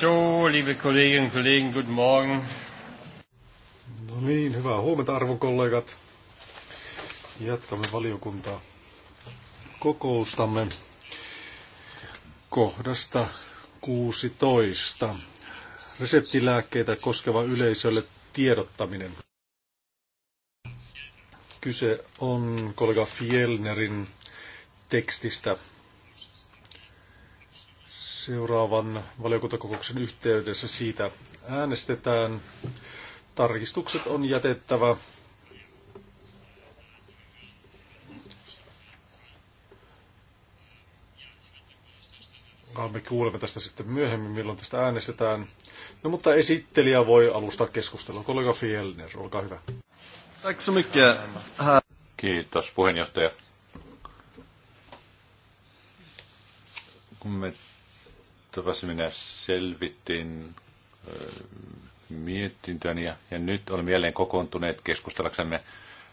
So, liebe Kolleginnen und Kollegen, guten Morgen. No niin, hyvää huomenta arvon kollegat. Jatkamme valiokuntaa kokoustamme kohdasta 16. Reseptilääkkeitä koskeva yleisölle tiedottaminen. Kyse on kollega Fjellnerin tekstistä seuraavan valiokuntakokouksen yhteydessä siitä äänestetään. Tarkistukset on jätettävä me kuulemme tästä sitten myöhemmin, milloin tästä äänestetään. No mutta esittelijä voi alustaa keskustelua. Kollega Fielner, olkaa hyvä. Kiitos puheenjohtaja. Kun me Toivottavasti minä selvitin mietintöni ja, ja nyt olemme jälleen kokoontuneet keskustellaksemme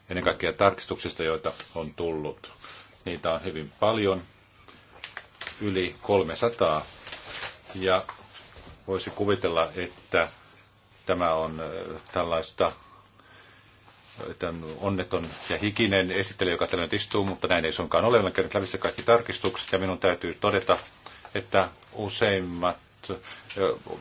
ennen kaikkea tarkistuksista, joita on tullut. Niitä on hyvin paljon, yli 300, ja voisi kuvitella, että tämä on tällaista tämän onneton ja hikinen esittely, joka tällä nyt istuu, mutta näin ei suinkaan ole. Olen käynyt lävissä kaikki tarkistukset ja minun täytyy todeta, että useimmat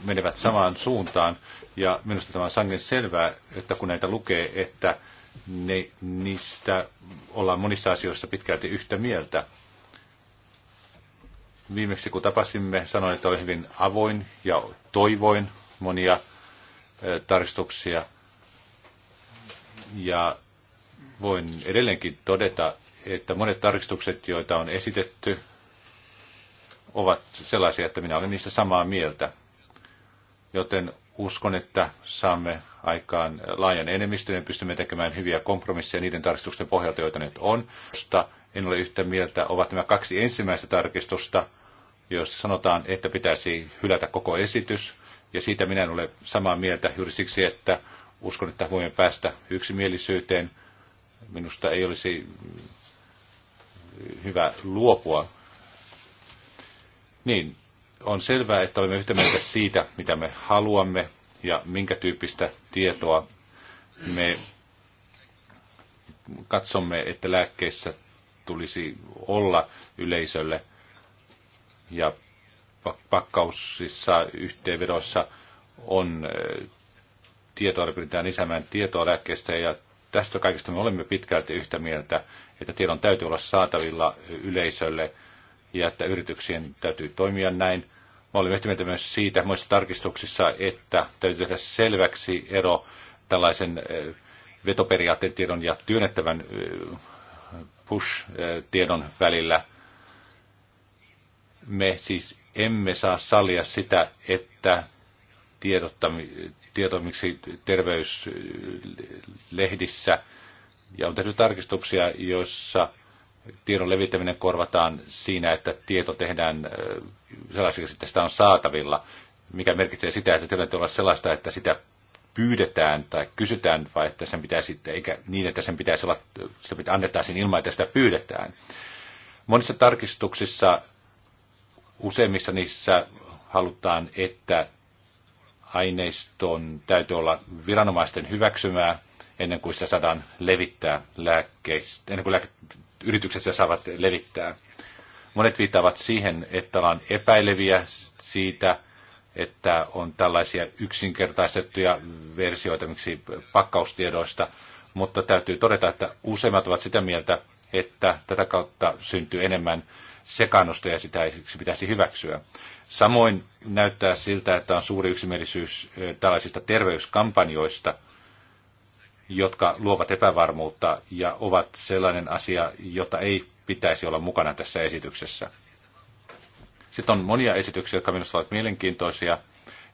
menevät samaan suuntaan. Ja minusta tämä on sangen selvää, että kun näitä lukee, että ne, niistä ollaan monissa asioissa pitkälti yhtä mieltä. Viimeksi kun tapasimme, sanoin, että olin hyvin avoin ja toivoin monia tarkistuksia. Ja voin edelleenkin todeta, että monet tarkistukset, joita on esitetty, ovat sellaisia, että minä olen niistä samaa mieltä. Joten uskon, että saamme aikaan laajan enemmistön ja pystymme tekemään hyviä kompromisseja niiden tarkistusten pohjalta, joita nyt on. En ole yhtä mieltä, ovat nämä kaksi ensimmäistä tarkistusta, jos sanotaan, että pitäisi hylätä koko esitys. Ja siitä minä en ole samaa mieltä juuri siksi, että uskon, että voimme päästä yksimielisyyteen. Minusta ei olisi hyvä luopua niin, on selvää, että olemme yhtä mieltä siitä, mitä me haluamme ja minkä tyyppistä tietoa me katsomme, että lääkkeissä tulisi olla yleisölle ja pakkausissa yhteenvedossa on äh, tietoa, pyritään lisäämään tietoa lääkkeistä ja tästä kaikesta me olemme pitkälti yhtä mieltä, että tiedon täytyy olla saatavilla yleisölle – ja että yrityksien täytyy toimia näin. Mä olin yhtä mieltä myös siitä muissa tarkistuksissa, että täytyy tehdä selväksi ero tällaisen vetoperiaatteen tiedon ja työnnettävän push-tiedon välillä. Me siis emme saa salia sitä, että miksi terveyslehdissä ja on tehty tarkistuksia, joissa tiedon levittäminen korvataan siinä, että tieto tehdään sellaisiksi, että sitä on saatavilla, mikä merkitsee sitä, että tilanne olla sellaista, että sitä pyydetään tai kysytään, vai että sen pitäisi, eikä niin, että sen pitäisi olla, sitä annetaan sen ilman, että sitä pyydetään. Monissa tarkistuksissa, useimmissa niissä halutaan, että aineiston täytyy olla viranomaisten hyväksymää ennen kuin sitä saadaan levittää lääkkeistä, ennen kuin lääke, yritykset saavat levittää. Monet viittaavat siihen, että ollaan epäileviä siitä, että on tällaisia yksinkertaistettuja versioita, miksi pakkaustiedoista, mutta täytyy todeta, että useimmat ovat sitä mieltä, että tätä kautta syntyy enemmän sekannusta ja sitä pitäisi hyväksyä. Samoin näyttää siltä, että on suuri yksimielisyys eh, tällaisista terveyskampanjoista – jotka luovat epävarmuutta ja ovat sellainen asia, jota ei pitäisi olla mukana tässä esityksessä. Sitten on monia esityksiä, jotka minusta ovat mielenkiintoisia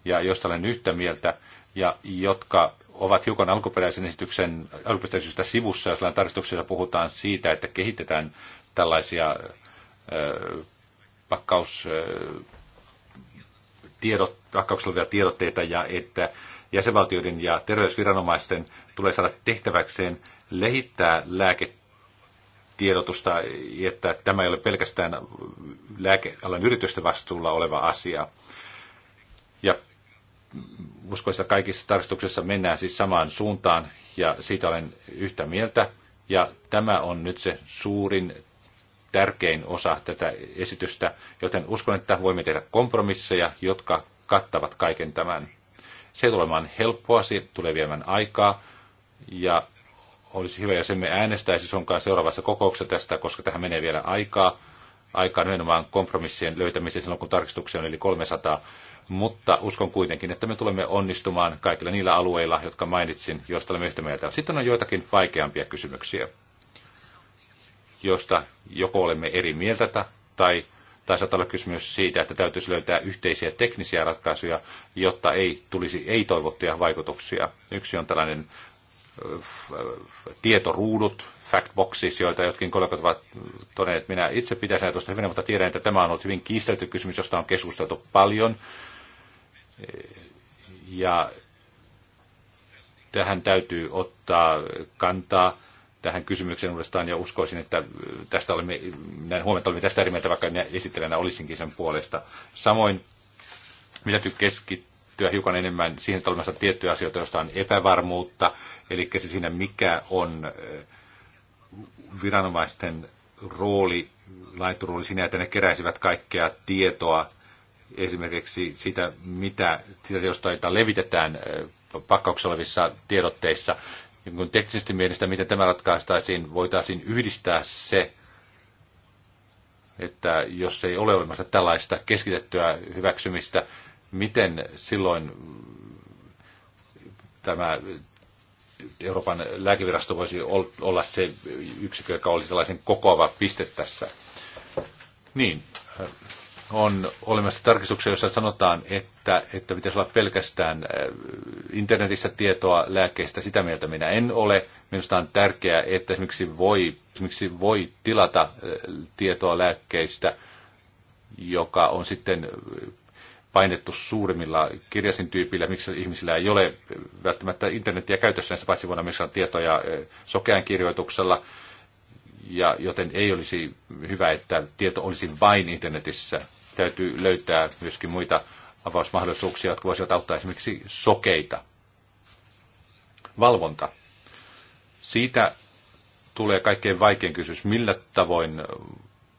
ja joista olen yhtä mieltä ja jotka ovat hiukan alkuperäisen esityksen alkuperäisestä sivussa, jos tarkistuksessa puhutaan siitä, että kehitetään tällaisia ö, pakkaus, ö, tiedot, pakkauksella tiedotteita ja että jäsenvaltioiden ja terveysviranomaisten tulee saada tehtäväkseen lehittää lääketiedotusta, että tämä ei ole pelkästään lääkealan yritysten vastuulla oleva asia. Ja että kaikissa tarkistuksissa mennään siis samaan suuntaan ja siitä olen yhtä mieltä. Ja tämä on nyt se suurin, tärkein osa tätä esitystä, joten uskon, että voimme tehdä kompromisseja, jotka kattavat kaiken tämän. Se ei tule olemaan helppoa, se tulee viemään aikaa ja olisi hyvä, jos emme äänestäisi sunkaan seuraavassa kokouksessa tästä, koska tähän menee vielä aikaa. Aikaa nimenomaan kompromissien löytämiseen silloin, kun tarkistuksia on yli 300. Mutta uskon kuitenkin, että me tulemme onnistumaan kaikilla niillä alueilla, jotka mainitsin, joista olemme yhtä mieltä. Sitten on joitakin vaikeampia kysymyksiä, joista joko olemme eri mieltä tai tai saattaa olla kysymys siitä, että täytyisi löytää yhteisiä teknisiä ratkaisuja, jotta ei tulisi ei-toivottuja vaikutuksia. Yksi on tällainen tietoruudut, factboxis, joita jotkin kollegat ovat todenneet. Minä itse pitäisin tuosta hyvin, mutta tiedän, että tämä on ollut hyvin kiistelty kysymys, josta on keskusteltu paljon. Ja tähän täytyy ottaa kantaa tähän kysymykseen uudestaan ja uskoisin, että äh, tästä olemme, näin huomenta olemme tästä eri mieltä, vaikka esittelijänä olisinkin sen puolesta. Samoin minä täytyy keskittyä hiukan enemmän siihen, että olemassa tiettyjä asioita, joista on epävarmuutta, eli se siinä, mikä on äh, viranomaisten rooli, laiturooli siinä, että ne keräisivät kaikkea tietoa, esimerkiksi sitä, mitä, sitä jostain levitetään äh, pakkauksessa olevissa tiedotteissa niin teknisesti mielestä, miten tämä ratkaistaisiin, voitaisiin yhdistää se, että jos ei ole olemassa tällaista keskitettyä hyväksymistä, miten silloin tämä Euroopan lääkevirasto voisi olla se yksikö, joka olisi tällaisen kokoava piste tässä. Niin, on olemassa tarkistuksia, jossa sanotaan, että, että pitäisi olla pelkästään äh, internetissä tietoa lääkkeistä. Sitä mieltä minä en ole. Minusta on tärkeää, että esimerkiksi voi, esimerkiksi voi tilata äh, tietoa lääkkeistä, joka on sitten äh, painettu suurimmilla kirjasin tyypillä, miksi ihmisillä ei ole välttämättä internetiä käytössä, näistä paitsi voidaan myös tietoja sokean kirjoituksella, ja joten ei olisi hyvä, että tieto olisi vain internetissä täytyy löytää myöskin muita avausmahdollisuuksia, jotka voisivat auttaa esimerkiksi sokeita. Valvonta. Siitä tulee kaikkein vaikein kysymys, millä tavoin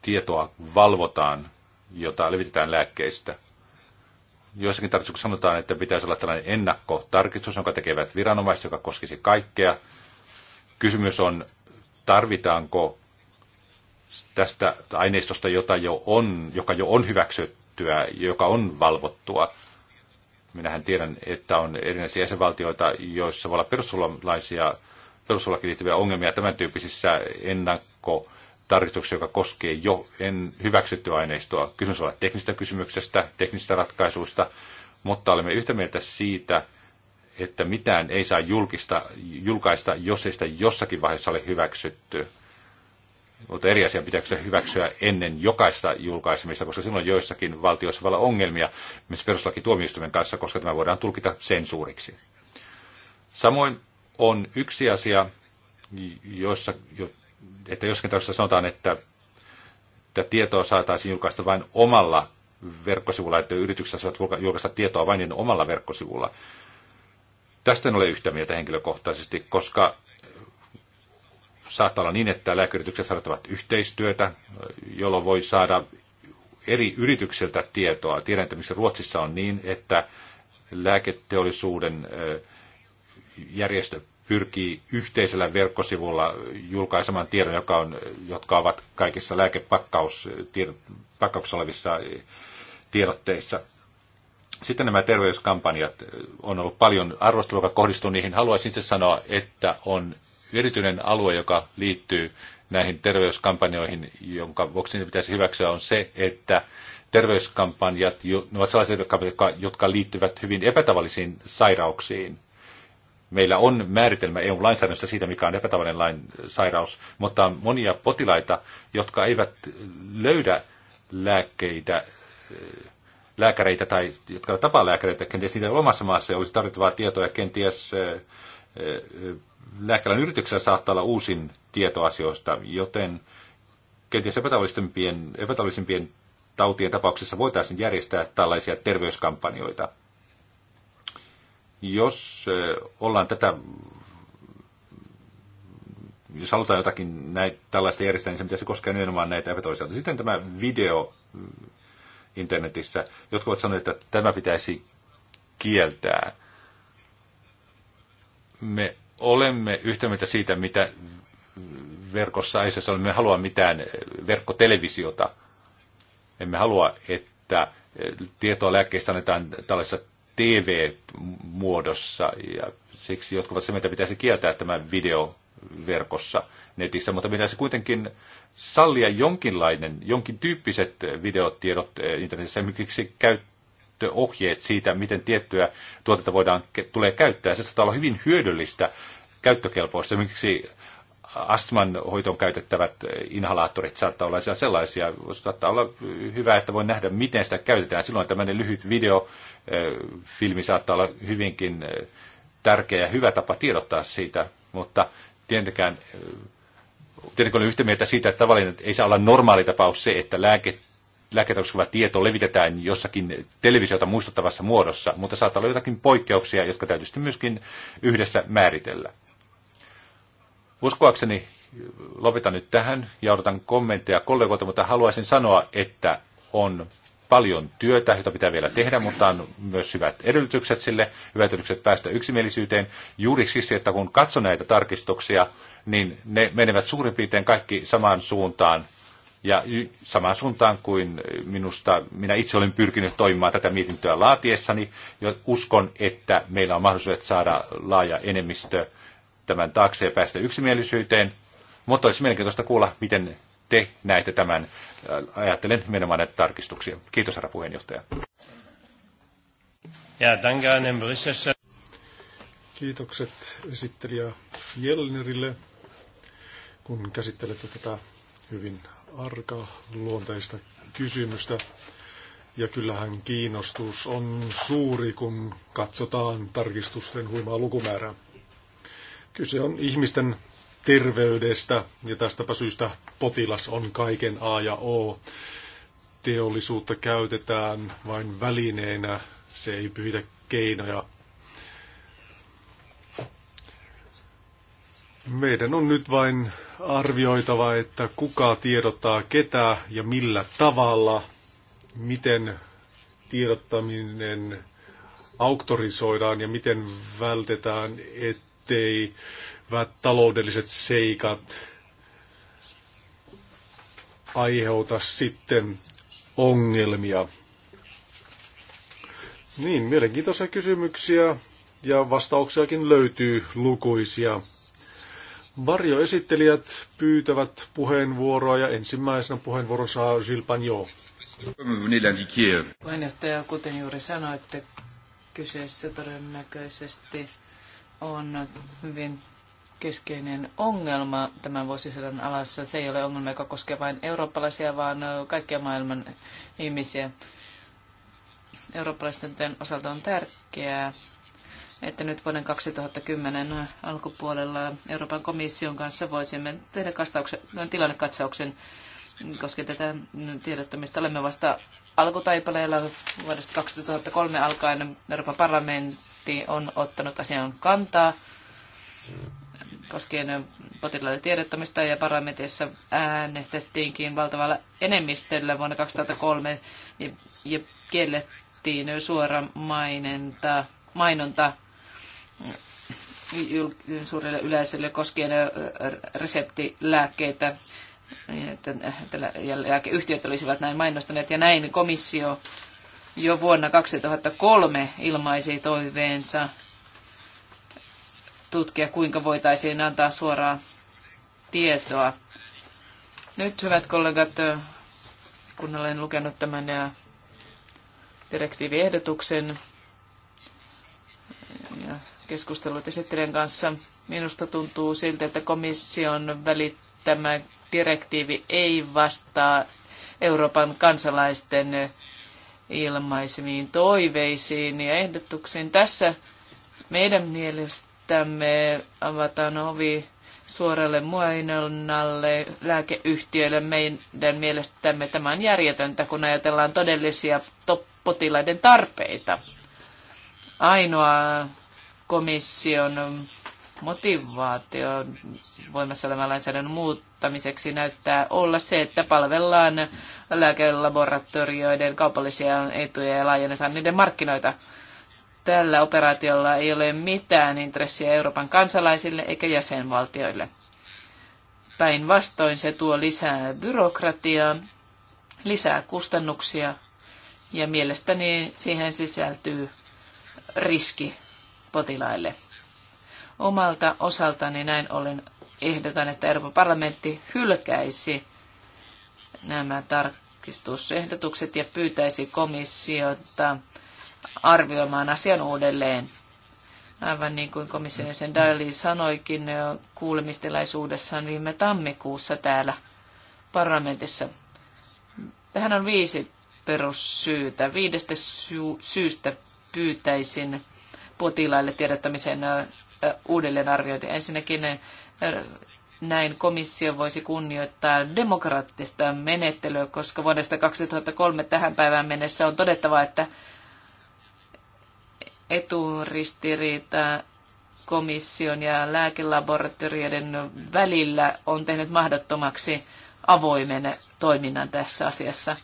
tietoa valvotaan, jota levitetään lääkkeistä. Joissakin tarkoituksissa sanotaan, että pitäisi olla tällainen ennakkotarkistus, jonka tekevät viranomaiset, joka koskisi kaikkea. Kysymys on, tarvitaanko tästä aineistosta, jota jo on, joka jo on hyväksyttyä, joka on valvottua. Minähän tiedän, että on erinäisiä jäsenvaltioita, joissa voi olla perustuslaisia perustuslakiin liittyviä ongelmia tämän tyyppisissä ennakkotarkistuksissa, joka koskee jo en hyväksyttyä aineistoa. Kysymys on teknistä kysymyksestä, teknisistä ratkaisuista, mutta olemme yhtä mieltä siitä, että mitään ei saa julkista, julkaista, jos ei sitä jossakin vaiheessa ole hyväksytty. Mutta eri asia pitääkö se hyväksyä ennen jokaista julkaisemista, koska silloin joissakin valtioissa voi olla ongelmia myös perustuslakituomioistuimen kanssa, koska tämä voidaan tulkita sensuuriksi. Samoin on yksi asia, jossa, että joskin tässä sanotaan, että, että tietoa saataisiin julkaista vain omalla verkkosivulla, että yritykset saisivat julkaista tietoa vain omalla verkkosivulla. Tästä en ole yhtä mieltä henkilökohtaisesti, koska saattaa olla niin, että lääkeyritykset harjoittavat yhteistyötä, jolloin voi saada eri yrityksiltä tietoa. Tiedän, että missä Ruotsissa on niin, että lääketeollisuuden järjestö pyrkii yhteisellä verkkosivulla julkaisemaan tiedon, joka on, jotka ovat kaikissa lääkepakkauksissa olevissa tiedotteissa. Sitten nämä terveyskampanjat on ollut paljon arvostelua, joka kohdistuu niihin. Haluaisin se sanoa, että on erityinen alue, joka liittyy näihin terveyskampanjoihin, jonka vuoksi ne pitäisi hyväksyä, on se, että terveyskampanjat ne ovat sellaisia, jotka, jotka liittyvät hyvin epätavallisiin sairauksiin. Meillä on määritelmä eu lainsäädännöstä siitä, mikä on epätavallinen lain sairaus, mutta on monia potilaita, jotka eivät löydä lääkkeitä, lääkäreitä tai jotka tapaa lääkäreitä, kenties niitä omassa maassa olisi tarvittavaa tietoa ja kenties lääkealan yrityksellä saattaa olla uusin asioista, joten kenties epätavallisimpien, epätavallisimpien tautien tapauksessa voitaisiin järjestää tällaisia terveyskampanjoita. Jos ollaan tätä, jos halutaan jotakin näitä, tällaista järjestää, niin se pitäisi koskea nimenomaan näitä epätavallisia. Sitten tämä video mm, internetissä, jotka ovat sanoneet, että tämä pitäisi kieltää. Me olemme yhtä mieltä siitä, mitä verkossa ei saa Me halua mitään verkkotelevisiota. Emme halua, että tietoa lääkkeistä annetaan tällaisessa TV-muodossa ja siksi jotkut ovat se, mitä pitäisi kieltää tämä video verkossa netissä, mutta pitäisi kuitenkin sallia jonkinlainen, jonkin tyyppiset videotiedot eh, internetissä, esimerkiksi käyttää ohjeet siitä, miten tiettyä tuotetta voidaan, tulee käyttää. Se saattaa olla hyvin hyödyllistä käyttökelpoista. Esimerkiksi astman hoitoon käytettävät inhalaattorit saattaa olla sellaisia. Saattaa olla hyvä, että voi nähdä, miten sitä käytetään. Silloin tämmöinen lyhyt videofilmi saattaa olla hyvinkin tärkeä ja hyvä tapa tiedottaa siitä, mutta tietenkään Tietenkin olen yhtä mieltä siitä, että tavallinen ei saa olla normaali tapaus se, että lääke lääkkeitä tieto levitetään jossakin televisiota muistuttavassa muodossa, mutta saattaa olla jotakin poikkeuksia, jotka täytyy myöskin yhdessä määritellä. Uskoakseni lopetan nyt tähän ja odotan kommentteja kollegoilta, mutta haluaisin sanoa, että on paljon työtä, jota pitää vielä tehdä, mutta on myös hyvät edellytykset sille, hyvät edellytykset päästä yksimielisyyteen. Juuri siksi, että kun katso näitä tarkistuksia, niin ne menevät suurin piirtein kaikki samaan suuntaan ja samaan suuntaan kuin minusta minä itse olen pyrkinyt toimimaan tätä mietintöä laatiessani, ja uskon, että meillä on mahdollisuus saada laaja enemmistö tämän taakse ja päästä yksimielisyyteen. Mutta olisi mielenkiintoista kuulla, miten te näette tämän. Ajattelen nimenomaan näitä tarkistuksia. Kiitos, herra puheenjohtaja. Ja, danke Kiitokset esittelijä Jelnerille, kun käsittelette tätä hyvin arkaluonteista kysymystä. Ja kyllähän kiinnostus on suuri, kun katsotaan tarkistusten huimaa lukumäärää. Kyse on ihmisten terveydestä ja tästäpä syystä potilas on kaiken A ja O. Teollisuutta käytetään vain välineenä, se ei pyhitä keinoja. Meidän on nyt vain arvioitava, että kuka tiedottaa ketä ja millä tavalla, miten tiedottaminen auktorisoidaan ja miten vältetään, ettei taloudelliset seikat aiheuta sitten ongelmia. Niin, mielenkiintoisia kysymyksiä ja vastauksiakin löytyy lukuisia. Varjoesittelijät pyytävät puheenvuoroa ja ensimmäisenä puheenvuoro saa Gilles Pagnot. Puheenjohtaja, kuten juuri sanoitte, kyseessä todennäköisesti on hyvin keskeinen ongelma tämän vuosisadan alassa. Se ei ole ongelma, joka koskee vain eurooppalaisia, vaan kaikkia maailman ihmisiä. Eurooppalaisten osalta on tärkeää, että nyt vuoden 2010 alkupuolella Euroopan komission kanssa voisimme tehdä tilannekatsauksen koskien tätä tiedottamista. Olemme vasta alkutaipaleella vuodesta 2003 alkaen Euroopan parlamentti on ottanut asian kantaa koskien potilaiden tiedottamista ja parlamentissa äänestettiinkin valtavalla enemmistöllä vuonna 2003 ja, ja kiellettiin suora mainonta, mainonta suurelle yleisölle koskien reseptilääkkeitä, ja lääkeyhtiöt olisivat näin mainostaneet, ja näin komissio jo vuonna 2003 ilmaisi toiveensa tutkia, kuinka voitaisiin antaa suoraa tietoa. Nyt, hyvät kollegat, kun olen lukenut tämän ja direktiiviehdotuksen ja keskustelut esittelijän kanssa. Minusta tuntuu siltä, että komission välittämä direktiivi ei vastaa Euroopan kansalaisten ilmaisemiin toiveisiin ja ehdotuksiin. Tässä meidän mielestämme avataan ovi suoralle muainonnalle lääkeyhtiöille. Meidän mielestämme tämä on järjetöntä, kun ajatellaan todellisia potilaiden tarpeita. Ainoa komission motivaatio voimassa olevan lainsäädännön muuttamiseksi näyttää olla se, että palvellaan lääkelaboratorioiden kaupallisia etuja ja laajennetaan niiden markkinoita. Tällä operaatiolla ei ole mitään intressiä Euroopan kansalaisille eikä jäsenvaltioille. Päinvastoin se tuo lisää byrokratiaa, lisää kustannuksia ja mielestäni siihen sisältyy riski potilaille. Omalta osaltani näin ollen ehdotan, että Euroopan parlamentti hylkäisi nämä tarkistusehdotukset ja pyytäisi komissiota arvioimaan asian uudelleen. Aivan niin kuin komission jäsen Daly sanoikin kuulemistilaisuudessaan viime tammikuussa täällä parlamentissa. Tähän on viisi perussyytä. Viidestä syystä pyytäisin potilaille tiedottamisen uudelleenarviointi. Ensinnäkin näin komissio voisi kunnioittaa demokraattista menettelyä, koska vuodesta 2003 tähän päivään mennessä on todettava, että eturistiriita komission ja lääkelaboratorioiden välillä on tehnyt mahdottomaksi avoimen toiminnan tässä asiassa.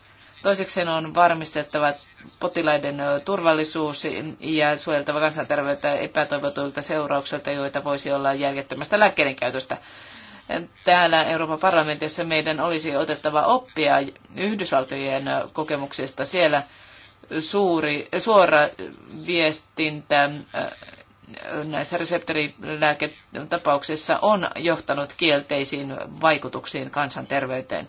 Toiseksi on varmistettava, että potilaiden turvallisuus ja suojeltava kansanterveyttä epätoivotuilta seurauksilta, joita voisi olla järjettömästä lääkkeiden käytöstä. Täällä Euroopan parlamentissa meidän olisi otettava oppia Yhdysvaltojen kokemuksista. Siellä suuri, suora viestintä näissä reseptorilääketapauksissa on johtanut kielteisiin vaikutuksiin kansanterveyteen.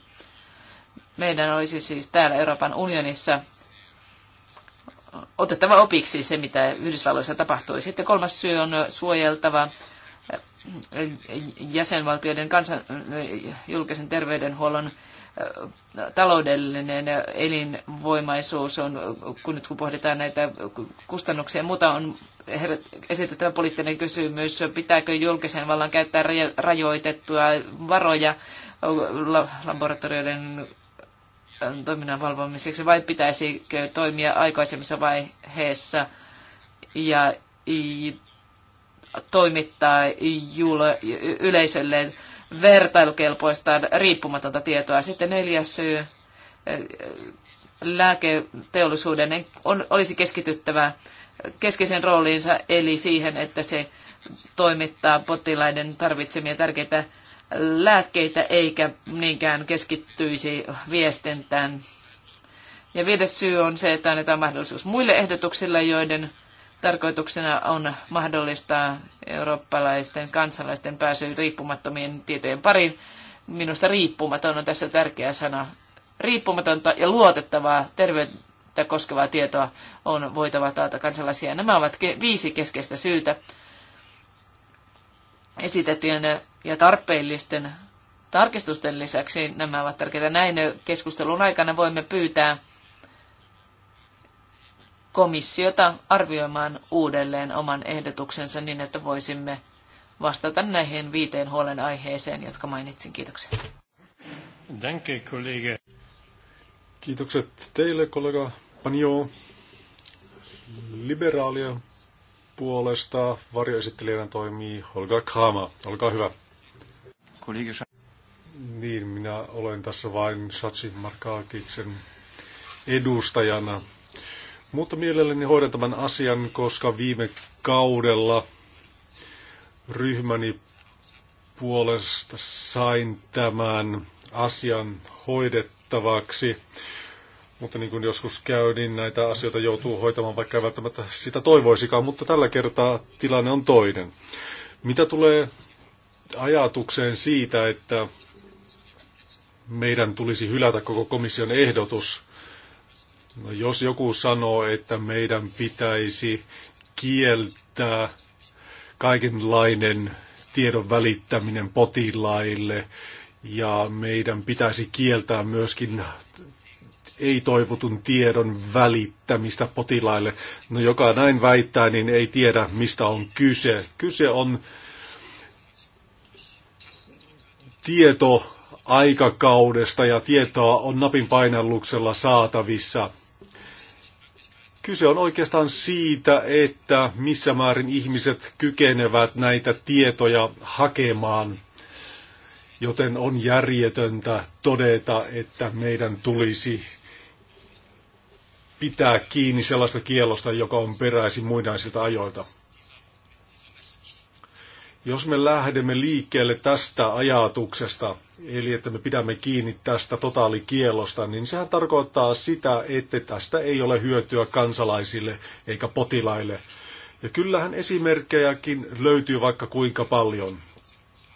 Meidän olisi siis täällä Euroopan unionissa otettava opiksi se, mitä Yhdysvalloissa tapahtui. Sitten kolmas syy on suojeltava eh, jäsenvaltioiden kansan, eh, julkisen terveydenhuollon eh, taloudellinen elinvoimaisuus on, kun nyt kun pohditaan näitä kustannuksia ja muuta, on esitettävä poliittinen kysymys, pitääkö julkisen vallan käyttää rajoitettuja varoja laboratorioiden Äh, toiminnan valvomiseksi vai pitäisikö toimia aikaisemmissa vaiheessa ja toimittaa yleisölle vertailukelpoista riippumatonta tietoa. Sitten neljäs syy, äh, lääketeollisuuden on, olisi keskityttävä keskeisen rooliinsa, eli siihen, että se toimittaa potilaiden tarvitsemia tärkeitä lääkkeitä eikä niinkään keskittyisi viestintään. Ja viides syy on se, että annetaan mahdollisuus muille ehdotuksille, joiden tarkoituksena on mahdollistaa eurooppalaisten kansalaisten pääsy riippumattomien tietojen pariin. Minusta riippumaton on tässä tärkeä sana. Riippumatonta ja luotettavaa terveyttä koskevaa tietoa on voitava taata kansalaisia. Nämä ovat viisi keskeistä syytä, esitettyjen ja tarpeellisten tarkistusten lisäksi nämä ovat tärkeitä. Näin keskustelun aikana voimme pyytää komissiota arvioimaan uudelleen oman ehdotuksensa niin, että voisimme vastata näihin viiteen aiheeseen. jotka mainitsin. Kiitoksia. Danke, Kiitokset teille, kollega Panio. Liberaalia puolesta varjoesittelijänä toimii Holga Kama. Olkaa hyvä. Niin, minä olen tässä vain Satsi Markaakiksen edustajana. Mutta mielelläni hoidan tämän asian, koska viime kaudella ryhmäni puolesta sain tämän asian hoidettavaksi. Mutta niin kuin joskus käy, niin näitä asioita joutuu hoitamaan, vaikka ei välttämättä sitä toivoisikaan, mutta tällä kertaa tilanne on toinen. Mitä tulee ajatukseen siitä, että meidän tulisi hylätä koko komission ehdotus, no jos joku sanoo, että meidän pitäisi kieltää kaikenlainen tiedon välittäminen potilaille ja meidän pitäisi kieltää myöskin ei-toivotun tiedon välittämistä potilaille. No joka näin väittää, niin ei tiedä mistä on kyse. Kyse on tieto aikakaudesta ja tietoa on napin painalluksella saatavissa. Kyse on oikeastaan siitä, että missä määrin ihmiset kykenevät näitä tietoja hakemaan, joten on järjetöntä todeta, että meidän tulisi pitää kiinni sellaista kielosta, joka on peräisin muinaisilta ajoilta. Jos me lähdemme liikkeelle tästä ajatuksesta, eli että me pidämme kiinni tästä totaalikielosta, niin sehän tarkoittaa sitä, että tästä ei ole hyötyä kansalaisille eikä potilaille. Ja kyllähän esimerkkejäkin löytyy vaikka kuinka paljon.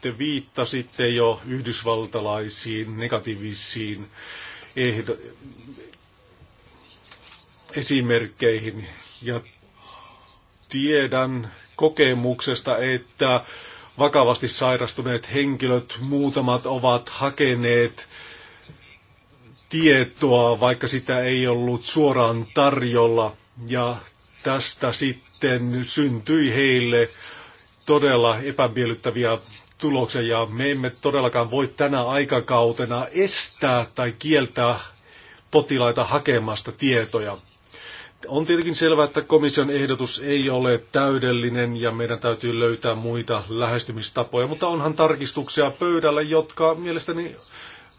Te viittasitte jo yhdysvaltalaisiin negatiivisiin ehdo, esimerkkeihin. Ja tiedän kokemuksesta, että vakavasti sairastuneet henkilöt, muutamat ovat hakeneet tietoa, vaikka sitä ei ollut suoraan tarjolla. Ja tästä sitten syntyi heille todella epämiellyttäviä tuloksia ja me emme todellakaan voi tänä aikakautena estää tai kieltää potilaita hakemasta tietoja. On tietenkin selvää, että komission ehdotus ei ole täydellinen ja meidän täytyy löytää muita lähestymistapoja, mutta onhan tarkistuksia pöydällä, jotka mielestäni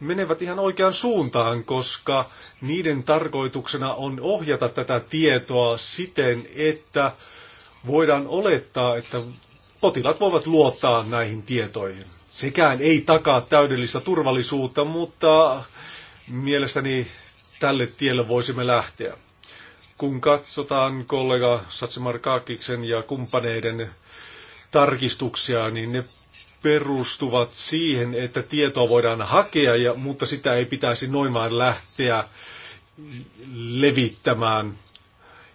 menevät ihan oikeaan suuntaan, koska niiden tarkoituksena on ohjata tätä tietoa siten, että voidaan olettaa, että potilaat voivat luottaa näihin tietoihin. Sekään ei takaa täydellistä turvallisuutta, mutta mielestäni tälle tielle voisimme lähteä kun katsotaan kollega Kaakiksen ja kumppaneiden tarkistuksia, niin ne perustuvat siihen, että tietoa voidaan hakea, ja, mutta sitä ei pitäisi noin vain lähteä levittämään.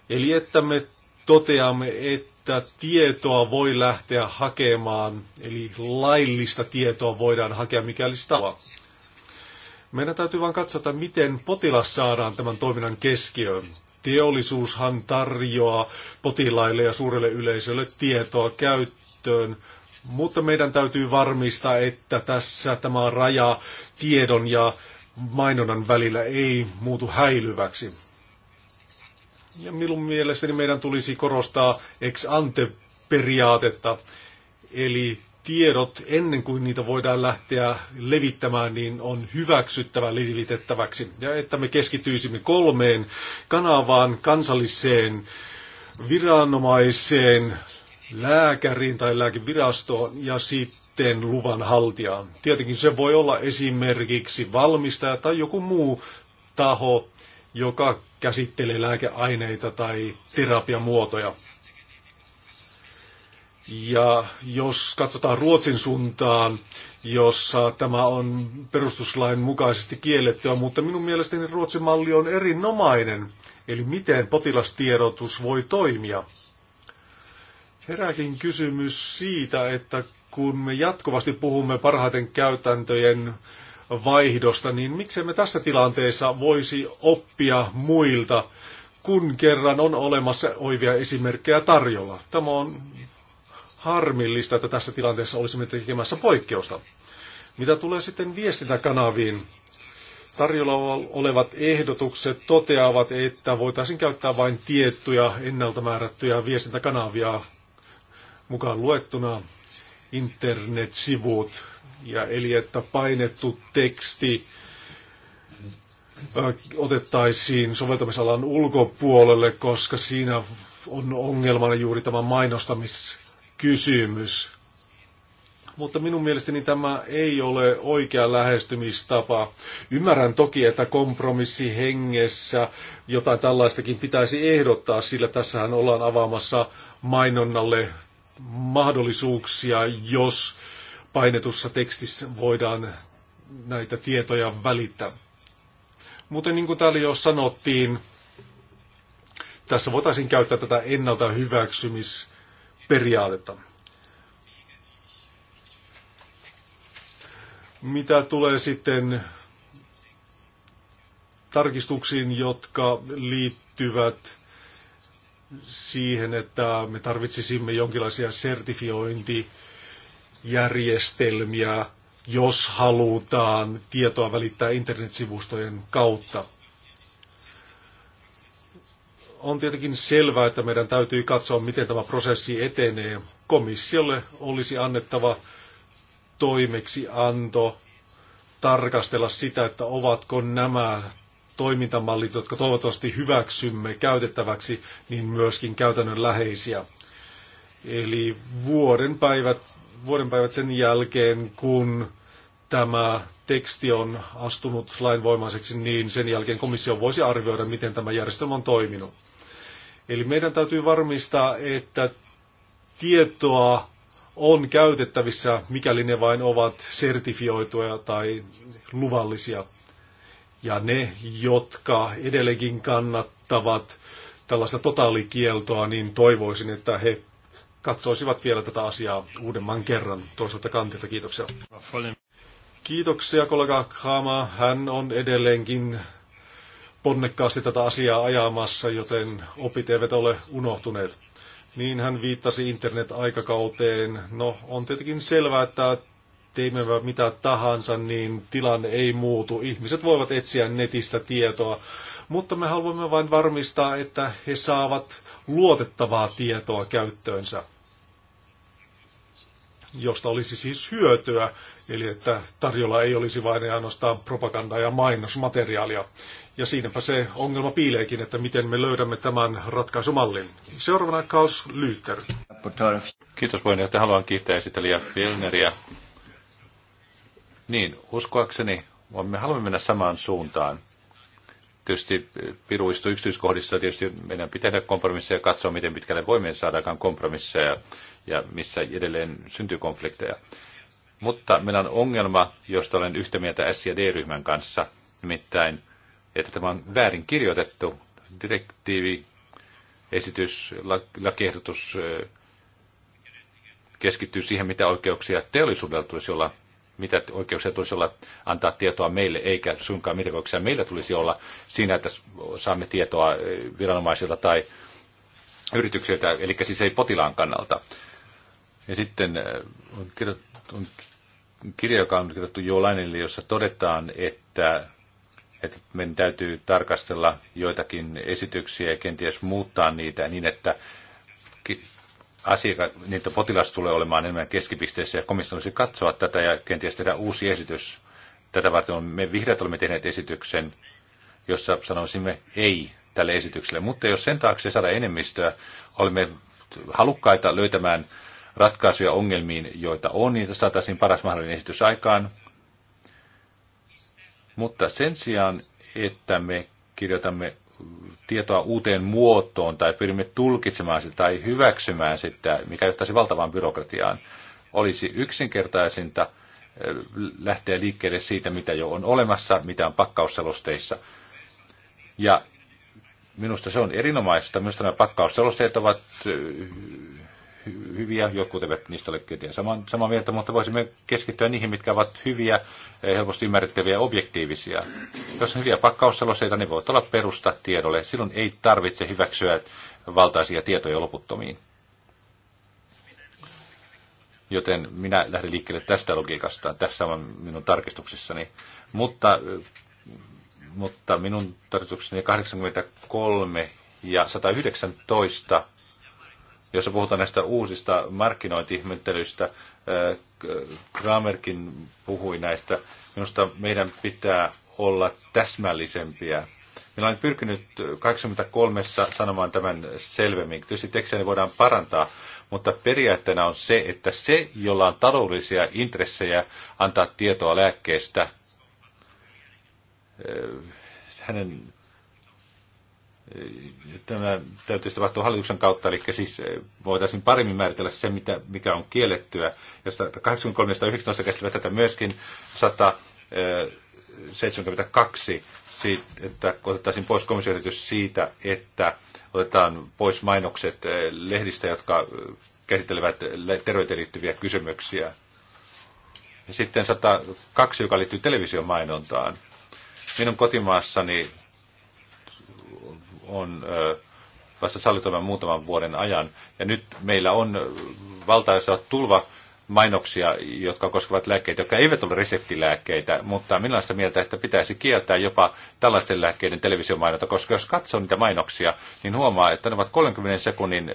Eli että me toteamme, että tietoa voi lähteä hakemaan, eli laillista tietoa voidaan hakea, mikäli sitä on. Meidän täytyy vain katsota, miten potilas saadaan tämän toiminnan keskiöön. Teollisuushan tarjoaa potilaille ja suurelle yleisölle tietoa käyttöön, mutta meidän täytyy varmistaa, että tässä tämä raja tiedon ja mainonnan välillä ei muutu häilyväksi. Ja minun mielestäni meidän tulisi korostaa ex ante periaatetta, eli tiedot ennen kuin niitä voidaan lähteä levittämään, niin on hyväksyttävä levitettäväksi. Ja että me keskityisimme kolmeen kanavaan, kansalliseen viranomaiseen, lääkäriin tai lääkevirastoon ja sitten luvan haltijaan. Tietenkin se voi olla esimerkiksi valmistaja tai joku muu taho, joka käsittelee lääkeaineita tai terapiamuotoja. Ja jos katsotaan Ruotsin suuntaan, jossa tämä on perustuslain mukaisesti kiellettyä, mutta minun mielestäni Ruotsin malli on erinomainen. Eli miten potilastiedotus voi toimia? Herääkin kysymys siitä, että kun me jatkuvasti puhumme parhaiten käytäntöjen vaihdosta, niin miksei me tässä tilanteessa voisi oppia muilta, kun kerran on olemassa oivia esimerkkejä tarjolla. Tämä on harmillista, että tässä tilanteessa olisimme tekemässä poikkeusta. Mitä tulee sitten viestintäkanaviin, tarjolla olevat ehdotukset toteavat, että voitaisiin käyttää vain tiettyjä ennalta määrättyjä viestintäkanavia mukaan luettuna internetsivut, ja eli että painettu teksti otettaisiin soveltamisalan ulkopuolelle, koska siinä on ongelmana juuri tämä mainostamis kysymys. Mutta minun mielestäni tämä ei ole oikea lähestymistapa. Ymmärrän toki, että kompromissi hengessä, jotain tällaistakin pitäisi ehdottaa, sillä tässähän ollaan avaamassa mainonnalle mahdollisuuksia, jos painetussa tekstissä voidaan näitä tietoja välittää. Mutta niin kuin täällä jo sanottiin, tässä voitaisiin käyttää tätä ennalta hyväksymis periaatetta. Mitä tulee sitten tarkistuksiin, jotka liittyvät siihen, että me tarvitsisimme jonkinlaisia sertifiointijärjestelmiä, jos halutaan tietoa välittää internetsivustojen kautta. On tietenkin selvää, että meidän täytyy katsoa, miten tämä prosessi etenee. Komissiolle olisi annettava toimeksianto tarkastella sitä, että ovatko nämä toimintamallit, jotka toivottavasti hyväksymme käytettäväksi, niin myöskin käytännönläheisiä. Eli vuoden päivät, vuoden päivät sen jälkeen, kun tämä teksti on astunut lainvoimaiseksi, niin sen jälkeen komissio voisi arvioida, miten tämä järjestelmä on toiminut. Eli meidän täytyy varmistaa, että tietoa on käytettävissä, mikäli ne vain ovat sertifioituja tai luvallisia. Ja ne, jotka edelleenkin kannattavat tällaista totaalikieltoa, niin toivoisin, että he katsoisivat vielä tätä asiaa uudemman kerran. Toisaalta kantilta kiitoksia. Kiitoksia kollega Kama. Hän on edelleenkin ponnekkaasti tätä asiaa ajamassa, joten opit eivät ole unohtuneet. Niin hän viittasi internet-aikakauteen. No, on tietenkin selvää, että teimme mitä tahansa, niin tilanne ei muutu. Ihmiset voivat etsiä netistä tietoa, mutta me haluamme vain varmistaa, että he saavat luotettavaa tietoa käyttöönsä, josta olisi siis hyötyä, eli että tarjolla ei olisi vain ja ainoastaan propaganda- ja mainosmateriaalia. Ja siinäpä se ongelma piileekin, että miten me löydämme tämän ratkaisumallin. Seuraavana Klaus Lyyter. Kiitos että Haluan kiittää esittelijä Filneriä. Niin, uskoakseni me haluamme mennä samaan suuntaan. Tietysti piruistu yksityiskohdissa tietysti meidän pitää tehdä kompromisseja ja katsoa, miten pitkälle voimme saadaan kompromisseja ja missä edelleen syntyy konflikteja. Mutta meillä on ongelma, josta olen yhtä mieltä S- ja D-ryhmän kanssa, nimittäin – että tämä on väärin kirjoitettu. Direktiivi, esitys, lakiehdotus keskittyy siihen, mitä oikeuksia teollisuudella tulisi olla, mitä oikeuksia tulisi olla antaa tietoa meille, eikä suinkaan mitä oikeuksia meillä tulisi olla siinä, että saamme tietoa viranomaisilta tai yrityksiltä, eli siis ei potilaan kannalta. Ja sitten on kirjoitettu, on kirja, joka on kirjoitettu Jo Lainille, jossa todetaan, että että meidän täytyy tarkastella joitakin esityksiä ja kenties muuttaa niitä niin, että asiakas, niin että potilas tulee olemaan enemmän keskipisteessä ja komissio olisi katsoa tätä ja kenties tehdä uusi esitys. Tätä varten me vihreät olemme tehneet esityksen, jossa sanoisimme ei tälle esitykselle. Mutta jos sen taakse saada enemmistöä, olemme halukkaita löytämään ratkaisuja ongelmiin, joita on, niin saataisiin paras mahdollinen esitys aikaan. Mutta sen sijaan, että me kirjoitamme tietoa uuteen muotoon tai pyrimme tulkitsemaan sitä tai hyväksymään sitä, mikä johtaisi valtavaan byrokratiaan, olisi yksinkertaisinta eh, lähteä liikkeelle siitä, mitä jo on olemassa, mitä on pakkausselosteissa. Ja minusta se on erinomaista. Minusta nämä pakkausselosteet ovat eh, hyviä, jotkut eivät niistä ole kenties sama, samaa mieltä, mutta voisimme keskittyä niihin, mitkä ovat hyviä, helposti ymmärrettäviä ja objektiivisia. Jos on hyviä pakkausseloseita, ne voivat olla perusta tiedolle. Silloin ei tarvitse hyväksyä valtaisia tietoja loputtomiin. Joten minä lähden liikkeelle tästä logiikasta. Tässä on minun tarkistuksissani. Mutta, mutta minun tarkistukseni 83 ja 119 jossa puhutaan näistä uusista markkinointihmettelyistä. Äh, Kramerkin puhui näistä. Minusta meidän pitää olla täsmällisempiä. Minä olen pyrkinyt 83 sanomaan tämän selvemmin. Tietysti tekstiä voidaan parantaa, mutta periaatteena on se, että se, jolla on taloudellisia intressejä antaa tietoa lääkkeestä, äh, hänen tämä täytyisi tapahtua hallituksen kautta, eli siis eh, voitaisiin paremmin määritellä se, mitä, mikä on kiellettyä. Ja 83.19 19 tätä myöskin 172, eh, siitä, että otettaisiin pois komissioyritys siitä, että otetaan pois mainokset eh, lehdistä, jotka käsittelevät terveyteen liittyviä kysymyksiä. Ja sitten 102, joka liittyy televisiomainontaan. Minun kotimaassani on vasta sallittu muutaman vuoden ajan. Ja nyt meillä on valtaisa tulva mainoksia, jotka koskevat lääkkeitä, jotka eivät ole reseptilääkkeitä, mutta millaista mieltä, että pitäisi kieltää jopa tällaisten lääkkeiden televisiomainota, koska jos katsoo niitä mainoksia, niin huomaa, että ne ovat 30 sekunnin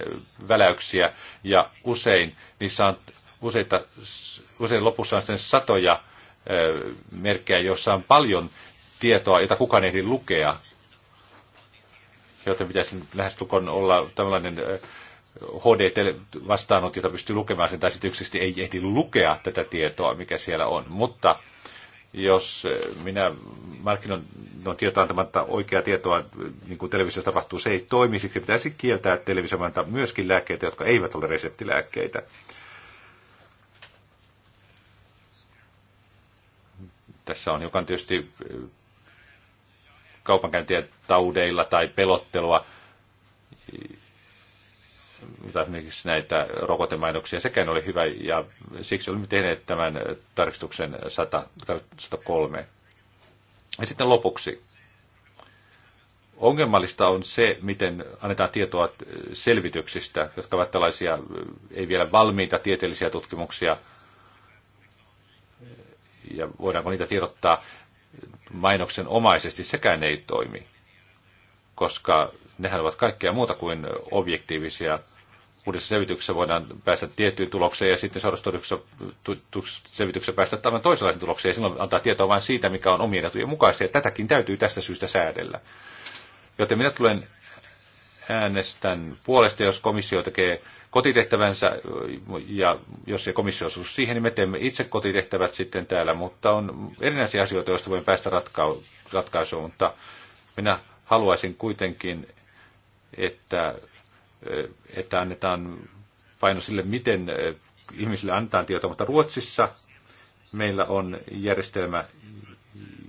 väläyksiä ja usein niissä on useita, usein lopussa on sen satoja merkkejä, joissa on paljon tietoa, jota kukaan ei lukea joten pitäisi tukon olla tällainen HD-vastaanot, jota pystyy lukemaan sen, tai sitten yksisesti ei ehdi lukea tätä tietoa, mikä siellä on. Mutta jos minä markkinoin no, tietoa antamatta oikeaa tietoa, niin kuin televisiossa tapahtuu, se ei toimi, siksi pitäisi kieltää televisio myöskin lääkkeitä, jotka eivät ole reseptilääkkeitä. Tässä on joka tietysti kaupankäyntiä taudeilla tai pelottelua, mitä esimerkiksi näitä rokotemainoksia, sekään oli hyvä ja siksi olimme tehneet tämän tarkistuksen 100, 103. Ja sitten lopuksi. Ongelmallista on se, miten annetaan tietoa selvityksistä, jotka ovat tällaisia ei vielä valmiita tieteellisiä tutkimuksia, ja voidaanko niitä tiedottaa mainoksen omaisesti, sekään ei toimi, koska nehän ovat kaikkea muuta kuin objektiivisia. Uudessa selvityksessä voidaan päästä tiettyyn tulokseen ja sitten seuraavassa selvityksessä päästä tämän toisenlaisen tulokseen ja silloin antaa tietoa vain siitä, mikä on omien etujen mukaista ja tätäkin täytyy tästä syystä säädellä. Joten minä tulen äänestän puolesta, jos komissio tekee kotitehtävänsä, ja jos se komissio osuu siihen, niin me teemme itse kotitehtävät sitten täällä, mutta on erinäisiä asioita, joista voin päästä ratka- ratkaisuun, mutta minä haluaisin kuitenkin, että, että annetaan paino sille, miten ihmisille antaa tietoa, mutta Ruotsissa meillä on järjestelmä,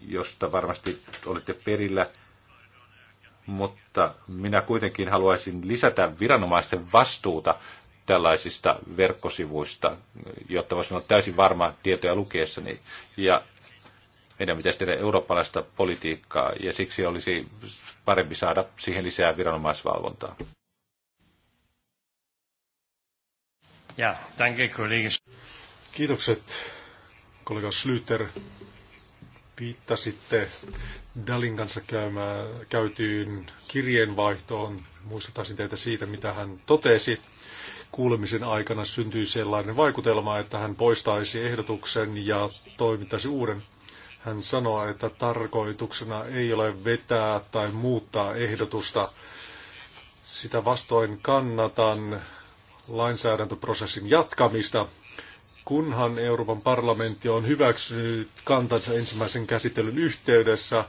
josta varmasti olette perillä, mutta minä kuitenkin haluaisin lisätä viranomaisten vastuuta tällaisista verkkosivuista, jotta voisi olla täysin varma tietoja lukiessani. Ja meidän pitäisi tehdä eurooppalaista politiikkaa, ja siksi olisi parempi saada siihen lisää viranomaisvalvontaa. Ja, kollega. Kiitokset, kollega Schlüter. Viittasitte Dalin kanssa käymään, käytyyn kirjeenvaihtoon. Muistutaisin teitä siitä, mitä hän totesi kuulemisen aikana syntyi sellainen vaikutelma, että hän poistaisi ehdotuksen ja toimittaisi uuden. Hän sanoi, että tarkoituksena ei ole vetää tai muuttaa ehdotusta. Sitä vastoin kannatan lainsäädäntöprosessin jatkamista, kunhan Euroopan parlamentti on hyväksynyt kantansa ensimmäisen käsittelyn yhteydessä –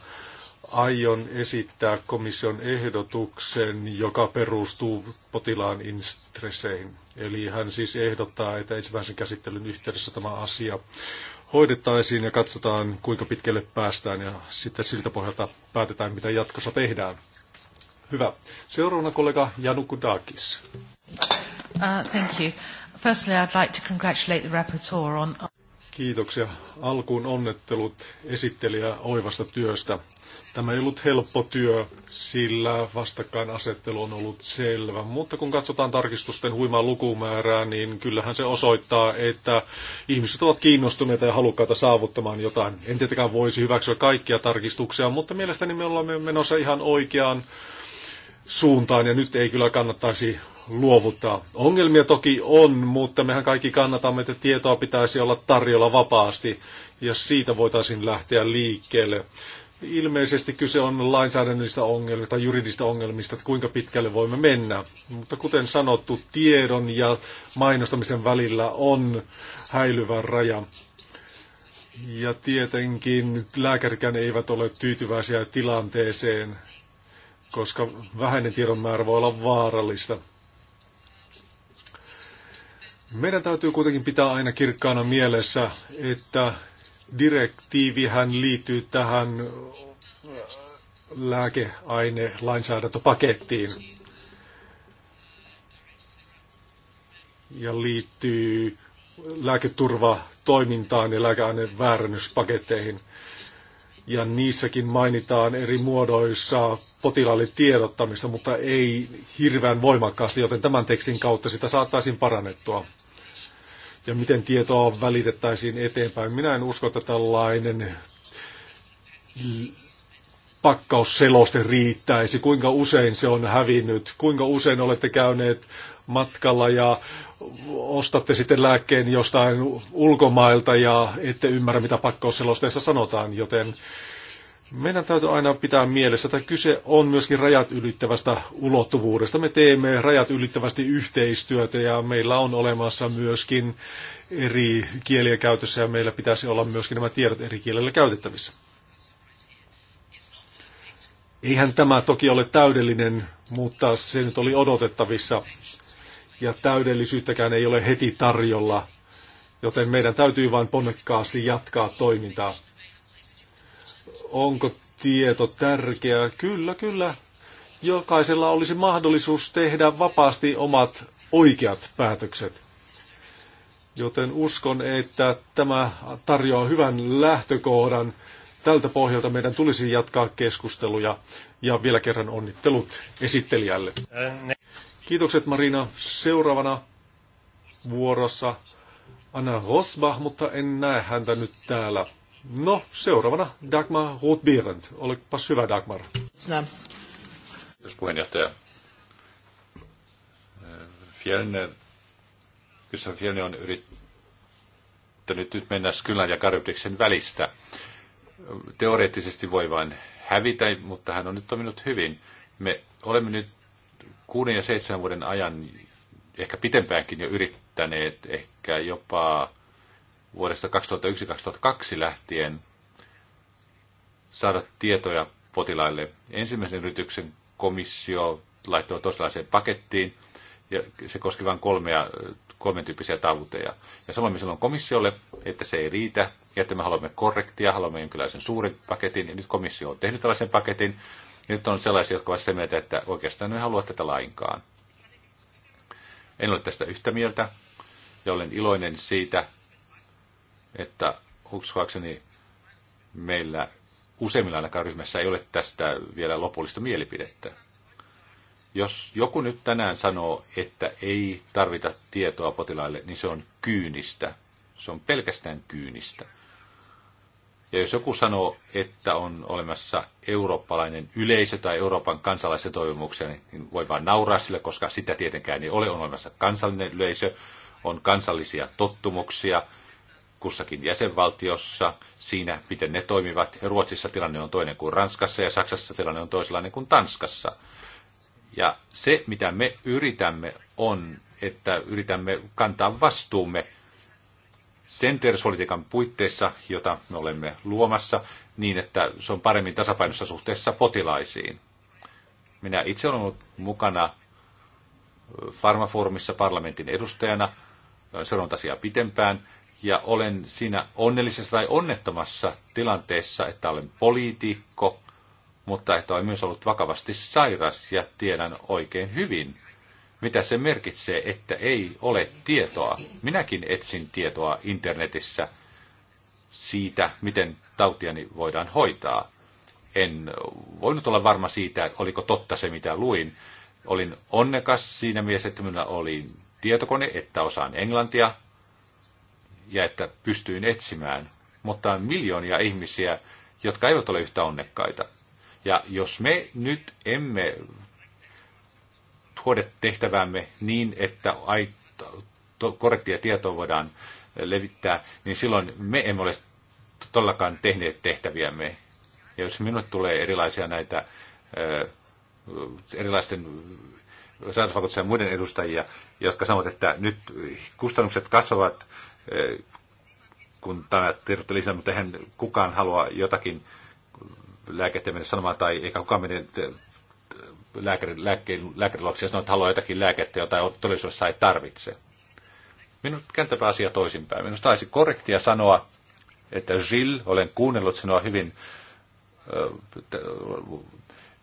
aion esittää komission ehdotuksen, joka perustuu potilaan intresseihin. Eli hän siis ehdottaa, että ensimmäisen käsittelyn yhteydessä tämä asia hoidettaisiin ja katsotaan, kuinka pitkälle päästään ja sitten siltä pohjalta päätetään, mitä jatkossa tehdään. Hyvä. Seuraavana kollega Janu Kudakis. Uh, thank you. Firstly, I'd like to congratulate the rapporteur on... Kiitoksia. Alkuun onnettelut esittelijä oivasta työstä. Tämä ei ollut helppo työ, sillä vastakkainasettelu on ollut selvä. Mutta kun katsotaan tarkistusten huimaa lukumäärää, niin kyllähän se osoittaa, että ihmiset ovat kiinnostuneita ja halukkaita saavuttamaan jotain. En tietenkään voisi hyväksyä kaikkia tarkistuksia, mutta mielestäni me olemme menossa ihan oikeaan suuntaan ja nyt ei kyllä kannattaisi luovuttaa. Ongelmia toki on, mutta mehän kaikki kannatamme, että tietoa pitäisi olla tarjolla vapaasti ja siitä voitaisiin lähteä liikkeelle. Ilmeisesti kyse on lainsäädännöllistä ongelmista, juridista ongelmista, että kuinka pitkälle voimme mennä. Mutta kuten sanottu, tiedon ja mainostamisen välillä on häilyvä raja. Ja tietenkin lääkärikään eivät ole tyytyväisiä tilanteeseen koska vähäinen tiedon määrä voi olla vaarallista. Meidän täytyy kuitenkin pitää aina kirkkaana mielessä, että direktiivihän liittyy tähän lääkeaine lainsäädäntöpakettiin ja liittyy lääketurvatoimintaan ja lääkeaineen väärennyspaketteihin ja niissäkin mainitaan eri muodoissa potilaalle tiedottamista, mutta ei hirveän voimakkaasti, joten tämän tekstin kautta sitä saattaisiin parannettua. Ja miten tietoa välitettäisiin eteenpäin. Minä en usko, että tällainen pakkausseloste riittäisi, kuinka usein se on hävinnyt, kuinka usein olette käyneet matkalla ja ostatte sitten lääkkeen jostain ulkomailta ja ette ymmärrä, mitä pakkausselosteessa sanotaan, joten meidän täytyy aina pitää mielessä, että kyse on myöskin rajat ylittävästä ulottuvuudesta. Me teemme rajat ylittävästi yhteistyötä ja meillä on olemassa myöskin eri kieliä käytössä ja meillä pitäisi olla myöskin nämä tiedot eri kielellä käytettävissä. Eihän tämä toki ole täydellinen, mutta se nyt oli odotettavissa ja täydellisyyttäkään ei ole heti tarjolla, joten meidän täytyy vain ponnekkaasti jatkaa toimintaa. Onko tieto tärkeää? Kyllä, kyllä. Jokaisella olisi mahdollisuus tehdä vapaasti omat oikeat päätökset. Joten uskon, että tämä tarjoaa hyvän lähtökohdan. Tältä pohjalta meidän tulisi jatkaa keskusteluja ja vielä kerran onnittelut esittelijälle. Kiitokset Marina. Seuraavana vuorossa Anna Rosbach, mutta en näe häntä nyt täällä. No, seuraavana Dagmar Rothbierend. Olepas hyvä, Dagmar. Kiitos puheenjohtaja. Fjellner, Kyllä Fjellner on yrittänyt nyt mennä Skylän ja Karybdiksen välistä. Teoreettisesti voi vain hävitä, mutta hän on nyt toiminut hyvin. Me olemme nyt kuuden ja seitsemän vuoden ajan, ehkä pitempäänkin jo yrittäneet, ehkä jopa vuodesta 2001-2002 lähtien saada tietoja potilaille. Ensimmäisen yrityksen komissio laittoi toisenlaiseen pakettiin, ja se koski vain kolmea, kolmen tyyppisiä tauteja. Ja samoin me silloin komissiolle, että se ei riitä, ja että me haluamme korrektia, haluamme jonkinlaisen suuren paketin, ja nyt komissio on tehnyt tällaisen paketin, nyt on sellaisia, jotka ovat se mieltä, että oikeastaan en halua tätä lainkaan. En ole tästä yhtä mieltä ja olen iloinen siitä, että uskoakseni meillä useimmilla ainakaan ryhmässä ei ole tästä vielä lopullista mielipidettä. Jos joku nyt tänään sanoo, että ei tarvita tietoa potilaille, niin se on kyynistä. Se on pelkästään kyynistä. Ja jos joku sanoo, että on olemassa eurooppalainen yleisö tai Euroopan kansalaisen toivomuksia, niin voi vain nauraa sille, koska sitä tietenkään ei ole. On olemassa kansallinen yleisö, on kansallisia tottumuksia kussakin jäsenvaltiossa siinä, miten ne toimivat. Ruotsissa tilanne on toinen kuin Ranskassa ja Saksassa tilanne on toisenlainen kuin Tanskassa. Ja se, mitä me yritämme, on, että yritämme kantaa vastuumme – sen terveyspolitiikan puitteissa, jota me olemme luomassa, niin että se on paremmin tasapainossa suhteessa potilaisiin. Minä itse olen ollut mukana Farmaforumissa parlamentin edustajana, seurannut asiaa pitempään, ja olen siinä onnellisessa tai onnettomassa tilanteessa, että olen poliitikko, mutta että olen myös ollut vakavasti sairas ja tiedän oikein hyvin, mitä se merkitsee, että ei ole tietoa. Minäkin etsin tietoa internetissä siitä, miten tautiani voidaan hoitaa. En voinut olla varma siitä, oliko totta se, mitä luin. Olin onnekas siinä mielessä, että minulla oli tietokone, että osaan englantia ja että pystyin etsimään. Mutta on miljoonia ihmisiä, jotka eivät ole yhtä onnekkaita. Ja jos me nyt emme hoida tehtävämme niin, että korrektia tietoa voidaan levittää, niin silloin me emme ole todellakaan tehneet tehtäviämme. Ja jos minulle tulee erilaisia näitä erilaisten sairausvakuutuksen ja muiden edustajia, jotka sanovat, että nyt kustannukset kasvavat, kun tämä tiedot lisää, mutta eihän kukaan halua jotakin lääkettä mennä sanomaan, tai eikä kukaan mene lääkäri, lääkkein, lääkäri, lääkärilapsia sanoi, että haluaa jotakin lääkettä, jota todellisuudessa ei tarvitse. Minut kääntäpä asia toisinpäin. Minusta olisi korrektia sanoa, että Jill, olen kuunnellut sinua hyvin,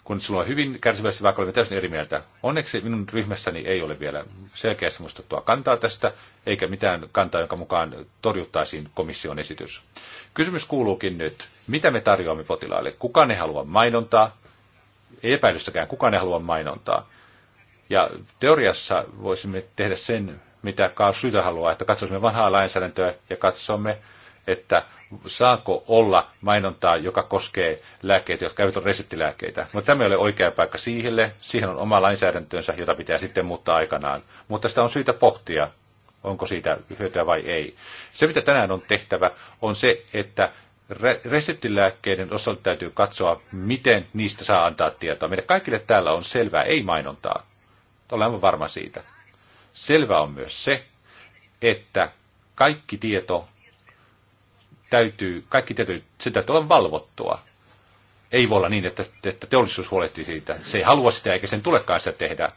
kun sinulla on hyvin kärsivässä, vaikka olemme täysin eri mieltä. Onneksi minun ryhmässäni ei ole vielä selkeästi muistuttua kantaa tästä, eikä mitään kantaa, jonka mukaan torjuttaisiin komission esitys. Kysymys kuuluukin nyt, mitä me tarjoamme potilaille? Kuka ne haluaa mainontaa? Ei epäilystäkään, kukaan ei halua mainontaa. Ja teoriassa voisimme tehdä sen, mitä Karl Schlüter haluaa, että katsoisimme vanhaa lainsäädäntöä ja katsomme, että saako olla mainontaa, joka koskee lääkkeitä, jotka eivät ole reseptilääkkeitä. Mutta no, tämä ei ole oikea paikka siihen, siihen on oma lainsäädäntönsä, jota pitää sitten muuttaa aikanaan. Mutta sitä on syytä pohtia, onko siitä hyötyä vai ei. Se, mitä tänään on tehtävä, on se, että re- reseptilääkkeiden osalta täytyy katsoa, miten niistä saa antaa tietoa. Meille kaikille täällä on selvää, ei mainontaa. Olen aivan varma siitä. Selvä on myös se, että kaikki tieto täytyy, kaikki tieto, se täytyy olla valvottua. Ei voi olla niin, että, että teollisuus huolehtii siitä. Se ei halua sitä eikä sen tulekaan sitä tehdä.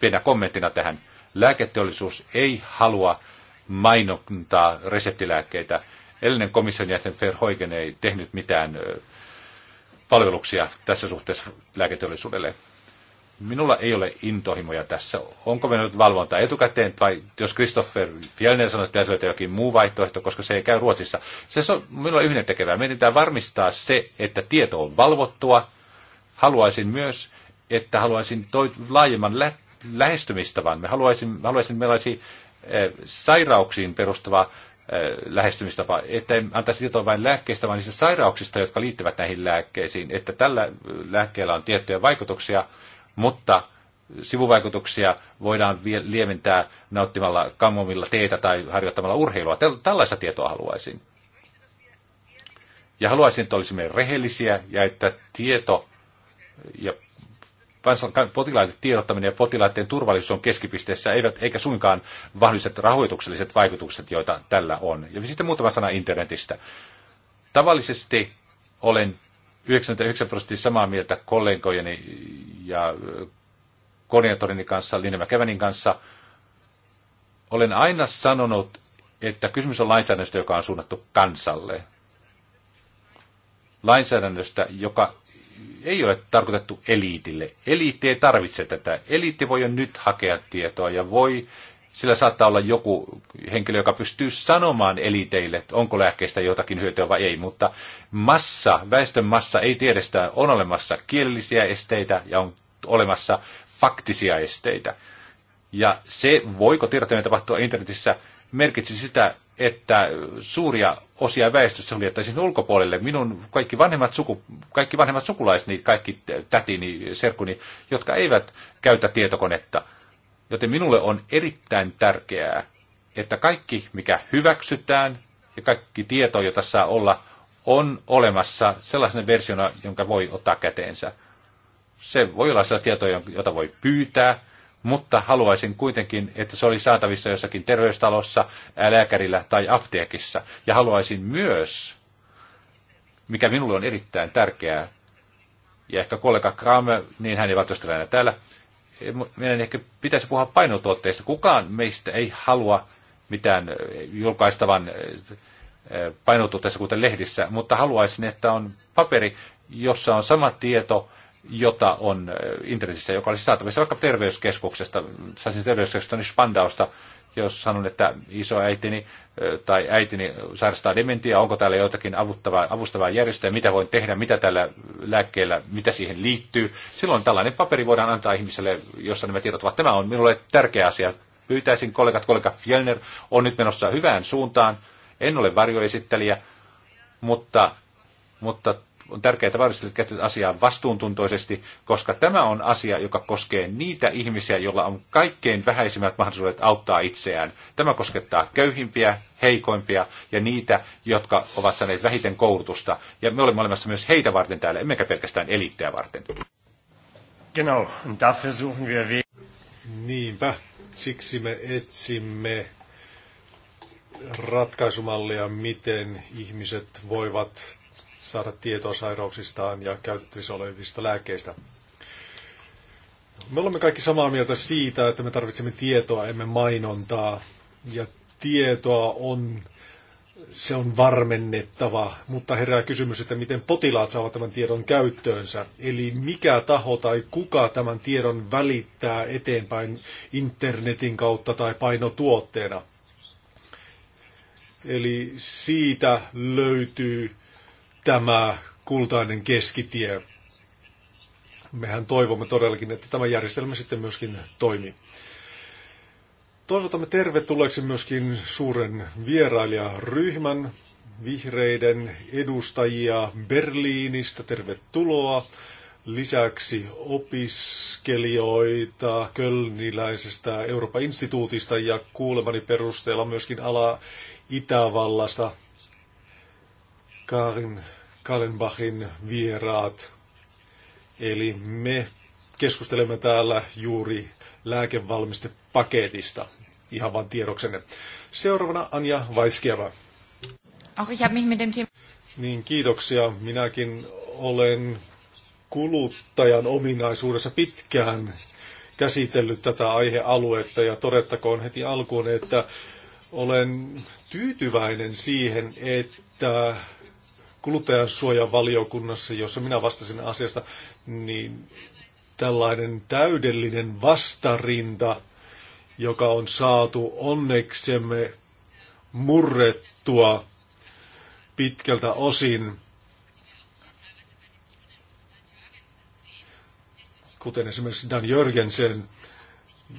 Pienä kommenttina tähän. Lääketeollisuus ei halua mainontaa reseptilääkkeitä Edellinen komission jäsen Verhoiken ei tehnyt mitään palveluksia tässä suhteessa lääketeollisuudelle. Minulla ei ole intohimoja tässä. Onko mennyt nyt valvontaa etukäteen, vai jos Christopher Fjellner sanoi, että löytää jokin muu vaihtoehto, koska se ei käy Ruotsissa. Se on minulla yhden tekevää. Meidän pitää varmistaa se, että tieto on valvottua. Haluaisin myös, että haluaisin toi laajemman lä- lähestymistavan. Me haluaisin, haluaisin mellaisia sairauksiin perustuvaa lähestymistapa, että antaisi tietoa vain lääkkeistä, vaan niistä sairauksista, jotka liittyvät näihin lääkkeisiin, että tällä lääkkeellä on tiettyjä vaikutuksia, mutta sivuvaikutuksia voidaan lieventää nauttimalla kammomilla teitä tai harjoittamalla urheilua. Tällaista tietoa haluaisin. Ja haluaisin, että olisimme rehellisiä ja että tieto ja potilaiden tiedottaminen ja potilaiden turvallisuus on keskipisteessä, eivät, eikä suinkaan vahvistet rahoitukselliset vaikutukset, joita tällä on. Ja sitten muutama sana internetistä. Tavallisesti olen 99 prosenttia samaa mieltä kollegojeni ja koordinaattorini kanssa, Linne kevänin kanssa. Olen aina sanonut, että kysymys on lainsäädännöstä, joka on suunnattu kansalle. Lainsäädännöstä, joka ei ole tarkoitettu eliitille. Eliitti ei tarvitse tätä. Eliitti voi jo nyt hakea tietoa ja voi, sillä saattaa olla joku henkilö, joka pystyy sanomaan eliiteille, onko lääkkeestä jotakin hyötyä vai ei, mutta massa, väestön massa ei tiedä sitä, on olemassa kielellisiä esteitä ja on olemassa faktisia esteitä. Ja se, voiko tiedottaminen tapahtua internetissä, merkitsi sitä, että suuria osia väestöstä suljettaisiin ulkopuolelle. Minun kaikki vanhemmat, suku, kaikki vanhemmat sukulaisni, kaikki tätini, serkuni, jotka eivät käytä tietokonetta. Joten minulle on erittäin tärkeää, että kaikki, mikä hyväksytään ja kaikki tieto, jota saa olla, on olemassa sellaisena versiona, jonka voi ottaa käteensä. Se voi olla sellaista tietoa, jota voi pyytää, mutta haluaisin kuitenkin, että se oli saatavissa jossakin terveystalossa, lääkärillä tai apteekissa. Ja haluaisin myös, mikä minulle on erittäin tärkeää, ja ehkä kollega Kram, niin hän ei valtuustella enää täällä, eh, meidän ehkä pitäisi puhua painotuotteista. Kukaan meistä ei halua mitään eh, julkaistavan eh, painotuotteessa, kuten lehdissä, mutta haluaisin, että on paperi, jossa on sama tieto jota on äh, internetissä, joka olisi saatavissa vaikka terveyskeskuksesta, saisin terveyskeskuksesta niin Spandausta, jos sanon, että äitini äh, tai äitini sairastaa dementiaa, onko täällä jotakin avuttavaa, avustavaa järjestöä, mitä voin tehdä, mitä tällä lääkkeellä, mitä siihen liittyy. Silloin tällainen paperi voidaan antaa ihmiselle, jossa nämä tiedot ovat. Tämä on minulle tärkeä asia. Pyytäisin kollegat, kollega Fjellner on nyt menossa hyvään suuntaan. En ole varjoesittelijä, mutta, mutta on tärkeää, että varustajat asiaa vastuuntuntoisesti, koska tämä on asia, joka koskee niitä ihmisiä, joilla on kaikkein vähäisimmät mahdollisuudet auttaa itseään. Tämä koskettaa köyhimpiä, heikoimpia ja niitä, jotka ovat saaneet vähiten koulutusta. Ja me olemme olemassa myös heitä varten täällä, emmekä pelkästään eliittejä varten. Genau, und dafür suchen wir we- Niinpä, siksi me etsimme ratkaisumallia, miten ihmiset voivat saada tietoa sairauksistaan ja käytettävissä olevista lääkkeistä. Me olemme kaikki samaa mieltä siitä, että me tarvitsemme tietoa, emme mainontaa. Ja tietoa on, se on varmennettava, mutta herää kysymys, että miten potilaat saavat tämän tiedon käyttöönsä. Eli mikä taho tai kuka tämän tiedon välittää eteenpäin internetin kautta tai painotuotteena. Eli siitä löytyy tämä kultainen keskitie. Mehän toivomme todellakin, että tämä järjestelmä sitten myöskin toimii. Toivotamme tervetulleeksi myöskin suuren vierailijaryhmän vihreiden edustajia Berliinistä. Tervetuloa. Lisäksi opiskelijoita Kölniläisestä Euroopan instituutista ja kuulemani perusteella myöskin ala Itävallasta Karin Kallenbachin vieraat. Eli me keskustelemme täällä juuri lääkevalmistepaketista. Ihan vain tiedoksenne. Seuraavana Anja Vaiskeva. Auch ich mich mit dem Niin, kiitoksia. Minäkin olen kuluttajan ominaisuudessa pitkään käsitellyt tätä aihealuetta ja todettakoon heti alkuun, että olen tyytyväinen siihen, että kuluttajansuojavaliokunnassa, jossa minä vastasin asiasta, niin tällainen täydellinen vastarinta, joka on saatu onneksemme murrettua pitkältä osin, kuten esimerkiksi Dan Jörgensen,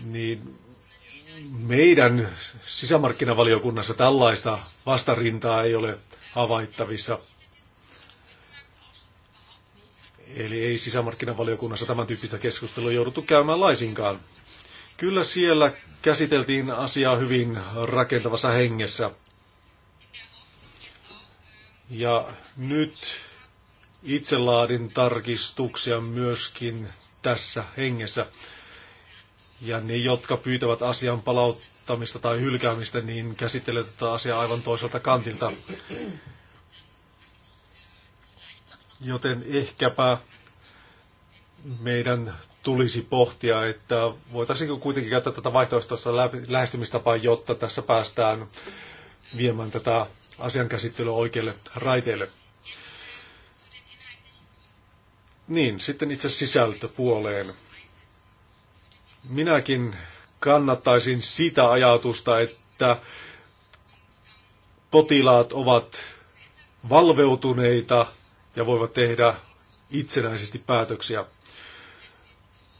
niin meidän sisämarkkinavaliokunnassa tällaista vastarintaa ei ole havaittavissa. Eli ei sisämarkkinavaliokunnassa tämän tyyppistä keskustelua jouduttu käymään laisinkaan. Kyllä siellä käsiteltiin asiaa hyvin rakentavassa hengessä. Ja nyt itse laadin tarkistuksia myöskin tässä hengessä. Ja ne, jotka pyytävät asian palauttamista tai hylkäämistä, niin käsittelee tätä asiaa aivan toiselta kantilta. Joten ehkäpä meidän tulisi pohtia, että voitaisiinko kuitenkin käyttää tätä vaihtoehtoista lähestymistapaa, jotta tässä päästään viemään tätä asian käsittelyä oikeille raiteille. Niin, sitten itse sisältöpuoleen. Minäkin kannattaisin sitä ajatusta, että potilaat ovat valveutuneita – ja voivat tehdä itsenäisesti päätöksiä.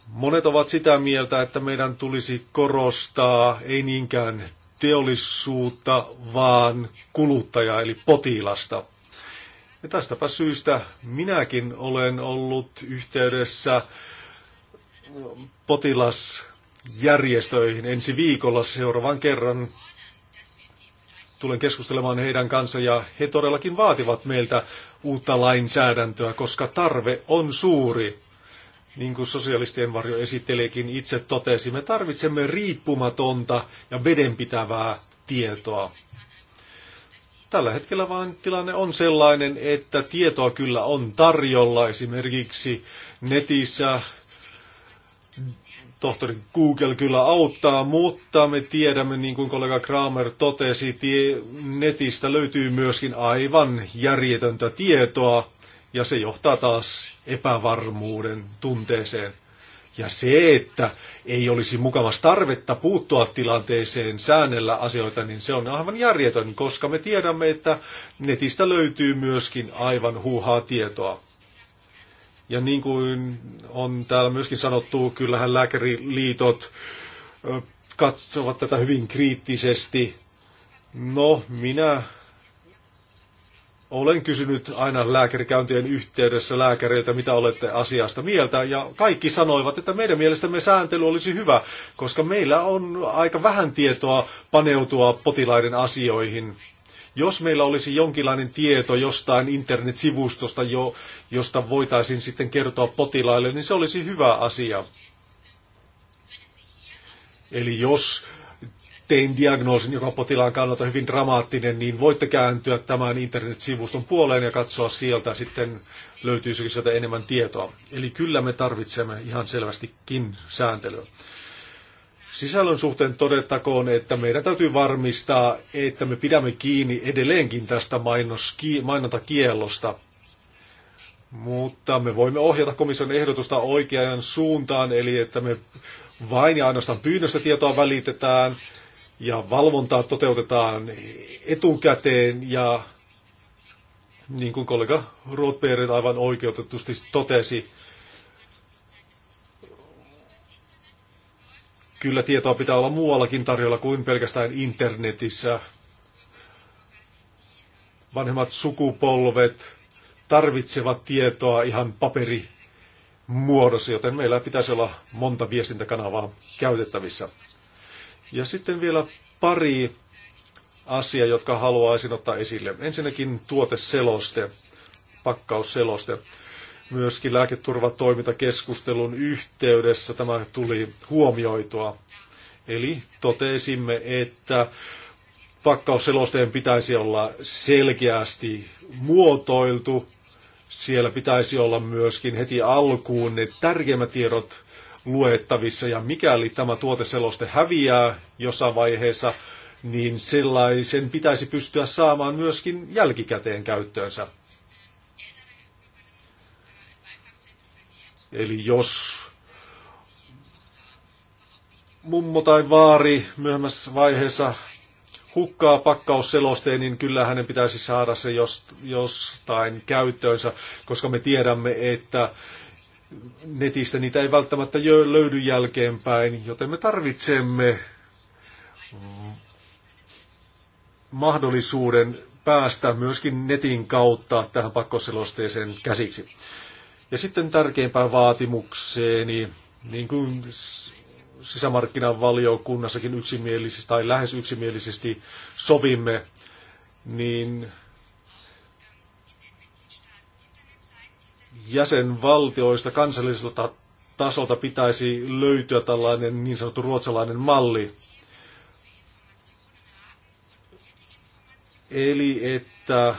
Monet ovat sitä mieltä, että meidän tulisi korostaa ei niinkään teollisuutta, vaan kuluttajaa eli potilasta. Ja tästäpä syystä minäkin olen ollut yhteydessä potilasjärjestöihin ensi viikolla seuraavan kerran. Tulen keskustelemaan heidän kanssa ja he todellakin vaativat meiltä uutta lainsäädäntöä, koska tarve on suuri. Niin kuin sosialistien varjo esitteleekin itse totesi, me tarvitsemme riippumatonta ja vedenpitävää tietoa. Tällä hetkellä vaan tilanne on sellainen, että tietoa kyllä on tarjolla esimerkiksi netissä, tohtori Google kyllä auttaa, mutta me tiedämme, niin kuin kollega Kramer totesi, tie, netistä löytyy myöskin aivan järjetöntä tietoa, ja se johtaa taas epävarmuuden tunteeseen. Ja se, että ei olisi mukavas tarvetta puuttua tilanteeseen, säännellä asioita, niin se on aivan järjetön, koska me tiedämme, että netistä löytyy myöskin aivan huuhaa tietoa. Ja niin kuin on täällä myöskin sanottu, kyllähän lääkäriliitot katsovat tätä hyvin kriittisesti. No, minä olen kysynyt aina lääkärikäyntien yhteydessä lääkäreiltä, mitä olette asiasta mieltä, ja kaikki sanoivat, että meidän mielestämme sääntely olisi hyvä, koska meillä on aika vähän tietoa paneutua potilaiden asioihin. Jos meillä olisi jonkinlainen tieto jostain internetsivustosta, jo, josta voitaisiin sitten kertoa potilaille, niin se olisi hyvä asia. Eli jos tein diagnoosin, joka potilaan kannalta hyvin dramaattinen, niin voitte kääntyä tämän internetsivuston puoleen ja katsoa sieltä sitten löytyisikö sieltä enemmän tietoa. Eli kyllä me tarvitsemme ihan selvästikin sääntelyä. Sisällön suhteen todettakoon, että meidän täytyy varmistaa, että me pidämme kiinni edelleenkin tästä mainontakiellosta. Mutta me voimme ohjata komission ehdotusta oikeaan suuntaan, eli että me vain ja ainoastaan pyynnöstä tietoa välitetään ja valvontaa toteutetaan etukäteen ja niin kuin kollega Rothberg aivan oikeutetusti totesi, kyllä tietoa pitää olla muuallakin tarjolla kuin pelkästään internetissä. Vanhemmat sukupolvet tarvitsevat tietoa ihan paperi muodossa, joten meillä pitäisi olla monta viestintäkanavaa käytettävissä. Ja sitten vielä pari asiaa, jotka haluaisin ottaa esille. Ensinnäkin tuoteseloste, pakkausseloste myöskin lääketurvatoimintakeskustelun yhteydessä tämä tuli huomioitua. Eli totesimme, että pakkausselosteen pitäisi olla selkeästi muotoiltu. Siellä pitäisi olla myöskin heti alkuun ne tärkeimmät tiedot luettavissa. Ja mikäli tämä tuoteseloste häviää jossain vaiheessa, niin sellaisen pitäisi pystyä saamaan myöskin jälkikäteen käyttöönsä. Eli jos mummo tai vaari myöhemmässä vaiheessa hukkaa pakkausselosteen, niin kyllä hänen pitäisi saada se jostain käyttöönsä, koska me tiedämme, että netistä niitä ei välttämättä löydy jälkeenpäin, joten me tarvitsemme mahdollisuuden päästä myöskin netin kautta tähän pakkoselosteeseen käsiksi. Ja sitten tärkeimpään vaatimukseeni, niin kuin sisämarkkinan valiokunnassakin yksimielisesti tai lähes yksimielisesti sovimme, niin jäsenvaltioista kansalliselta tasolta pitäisi löytyä tällainen niin sanottu ruotsalainen malli. Eli että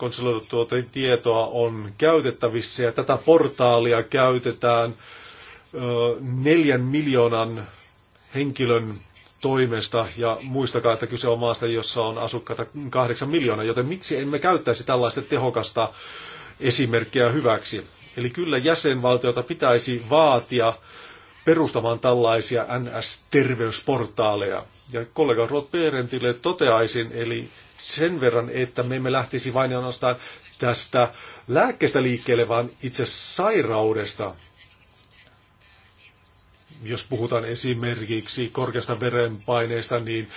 konsoloitua tuota, niin tietoa on käytettävissä ja tätä portaalia käytetään neljän miljoonan henkilön toimesta ja muistakaa, että kyse on maasta, jossa on asukkaita kahdeksan miljoonaa, joten miksi emme käyttäisi tällaista tehokasta esimerkkiä hyväksi? Eli kyllä jäsenvaltiota pitäisi vaatia perustamaan tällaisia NS-terveysportaaleja. Ja kollega Rod Perentille toteaisin, eli sen verran, että me emme lähtisi vain ainoastaan tästä lääkkeestä liikkeelle, vaan itse sairaudesta. Jos puhutaan esimerkiksi korkeasta verenpaineesta, niin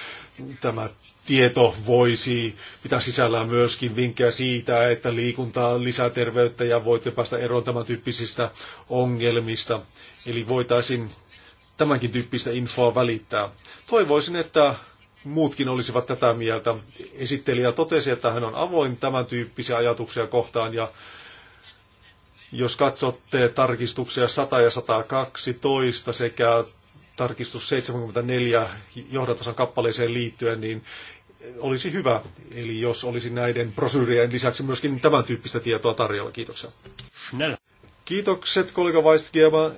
tämä tieto voisi pitää sisällään myöskin vinkkejä siitä, että liikuntaa lisää terveyttä ja voitte päästä eroon tämän tyyppisistä ongelmista. Eli voitaisiin tämänkin tyyppistä infoa välittää. Toivoisin, että muutkin olisivat tätä mieltä. Esittelijä totesi, että hän on avoin tämän tyyppisiä ajatuksia kohtaan ja jos katsotte tarkistuksia 100 ja 112 sekä tarkistus 74 johdatosan kappaleeseen liittyen, niin olisi hyvä, eli jos olisi näiden prosyyrien lisäksi myöskin tämän tyyppistä tietoa tarjolla. Kiitoksia. Näin. Kiitokset kollega Weisgieva.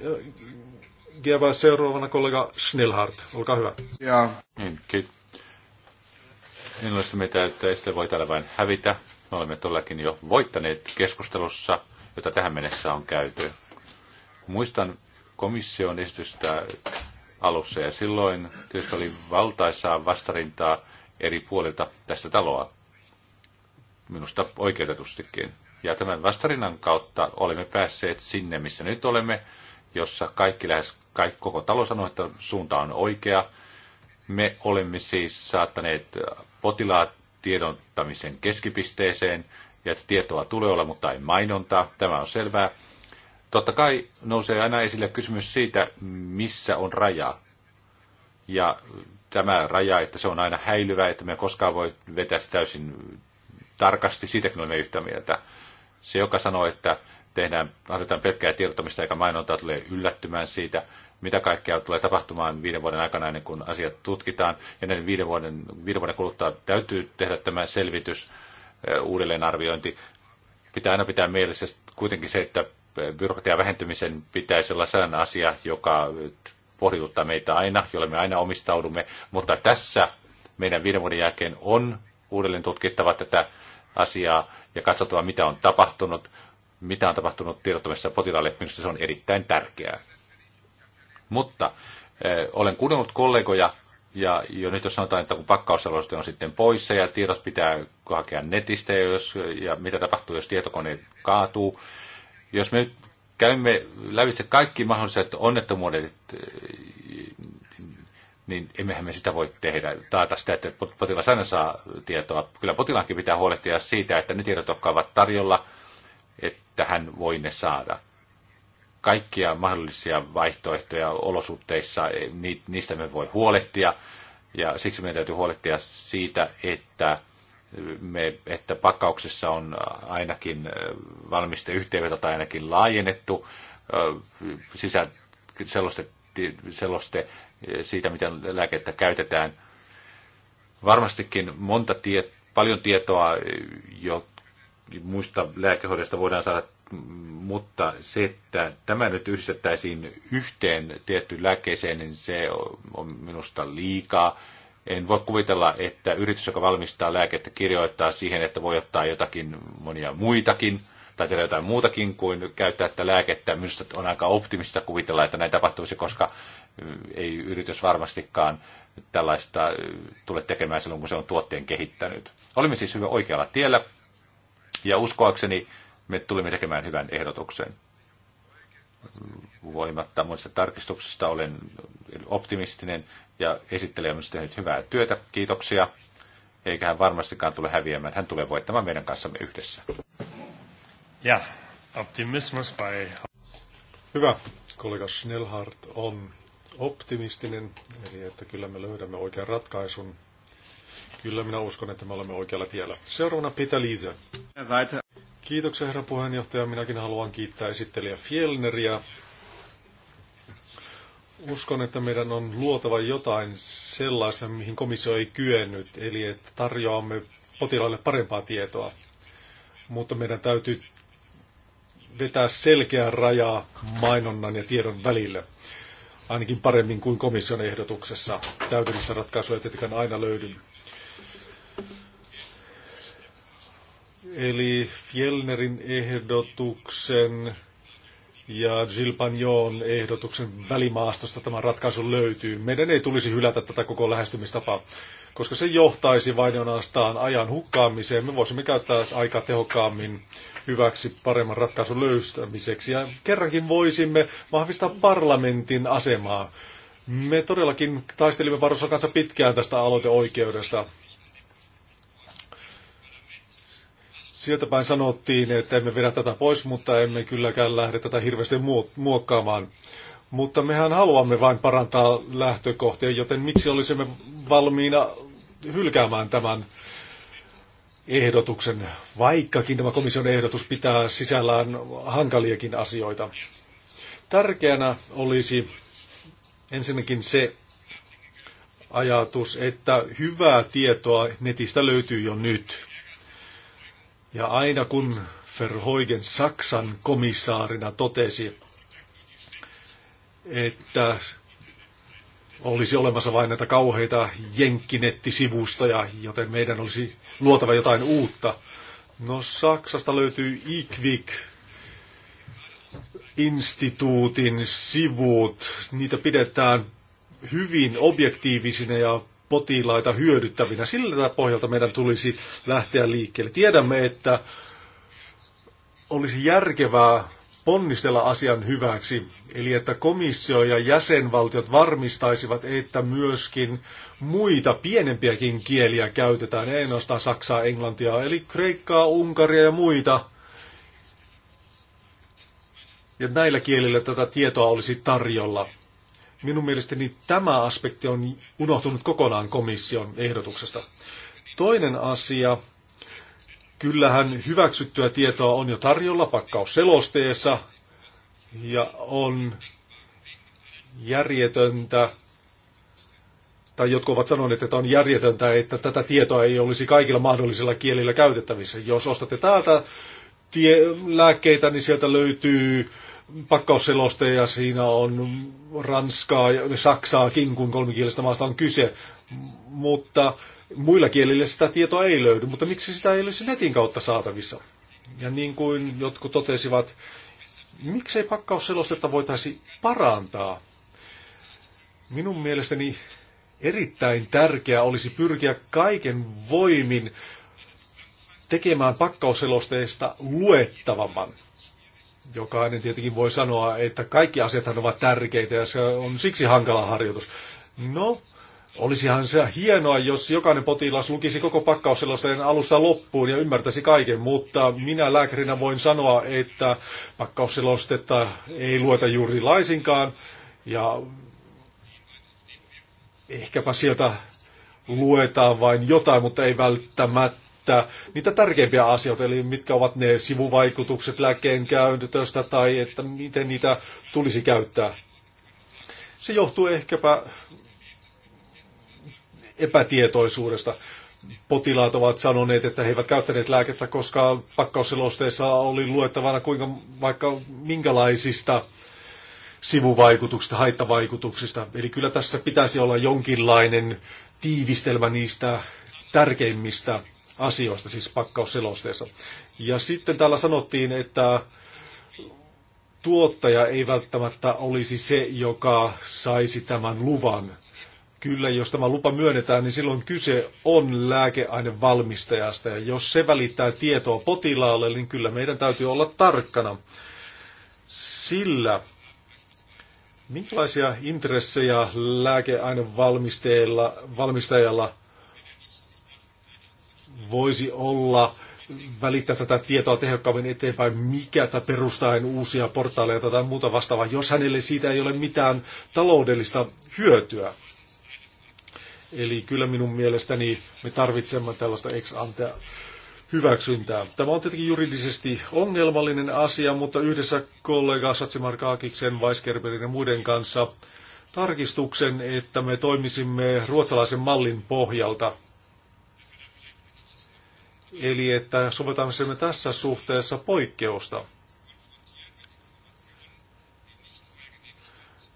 Gieva, seuraavana kollega Schnellhardt. Olkaa hyvä. Ja. Niin, ki- en ole sitä mieltä, että Estel voi täällä vain hävitä. Me olemme todellakin jo voittaneet keskustelussa, jota tähän mennessä on käyty. Muistan komission esitystä alussa ja silloin tietysti oli valtaisaa vastarintaa eri puolilta tästä taloa. Minusta oikeutetustikin. Ja tämän vastarinnan kautta olemme päässeet sinne, missä nyt olemme, jossa kaikki lähes kaikki, koko talo sanoo, että suunta on oikea. Me olemme siis saattaneet potilaat tiedottamisen keskipisteeseen ja että tietoa tulee olla, mutta ei mainontaa. Tämä on selvää. Totta kai nousee aina esille kysymys siitä, missä on raja. Ja tämä raja, että se on aina häilyvä, että me koskaan voi vetää sitä täysin tarkasti, siitäkin olemme yhtä mieltä. Se, joka sanoo, että tehdään, harjoitetaan pelkkää tiedottamista eikä mainontaa, tulee yllättymään siitä mitä kaikkea tulee tapahtumaan viiden vuoden aikana ennen kuin asiat tutkitaan. Ja näiden viiden vuoden, viiden vuoden kuluttua täytyy tehdä tämä selvitys, eh, uudelleenarviointi. Pitää aina pitää mielessä kuitenkin se, että eh, byrokratian vähentymisen pitäisi olla sellainen asia, joka eh, pohdituttaa meitä aina, jolle me aina omistaudumme, mutta tässä meidän viiden vuoden jälkeen on uudelleen tutkittava tätä asiaa ja katsottava, mitä on tapahtunut, mitä on tapahtunut tiedottomissa potilaille. Minusta se on erittäin tärkeää. Mutta eh, olen kuunnellut kollegoja, ja jo nyt jos sanotaan, että kun pakkausseloste on sitten poissa ja tiedot pitää hakea netistä ja, jos, ja mitä tapahtuu, jos tietokone kaatuu. Jos me nyt käymme lävitse kaikki mahdolliset onnettomuudet, eh, niin emmehän me sitä voi tehdä, taata sitä, että potilas aina saa tietoa. Kyllä potilaankin pitää huolehtia siitä, että ne tiedot, jotka ovat tarjolla, että hän voi ne saada kaikkia mahdollisia vaihtoehtoja olosuhteissa, e, niistä me voi huolehtia. Ja siksi meidän täytyy huolehtia siitä, että, me, että pakkauksessa on ainakin e, valmiste yhteenveto tai ainakin laajennettu e, sisä, seloste, selloste siitä, miten lääkettä käytetään. Varmastikin monta tie, paljon tietoa, jo muista lääkehoidosta voidaan saada mutta se, että tämä nyt yhdistettäisiin yhteen tiettyyn lääkkeeseen, niin se on minusta liikaa. En voi kuvitella, että yritys, joka valmistaa lääkettä, kirjoittaa siihen, että voi ottaa jotakin monia muitakin tai tehdä jotain muutakin kuin käyttää tätä lääkettä. Minusta on aika optimista kuvitella, että näin tapahtuisi, koska mm, ei yritys varmastikaan tällaista mm, tule tekemään silloin, kun se on tuotteen kehittänyt. Olimme siis hyvin oikealla tiellä ja uskoakseni me tulimme tekemään hyvän ehdotuksen. Voimatta muista tarkistuksista olen optimistinen ja esittelee on tehnyt hyvää työtä. Kiitoksia. Eikä hän varmastikaan tule häviämään. Hän tulee voittamaan meidän kanssamme yhdessä. Ja, optimismus by... Hyvä. Kollega Schnellhardt on optimistinen, eli että kyllä me löydämme oikean ratkaisun. Kyllä minä uskon, että me olemme oikealla tiellä. Seuraavana Peter Liese. Kiitoksia herra puheenjohtaja. Minäkin haluan kiittää esittelijä Fjellneriä. Uskon, että meidän on luotava jotain sellaista, mihin komissio ei kyennyt, eli että tarjoamme potilaille parempaa tietoa. Mutta meidän täytyy vetää selkeä raja mainonnan ja tiedon välille. Ainakin paremmin kuin komission ehdotuksessa. Täydellistä ratkaisua ei tietenkään aina löydy. Eli Fjellnerin ehdotuksen ja Gilles Pagnon ehdotuksen välimaastosta tämä ratkaisu löytyy. Meidän ei tulisi hylätä tätä koko lähestymistapaa, koska se johtaisi vain ainoastaan ajan hukkaamiseen. Me voisimme käyttää aikaa tehokkaammin hyväksi paremman ratkaisun löystämiseksi. Ja kerrankin voisimme vahvistaa parlamentin asemaa. Me todellakin taistelimme Varossa kanssa pitkään tästä aloiteoikeudesta. Sieltä päin sanottiin, että emme vedä tätä pois, mutta emme kylläkään lähde tätä hirveästi muokkaamaan. Mutta mehän haluamme vain parantaa lähtökohtia, joten miksi olisimme valmiina hylkäämään tämän ehdotuksen, vaikkakin tämä komission ehdotus pitää sisällään hankaliakin asioita. Tärkeänä olisi ensinnäkin se ajatus, että hyvää tietoa netistä löytyy jo nyt. Ja aina kun Verhoigen Saksan komissaarina totesi, että olisi olemassa vain näitä kauheita jenkkinettisivustoja, joten meidän olisi luotava jotain uutta. No Saksasta löytyy IQVIC, instituutin sivut, niitä pidetään hyvin objektiivisina ja potilaita hyödyttävinä. Sillä pohjalta meidän tulisi lähteä liikkeelle. Tiedämme, että olisi järkevää ponnistella asian hyväksi, eli että komissio ja jäsenvaltiot varmistaisivat, että myöskin muita pienempiäkin kieliä käytetään, ei ainoastaan saksaa, englantia, eli kreikkaa, unkaria ja muita. Ja näillä kielillä tätä tietoa olisi tarjolla. Minun mielestäni tämä aspekti on unohtunut kokonaan komission ehdotuksesta. Toinen asia, kyllähän hyväksyttyä tietoa on jo tarjolla pakkausselosteessa ja on järjetöntä, tai jotkut ovat sanoneet, että on järjetöntä, että tätä tietoa ei olisi kaikilla mahdollisilla kielillä käytettävissä. Jos ostatte täältä tie- lääkkeitä, niin sieltä löytyy pakkausseloste ja siinä on Ranskaa ja Saksaakin, kun kolmikielisestä maasta on kyse. Mutta muilla kielillä sitä tietoa ei löydy, mutta miksi sitä ei olisi netin kautta saatavissa? Ja niin kuin jotkut totesivat, miksei pakkausselostetta voitaisi parantaa? Minun mielestäni erittäin tärkeää olisi pyrkiä kaiken voimin tekemään pakkausselosteista luettavamman. Jokainen tietenkin voi sanoa, että kaikki asiathan ovat tärkeitä ja se on siksi hankala harjoitus. No, olisihan se hienoa, jos jokainen potilas lukisi koko pakkausselosteen alusta loppuun ja ymmärtäisi kaiken, mutta minä lääkärinä voin sanoa, että pakkausselostetta ei lueta juuri laisinkaan ja ehkäpä sieltä luetaan vain jotain, mutta ei välttämättä että niitä tärkeimpiä asioita, eli mitkä ovat ne sivuvaikutukset lääkkeen käytöstä tai että miten niitä tulisi käyttää. Se johtuu ehkäpä epätietoisuudesta. Potilaat ovat sanoneet, että he eivät käyttäneet lääkettä, koska pakkausselosteissa oli luettavana kuinka, vaikka minkälaisista sivuvaikutuksista, haittavaikutuksista. Eli kyllä tässä pitäisi olla jonkinlainen tiivistelmä niistä tärkeimmistä asioista, siis pakkausselosteessa. Ja sitten täällä sanottiin, että tuottaja ei välttämättä olisi se, joka saisi tämän luvan. Kyllä, jos tämä lupa myönnetään, niin silloin kyse on lääkeainevalmistajasta. Ja jos se välittää tietoa potilaalle, niin kyllä meidän täytyy olla tarkkana. Sillä minkälaisia intressejä lääkeainevalmistajalla valmistajalla voisi olla välittää tätä tietoa tehokkaammin eteenpäin, mikä tai perustaen uusia portaaleja tai muuta vastaavaa, jos hänelle siitä ei ole mitään taloudellista hyötyä. Eli kyllä minun mielestäni me tarvitsemme tällaista ex ante hyväksyntää. Tämä on tietenkin juridisesti ongelmallinen asia, mutta yhdessä kollega Satsimar Kaakiksen, Weisgerberin ja muiden kanssa tarkistuksen, että me toimisimme ruotsalaisen mallin pohjalta – Eli että soveltamme tässä suhteessa poikkeusta.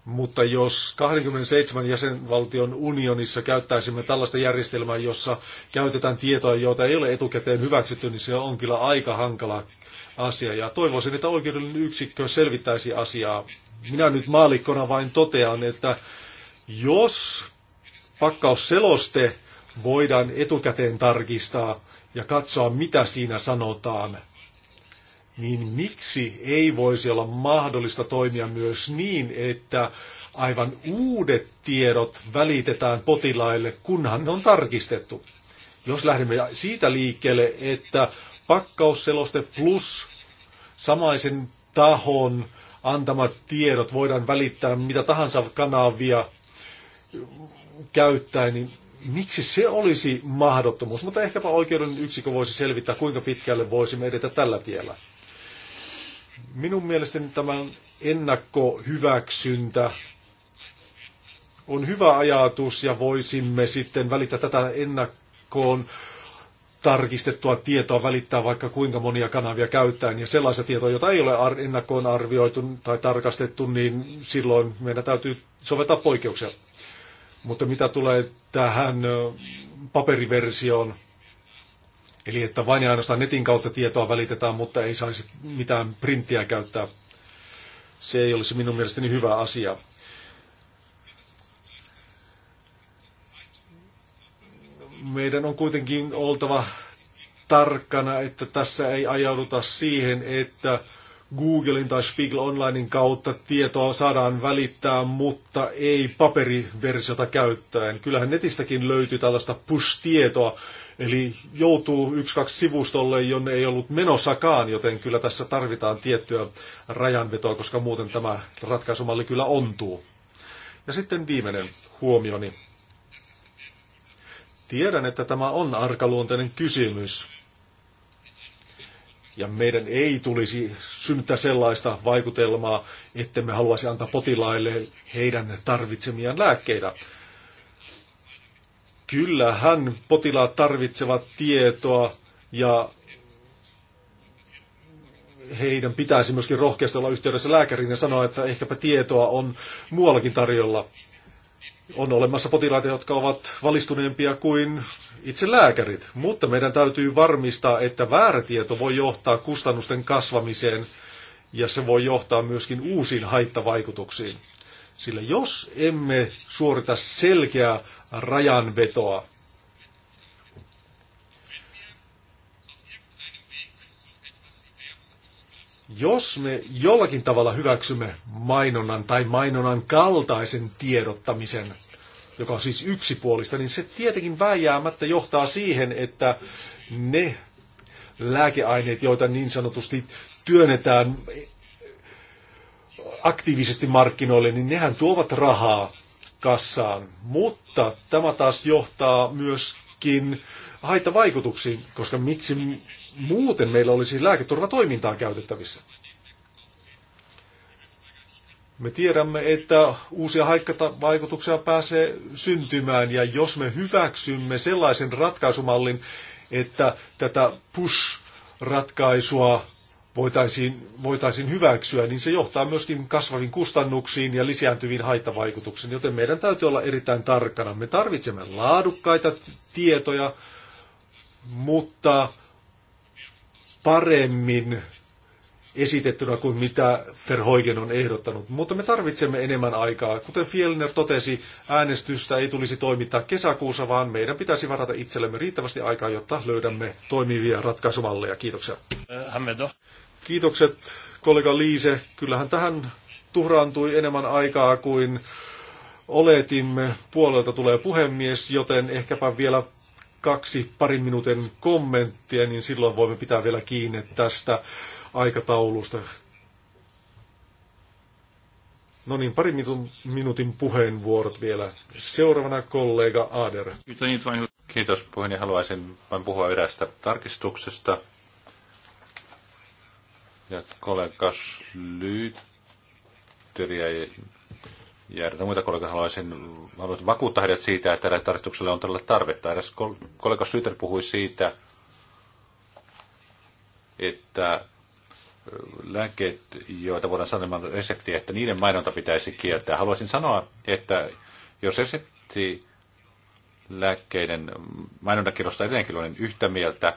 Mutta jos 27 jäsenvaltion unionissa käyttäisimme tällaista järjestelmää, jossa käytetään tietoa, joita ei ole etukäteen hyväksytty, niin se on kyllä aika hankala asia. Ja toivoisin, että oikeudellinen yksikkö selvittäisi asiaa. Minä nyt maalikkona vain totean, että jos pakkausseloste voidaan etukäteen tarkistaa, ja katsoa, mitä siinä sanotaan, niin miksi ei voisi olla mahdollista toimia myös niin, että aivan uudet tiedot välitetään potilaille, kunhan ne on tarkistettu. Jos lähdemme siitä liikkeelle, että pakkausseloste plus samaisen tahon antamat tiedot voidaan välittää mitä tahansa kanavia käyttäen, niin miksi se olisi mahdottomuus, mutta ehkäpä oikeuden yksikö voisi selvittää, kuinka pitkälle voisimme edetä tällä tiellä. Minun mielestäni tämän ennakkohyväksyntä on hyvä ajatus ja voisimme sitten välittää tätä ennakkoon tarkistettua tietoa välittää vaikka kuinka monia kanavia käyttäen ja sellaista tietoa, jota ei ole ennakkoon arvioitu tai tarkastettu, niin silloin meidän täytyy soveta poikkeuksia. Mutta mitä tulee tähän paperiversioon, eli että vain ja ainoastaan netin kautta tietoa välitetään, mutta ei saisi mitään printtiä käyttää, se ei olisi minun mielestäni hyvä asia. Meidän on kuitenkin oltava tarkkana, että tässä ei ajauduta siihen, että Googlein tai Spiegel Onlinein kautta tietoa saadaan välittää, mutta ei paperiversiota käyttäen. Kyllähän netistäkin löytyy tällaista push-tietoa, eli joutuu yksi kaksi sivustolle, jonne ei ollut menossakaan, joten kyllä tässä tarvitaan tiettyä rajanvetoa, koska muuten tämä ratkaisumalli kyllä ontuu. Ja sitten viimeinen huomioni. Tiedän, että tämä on arkaluonteinen kysymys, ja meidän ei tulisi synnyttää sellaista vaikutelmaa, että me haluaisi antaa potilaille heidän tarvitsemiaan lääkkeitä. Kyllähän potilaat tarvitsevat tietoa ja heidän pitäisi myöskin rohkeasti olla yhteydessä lääkäriin ja sanoa, että ehkäpä tietoa on muuallakin tarjolla. On olemassa potilaita, jotka ovat valistuneempia kuin itse lääkärit, mutta meidän täytyy varmistaa, että väärätieto voi johtaa kustannusten kasvamiseen ja se voi johtaa myöskin uusiin haittavaikutuksiin. Sillä jos emme suorita selkeää rajanvetoa, Jos me jollakin tavalla hyväksymme mainonnan tai mainonnan kaltaisen tiedottamisen, joka on siis yksipuolista, niin se tietenkin väijäämättä johtaa siihen, että ne lääkeaineet, joita niin sanotusti työnnetään aktiivisesti markkinoille, niin nehän tuovat rahaa kassaan. Mutta tämä taas johtaa myöskin haittavaikutuksiin, koska miksi muuten meillä olisi lääketurvatoimintaa käytettävissä. Me tiedämme, että uusia haikkavaikutuksia pääsee syntymään, ja jos me hyväksymme sellaisen ratkaisumallin, että tätä push-ratkaisua voitaisiin, voitaisiin hyväksyä, niin se johtaa myöskin kasvaviin kustannuksiin ja lisääntyviin haittavaikutuksiin, joten meidän täytyy olla erittäin tarkkana. Me tarvitsemme laadukkaita tietoja, mutta paremmin esitettynä kuin mitä Verhoigen on ehdottanut. Mutta me tarvitsemme enemmän aikaa. Kuten Fielner totesi, äänestystä ei tulisi toimittaa kesäkuussa, vaan meidän pitäisi varata itsellemme riittävästi aikaa, jotta löydämme toimivia ratkaisumalleja. Kiitoksia. Kiitokset kollega Liise. Kyllähän tähän tuhraantui enemmän aikaa kuin oletimme. Puolelta tulee puhemies, joten ehkäpä vielä kaksi parin minuutin kommenttia, niin silloin voimme pitää vielä kiinni tästä aikataulusta. No niin, parin minuutin puheenvuorot vielä. Seuraavana kollega Ader. Kiitos puheen ja haluaisin vain puhua erästä tarkistuksesta. Ja kollega Slyyteriä ja eräitä muita kollegoja haluaisin, haluaisin vakuuttaa heidät siitä, että tällä tarkistuksella on tällä tarvetta. Eräs kollega Syter puhui siitä, että lääkkeet, joita voidaan sanoa niin reseptiä, että niiden mainonta pitäisi kieltää. Haluaisin sanoa, että jos resepti lääkkeiden mainontakirjosta edelleenkin olen yhtä mieltä,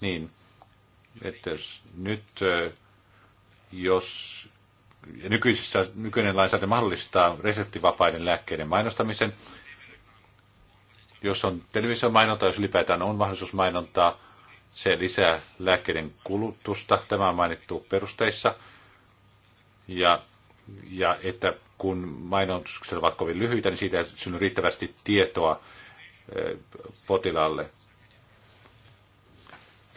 niin että nyt jos nykyisessä, nykyinen lainsäädäntö mahdollistaa reseptivapaiden lääkkeiden mainostamisen. Jos on mainonta, jos ylipäätään on mahdollisuus mainontaa, se lisää lääkkeiden kulutusta. Tämä on mainittu perusteissa. Ja, ja että kun mainokset ovat kovin lyhyitä, niin siitä ei synny riittävästi tietoa eh, potilaalle.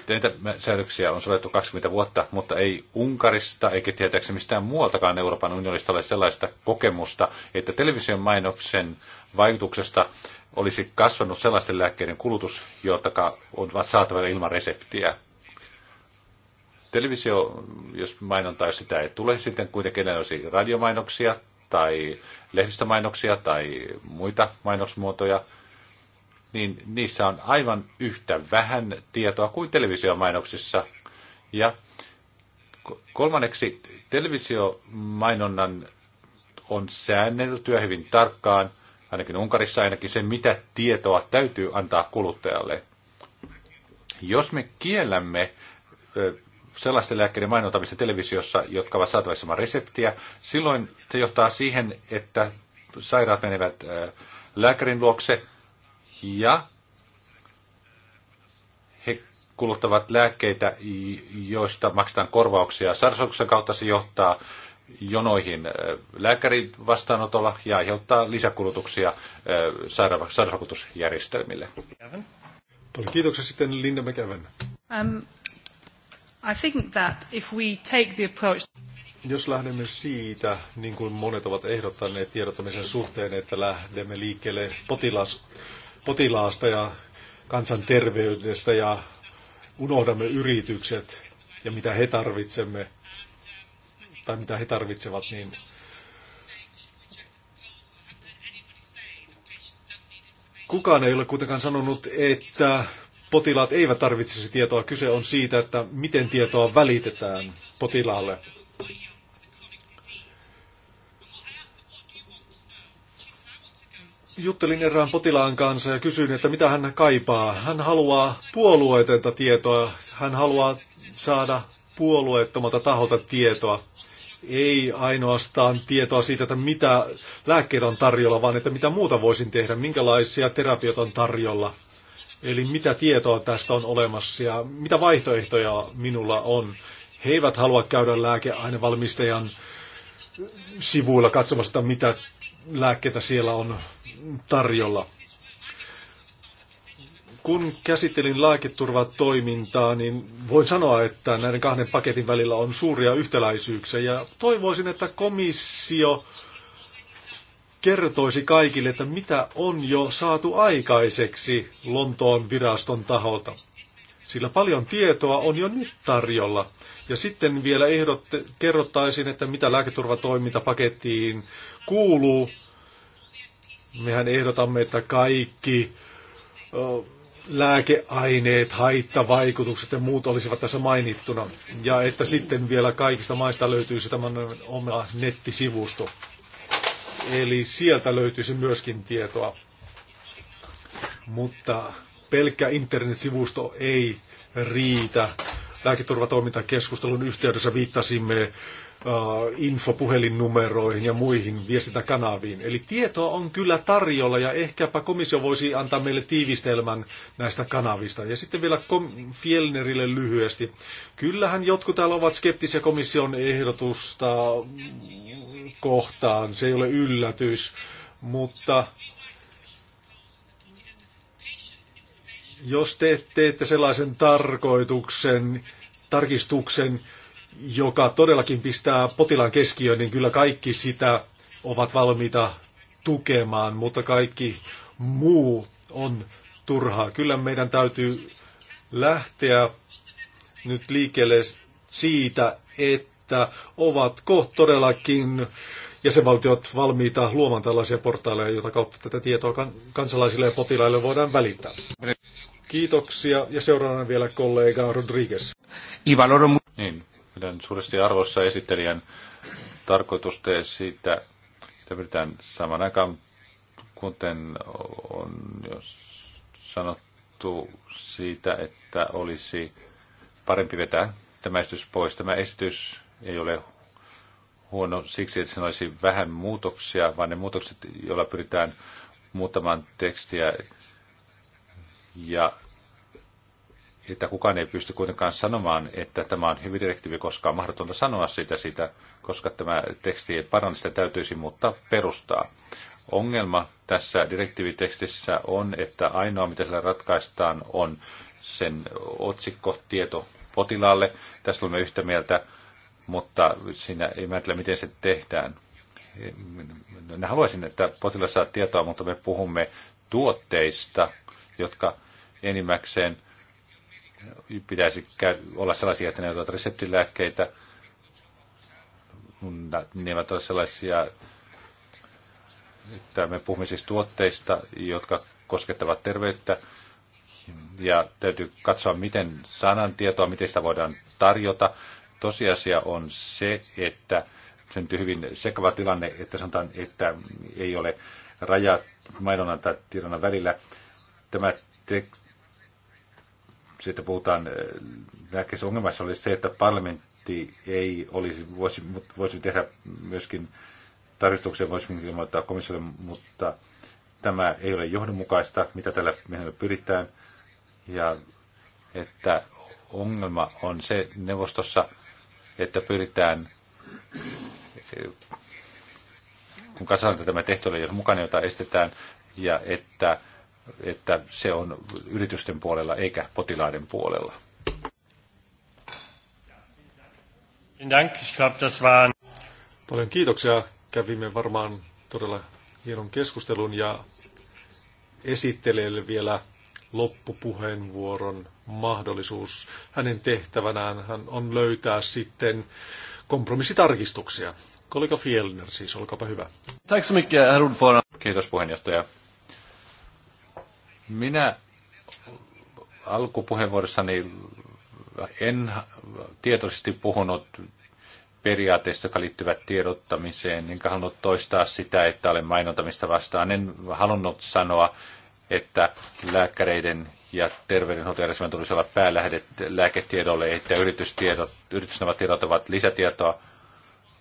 Näitä säädöksiä on sovellettu 20 vuotta, mutta ei Unkarista eikä tietääkseni mistään muualtakaan Euroopan unionista ole sellaista kokemusta, että television mainoksen vaikutuksesta olisi kasvanut sellaisten lääkkeiden kulutus, jotka ovat saatavilla ilman reseptiä. Televisio, jos mainontaa, jos sitä ei tule, sitten kuitenkin olisi radiomainoksia tai lehdistömainoksia tai muita mainosmuotoja – niin niissä on aivan yhtä vähän tietoa kuin televisiomainoksissa. Ja kolmanneksi, televisiomainonnan on säänneltyä hyvin tarkkaan, ainakin Unkarissa ainakin sen, mitä tietoa täytyy antaa kuluttajalle. Jos me kiellämme sellaisten lääkkeiden mainontamista televisiossa, jotka ovat saatavissa reseptiä, silloin se johtaa siihen, että sairaat menevät lääkärin luokse, ja he kuluttavat lääkkeitä, joista maksetaan korvauksia. Sairausvakuutuksen kautta se johtaa jonoihin lääkärin vastaanotolla ja aiheuttaa lisäkulutuksia sairausvakuutusjärjestelmille. Paljon kiitoksia sitten Linda McEwen. Um, I think that if we take the approach... Jos lähdemme siitä, niin kuin monet ovat ehdottaneet tiedottamisen suhteen, että lähdemme liikkeelle potilas potilaasta ja kansanterveydestä ja unohdamme yritykset ja mitä he tarvitsemme tai mitä he tarvitsevat, niin kukaan ei ole kuitenkaan sanonut, että potilaat eivät tarvitsisi tietoa. Kyse on siitä, että miten tietoa välitetään potilaalle. juttelin erään potilaan kanssa ja kysyin, että mitä hän kaipaa. Hän haluaa puolueetonta tietoa, hän haluaa saada puolueettomalta taholta tietoa. Ei ainoastaan tietoa siitä, että mitä lääkkeitä on tarjolla, vaan että mitä muuta voisin tehdä, minkälaisia terapioita on tarjolla. Eli mitä tietoa tästä on olemassa ja mitä vaihtoehtoja minulla on. He eivät halua käydä lääkeainevalmistajan sivuilla katsomassa, mitä lääkkeitä siellä on tarjolla. Kun käsittelin lääketurvatoimintaa, niin voin sanoa, että näiden kahden paketin välillä on suuria yhtäläisyyksiä ja toivoisin, että komissio kertoisi kaikille, että mitä on jo saatu aikaiseksi Lontoon viraston taholta. Sillä paljon tietoa on jo nyt tarjolla. Ja sitten vielä ehdotte, kerrottaisin, että mitä lääketurvatoimintapakettiin kuuluu Mehän ehdotamme, että kaikki lääkeaineet, haittavaikutukset ja muut olisivat tässä mainittuna. Ja että sitten vielä kaikista maista löytyisi tämä oma nettisivusto. Eli sieltä löytyisi myöskin tietoa. Mutta pelkkä internetsivusto ei riitä. Lääketurvatoimintakeskustelun yhteydessä viittasimme Äh, infopuhelinnumeroihin ja muihin viestintäkanaviin. Eli tietoa on kyllä tarjolla ja ehkäpä komissio voisi antaa meille tiivistelmän näistä kanavista. Ja sitten vielä kom- Fielnerille lyhyesti. Kyllähän jotkut täällä ovat skeptisiä komission ehdotusta kohtaan, se ei ole yllätys, mutta jos te teette sellaisen tarkoituksen, tarkistuksen, joka todellakin pistää potilaan keskiöön, niin kyllä kaikki sitä ovat valmiita tukemaan, mutta kaikki muu on turhaa. Kyllä meidän täytyy lähteä nyt liikkeelle siitä, että ovatko todellakin jäsenvaltiot valmiita luomaan tällaisia portaaleja, joita kautta tätä tietoa kansalaisille ja potilaille voidaan välittää. Kiitoksia ja seuraavana vielä kollega Rodriguez. Niin, Pidän suuresti arvossa esittelijän tarkoitusta ja siitä, että pyritään saman aikaan, kuten on jo sanottu siitä, että olisi parempi vetää tämä esitys pois. Tämä esitys ei ole huono siksi, että siinä olisi vähän muutoksia, vaan ne muutokset, joilla pyritään muuttamaan tekstiä ja että kukaan ei pysty kuitenkaan sanomaan, että tämä on hyvin direktiivi, koska on mahdotonta sanoa sitä, sitä koska tämä teksti ei paranna, sitä täytyisi muuttaa perustaa. Ongelma tässä direktiivitekstissä on, että ainoa mitä sillä ratkaistaan on sen otsikkotieto potilaalle. Tässä olemme yhtä mieltä, mutta siinä ei määritellä, miten se tehdään. Minä haluaisin, että potilas saa tietoa, mutta me puhumme tuotteista, jotka enimmäkseen pitäisi olla sellaisia, että ne ovat reseptilääkkeitä, ne ovat sellaisia, että me puhumme siis tuotteista, jotka koskettavat terveyttä, ja täytyy katsoa, miten sanan tietoa, miten sitä voidaan tarjota. Tosiasia on se, että syntyy hyvin sekava tilanne, että sanotaan, että ei ole rajat mainonnan tai tiedonnan välillä. Tämä tek- sitten puhutaan, eh, lääkkeessä ongelmassa olisi se, että parlamentti ei olisi, voisi, voisi tehdä myöskin tarkistuksen, voisi ilmoittaa komissiolle, mutta tämä ei ole johdonmukaista, mitä tällä mehän pyritään. Ja että ongelma on se neuvostossa, että pyritään, eh, kun katsotaan, tämä tehtävä ei ole mukana, jota estetään, ja että että se on yritysten puolella eikä potilaiden puolella. Paljon kiitoksia. Kävimme varmaan todella hienon keskustelun ja esittelijälle vielä loppupuheenvuoron mahdollisuus. Hänen tehtävänään hän on löytää sitten kompromissitarkistuksia. Kollega Fielner siis, olkaapa hyvä. Tack så mycket, herr Kiitos puheenjohtaja. Minä alkupuheenvuorossani en tietoisesti puhunut periaatteista, jotka liittyvät tiedottamiseen, enkä halunnut toistaa sitä, että olen mainontamista vastaan. En halunnut sanoa, että lääkäreiden ja terveydenhuoltojärjestelmän tulisi olla päälähdet lääketiedolle, että yritystiedot, yritysnämä tiedot ovat lisätietoa.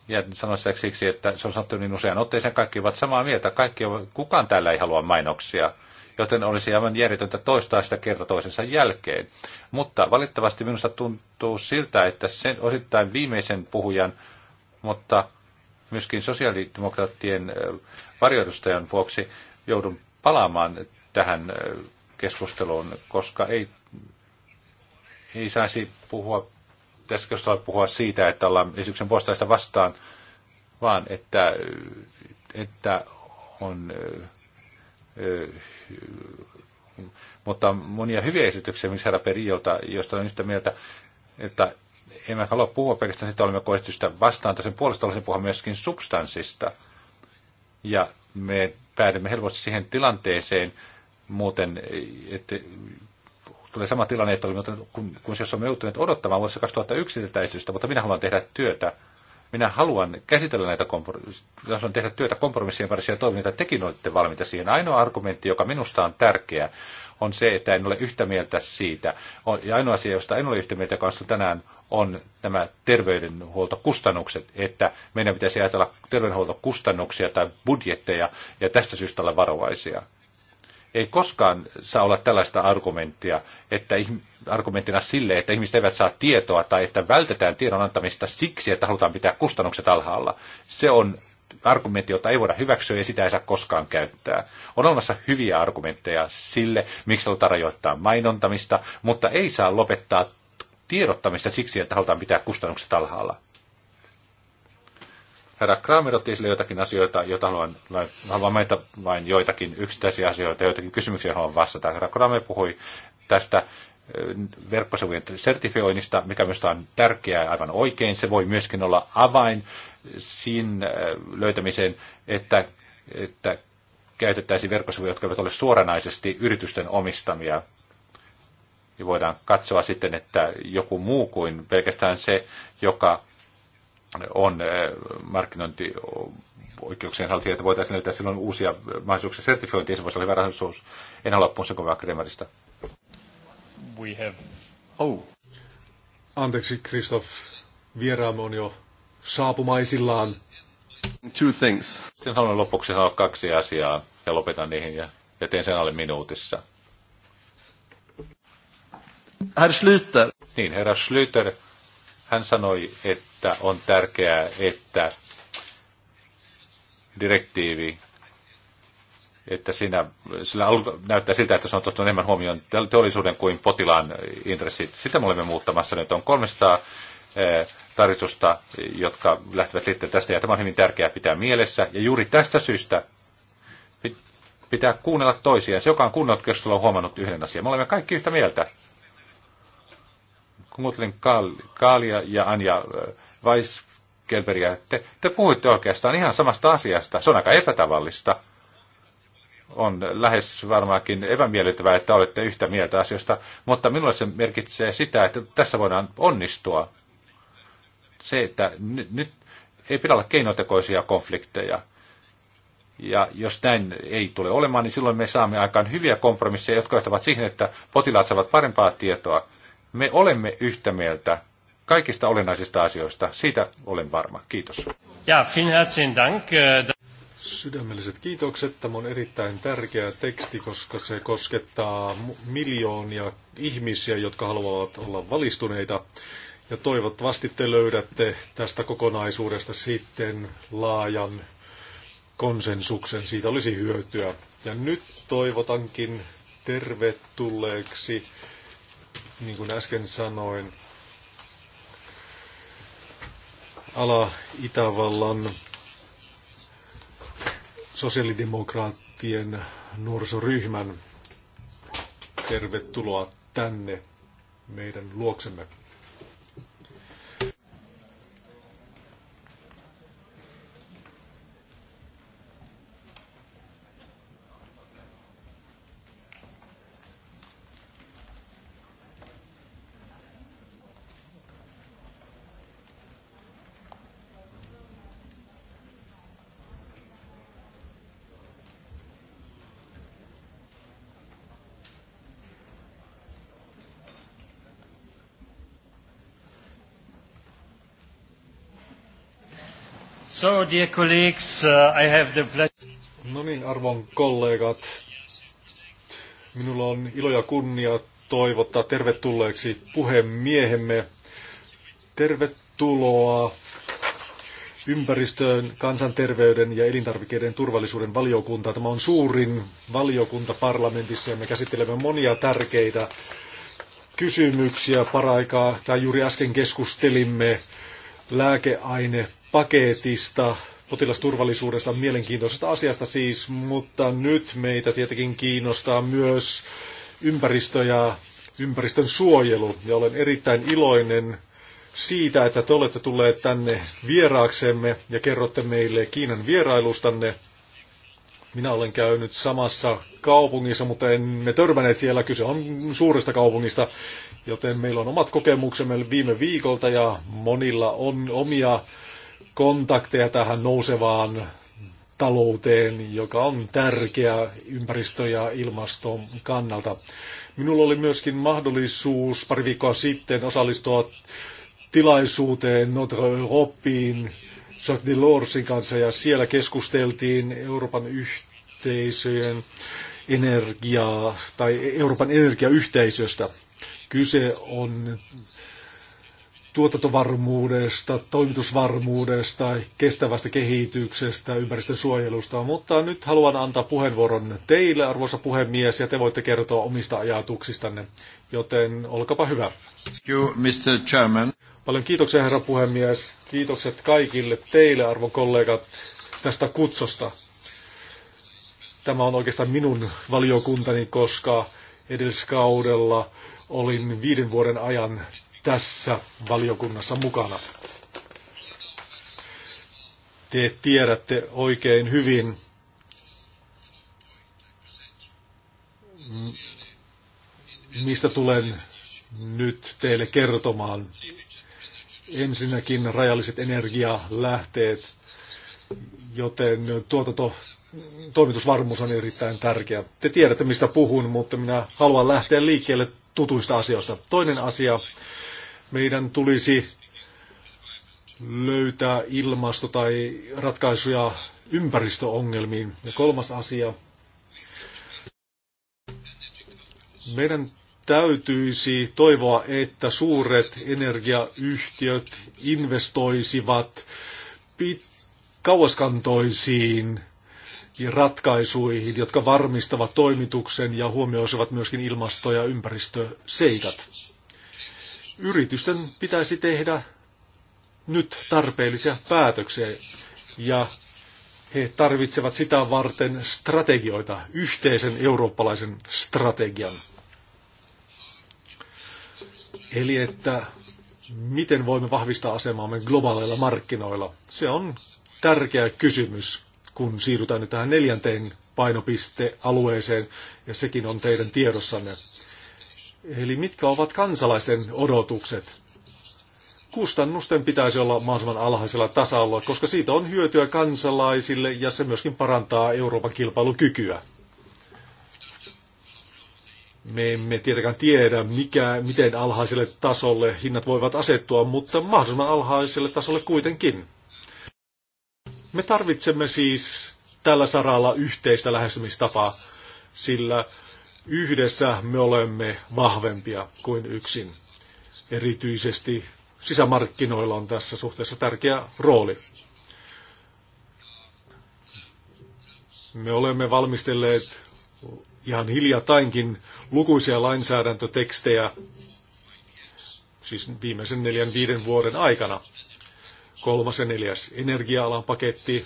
Ja sanoin siksi, että se on sanottu niin usein otteeseen, kaikki ovat samaa mieltä. Kaikki kukaan täällä ei halua mainoksia joten olisi aivan järjetöntä toistaa sitä kerta toisensa jälkeen. Mutta valitettavasti minusta tuntuu siltä, että sen osittain viimeisen puhujan, mutta myöskin sosiaalidemokraattien varjoitustajan vuoksi joudun palaamaan tähän keskusteluun, koska ei, ei saisi puhua, tässä keskustelua puhua siitä, että ollaan esityksen puolesta vastaan, vaan että, että on mutta on monia hyviä esityksiä, missä herra Periolta, josta on yhtä mieltä, että mä halua puhua pelkästään sitä, olemme koestystä vastaan, tai sen puolesta olisin puhua myöskin substanssista. Ja me päädymme helposti siihen tilanteeseen muuten, että tulee sama tilanne, että olemme kun, kun jos olemme joutuneet odottamaan vuodessa 2001 tätä esitystä, mutta minä haluan tehdä työtä minä haluan käsitellä näitä kompromisseja, haluan tehdä työtä kompromissien parissa ja toivon, että tekin olette valmiita siihen. Ainoa argumentti, joka minusta on tärkeä, on se, että en ole yhtä mieltä siitä. Ja ainoa asia, josta en ole yhtä mieltä kanssa tänään, on nämä terveydenhuoltokustannukset, että meidän pitäisi ajatella terveydenhuoltokustannuksia tai budjetteja ja tästä syystä olla varovaisia. Ei koskaan saa olla tällaista argumenttia, että argumenttina sille, että ihmiset eivät saa tietoa tai että vältetään tiedon antamista siksi, että halutaan pitää kustannukset alhaalla. Se on argumentti, jota ei voida hyväksyä ja sitä ei saa koskaan käyttää. On olemassa hyviä argumentteja sille, miksi halutaan rajoittaa mainontamista, mutta ei saa lopettaa tiedottamista siksi, että halutaan pitää kustannukset alhaalla. Herra Kramer otti esille joitakin asioita, joita haluan, haluan mainita vain joitakin yksittäisiä asioita, joitakin kysymyksiä haluan vastata. Herra Kramer puhui tästä verkkosivujen sertifioinnista, mikä myös on tärkeää aivan oikein. Se voi myöskin olla avain siinä äh, löytämiseen, että, että käytettäisiin verkkosivuja, jotka eivät ole suoranaisesti yritysten omistamia. Ja voidaan katsoa sitten, että joku muu kuin pelkästään se, joka on äh, markkinointi oikeuksien haltijoita, että voitaisiin löytää silloin uusia mahdollisuuksia sertifiointiin. Se voisi olla hyvä rahoitus. En halua puhua sen kovaa kremeristä we have... Oh. Anteeksi, Kristoff. Vieraamme on jo saapumaisillaan. Two things. Sitten haluan lopuksi haluaa kaksi asiaa ja lopetan niihin ja, ja teen sen alle minuutissa. Herr Schlüter. Niin, herra Schlüter, hän sanoi, että on tärkeää, että direktiivi että siinä, sillä näyttää siltä, että se on tottunut enemmän huomioon teollisuuden kuin potilaan intressit. Sitä me olemme muuttamassa nyt. On 300 eh, tarjotusta, jotka lähtevät sitten tästä, ja tämä on hyvin tärkeää pitää mielessä. Ja juuri tästä syystä pitää kuunnella toisiaan. Se, joka on kuunnellut keskustelua, on huomannut yhden asian. Me olemme kaikki yhtä mieltä. Kun kuuntelin Kaalia ja Anja eh, Weiskelberia, te, te puhuitte oikeastaan ihan samasta asiasta. Se on aika epätavallista on lähes varmaankin epämiellyttävää, että olette yhtä mieltä asioista, mutta minulle se merkitsee sitä, että tässä voidaan onnistua. Se, että nyt, nyt ei pidä olla keinotekoisia konflikteja. Ja jos näin ei tule olemaan, niin silloin me saamme aikaan hyviä kompromisseja, jotka johtavat siihen, että potilaat saavat parempaa tietoa. Me olemme yhtä mieltä kaikista olennaisista asioista. Siitä olen varma. Kiitos. Ja, vielen herzlichen Dank. Äh, sydämelliset kiitokset. Tämä on erittäin tärkeä teksti, koska se koskettaa miljoonia ihmisiä, jotka haluavat olla valistuneita. Ja toivottavasti te löydätte tästä kokonaisuudesta sitten laajan konsensuksen. Siitä olisi hyötyä. Ja nyt toivotankin tervetulleeksi, niin kuin äsken sanoin, ala Itävallan sosiaalidemokraattien nuorisoryhmän. Tervetuloa tänne meidän luoksemme. So, dear colleagues, uh, I have the pleasure... No niin, arvon kollegat. Minulla on ilo ja kunnia toivottaa tervetulleeksi puhemiehemme. Tervetuloa ympäristöön, kansanterveyden ja elintarvikkeiden turvallisuuden valiokunta. Tämä on suurin valiokunta parlamentissa ja me käsittelemme monia tärkeitä kysymyksiä paraikaa. Tai juuri äsken keskustelimme lääkeaine paketista, potilasturvallisuudesta, mielenkiintoisesta asiasta siis, mutta nyt meitä tietenkin kiinnostaa myös ympäristö ja ympäristön suojelu. Ja olen erittäin iloinen siitä, että te olette tulleet tänne vieraaksemme ja kerrotte meille Kiinan vierailustanne. Minä olen käynyt samassa kaupungissa, mutta emme törmänneet siellä. Kyse on suuresta kaupungista, joten meillä on omat kokemuksemme viime viikolta ja monilla on omia kontakteja tähän nousevaan talouteen, joka on tärkeä ympäristö- ja ilmaston kannalta. Minulla oli myöskin mahdollisuus pari viikkoa sitten osallistua tilaisuuteen Notre Europein Jacques Delorsin kanssa ja siellä keskusteltiin Euroopan yhteisöjen energiaa tai Euroopan energiayhteisöstä. Kyse on tuotantovarmuudesta, toimitusvarmuudesta, kestävästä kehityksestä, ympäristönsuojelusta, mutta nyt haluan antaa puheenvuoron teille, arvoisa puhemies, ja te voitte kertoa omista ajatuksistanne, joten olkapa hyvä. You, Mr. Chairman. Paljon kiitoksia, herra puhemies. Kiitokset kaikille teille, arvon kollegat, tästä kutsosta. Tämä on oikeastaan minun valiokuntani, koska edelliskaudella olin viiden vuoden ajan tässä valiokunnassa mukana. Te tiedätte oikein hyvin, mistä tulen nyt teille kertomaan. Ensinnäkin rajalliset energialähteet, joten tuotanto, toimitusvarmuus on erittäin tärkeä. Te tiedätte, mistä puhun, mutta minä haluan lähteä liikkeelle tutuista asioista. Toinen asia meidän tulisi löytää ilmasto- tai ratkaisuja ympäristöongelmiin. Ja kolmas asia. Meidän täytyisi toivoa, että suuret energiayhtiöt investoisivat pit- kauaskantoisiin ratkaisuihin, jotka varmistavat toimituksen ja huomioisivat myöskin ilmasto- ja ympäristöseikat yritysten pitäisi tehdä nyt tarpeellisia päätöksiä ja he tarvitsevat sitä varten strategioita, yhteisen eurooppalaisen strategian. Eli että miten voimme vahvistaa asemaamme globaaleilla markkinoilla? Se on tärkeä kysymys, kun siirrytään nyt tähän neljänteen painopistealueeseen, ja sekin on teidän tiedossanne. Eli mitkä ovat kansalaisten odotukset? Kustannusten pitäisi olla mahdollisimman alhaisella tasalla, koska siitä on hyötyä kansalaisille ja se myöskin parantaa Euroopan kilpailukykyä. Me emme tietenkään tiedä, mikä, miten alhaiselle tasolle hinnat voivat asettua, mutta mahdollisimman alhaiselle tasolle kuitenkin. Me tarvitsemme siis tällä saralla yhteistä lähestymistapaa, sillä Yhdessä me olemme vahvempia kuin yksin. Erityisesti sisämarkkinoilla on tässä suhteessa tärkeä rooli. Me olemme valmistelleet ihan hiljatainkin lukuisia lainsäädäntötekstejä, siis viimeisen neljän viiden vuoden aikana. Kolmas ja neljäs energia-alan paketti,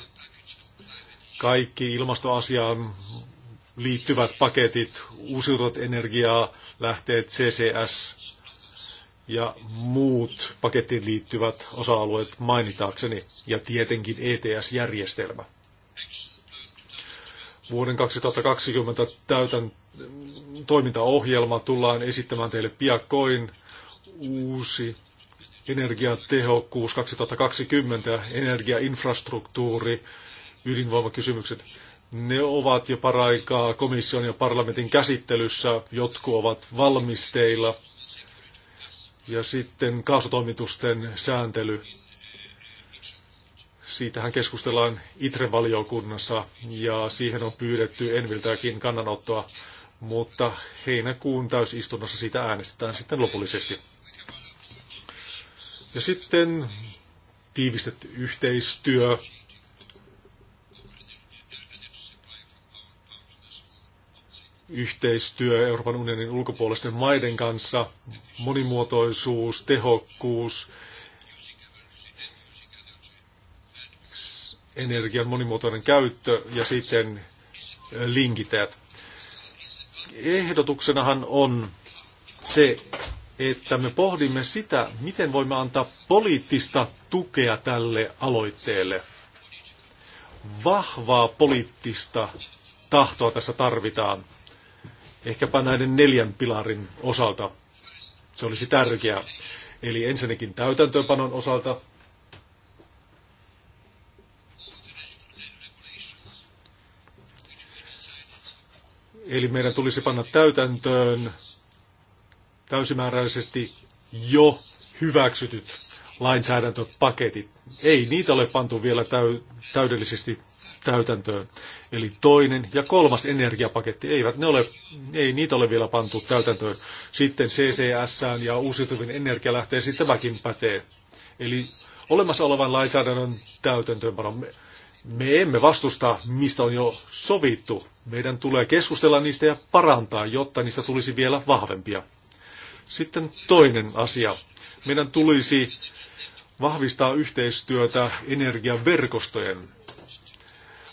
kaikki ilmastoasiaan liittyvät paketit, uusiutuvat energiaa, lähteet CCS ja muut pakettiin liittyvät osa-alueet mainitaakseni ja tietenkin ETS-järjestelmä. Vuoden 2020 täytän toimintaohjelma tullaan esittämään teille piakkoin uusi energiatehokkuus 2020 energiainfrastruktuuri, ydinvoimakysymykset ne ovat jo paraikaa komission ja parlamentin käsittelyssä, jotkut ovat valmisteilla. Ja sitten kaasutoimitusten sääntely. Siitähän keskustellaan ITRE-valiokunnassa ja siihen on pyydetty Enviltäkin kannanottoa, mutta heinäkuun täysistunnossa siitä äänestetään sitten lopullisesti. Ja sitten tiivistetty yhteistyö yhteistyö Euroopan unionin ulkopuolisten maiden kanssa, monimuotoisuus, tehokkuus, energian monimuotoinen käyttö ja sitten linkitäät. Ehdotuksenahan on se, että me pohdimme sitä, miten voimme antaa poliittista tukea tälle aloitteelle. Vahvaa poliittista tahtoa tässä tarvitaan ehkäpä näiden neljän pilarin osalta. Se olisi tärkeää. Eli ensinnäkin täytäntöönpanon osalta Eli meidän tulisi panna täytäntöön täysimääräisesti jo hyväksytyt lainsäädäntöpaketit. Ei niitä ole pantu vielä täy- täydellisesti täytäntöön. Eli toinen ja kolmas energiapaketti, eivät ne ole, ei niitä ole vielä pantu täytäntöön. Sitten CCS ja uusiutuvien energialähteisiin tämäkin pätee. Eli olemassa olevan lainsäädännön täytäntöönpano. Me, me emme vastusta, mistä on jo sovittu. Meidän tulee keskustella niistä ja parantaa, jotta niistä tulisi vielä vahvempia. Sitten toinen asia. Meidän tulisi vahvistaa yhteistyötä energiaverkostojen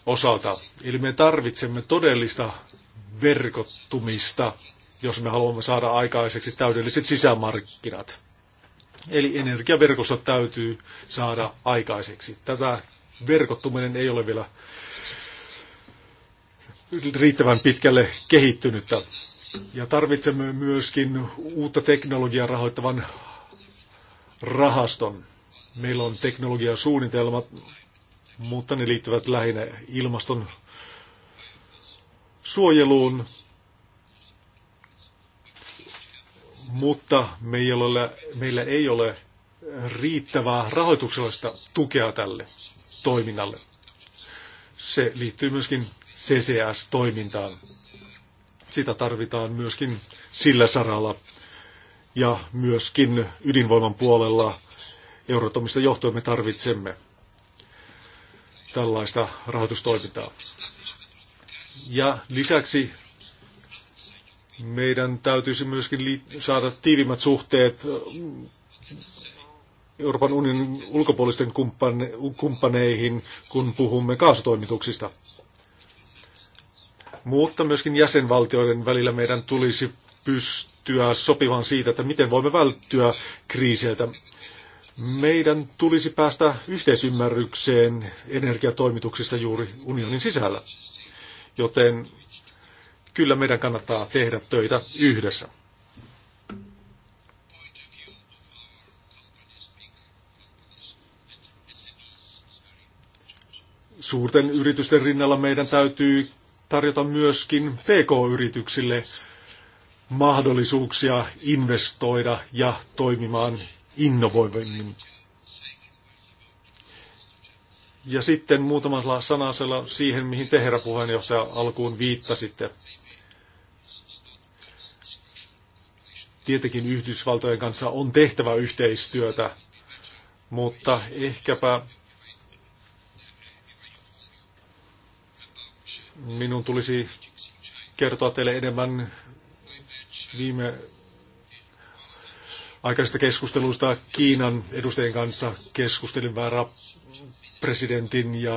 osalta. Eli me tarvitsemme todellista verkottumista, jos me haluamme saada aikaiseksi täydelliset sisämarkkinat. Eli energiaverkossa täytyy saada aikaiseksi. Tätä verkottuminen ei ole vielä riittävän pitkälle kehittynyttä. Ja tarvitsemme myöskin uutta teknologiaa rahoittavan rahaston. Meillä on teknologiasuunnitelmat, mutta ne liittyvät lähinnä ilmaston suojeluun. Mutta meillä, meillä ei ole riittävää rahoituksellista tukea tälle toiminnalle. Se liittyy myöskin CCS-toimintaan. Sitä tarvitaan myöskin sillä saralla ja myöskin ydinvoiman puolella Euroatomista johtuen me tarvitsemme tällaista rahoitustoimintaa. Ja lisäksi meidän täytyisi myöskin saada tiivimmät suhteet mm, Euroopan unionin ulkopuolisten kumppaneihin, kun puhumme kaasutoimituksista. Mutta myöskin jäsenvaltioiden välillä meidän tulisi pystyä sopivan siitä, että miten voimme välttyä kriiseiltä. Meidän tulisi päästä yhteisymmärrykseen energiatoimituksista juuri unionin sisällä, joten kyllä meidän kannattaa tehdä töitä yhdessä. Suurten yritysten rinnalla meidän täytyy tarjota myöskin PK-yrityksille mahdollisuuksia investoida ja toimimaan innovoivimmin. Ja sitten muutama sana siihen, mihin te herra puheenjohtaja alkuun viittasitte. Tietenkin Yhdysvaltojen kanssa on tehtävä yhteistyötä, mutta ehkäpä minun tulisi kertoa teille enemmän viime aikaisesta keskustelusta Kiinan edustajien kanssa keskustelin väärä presidentin ja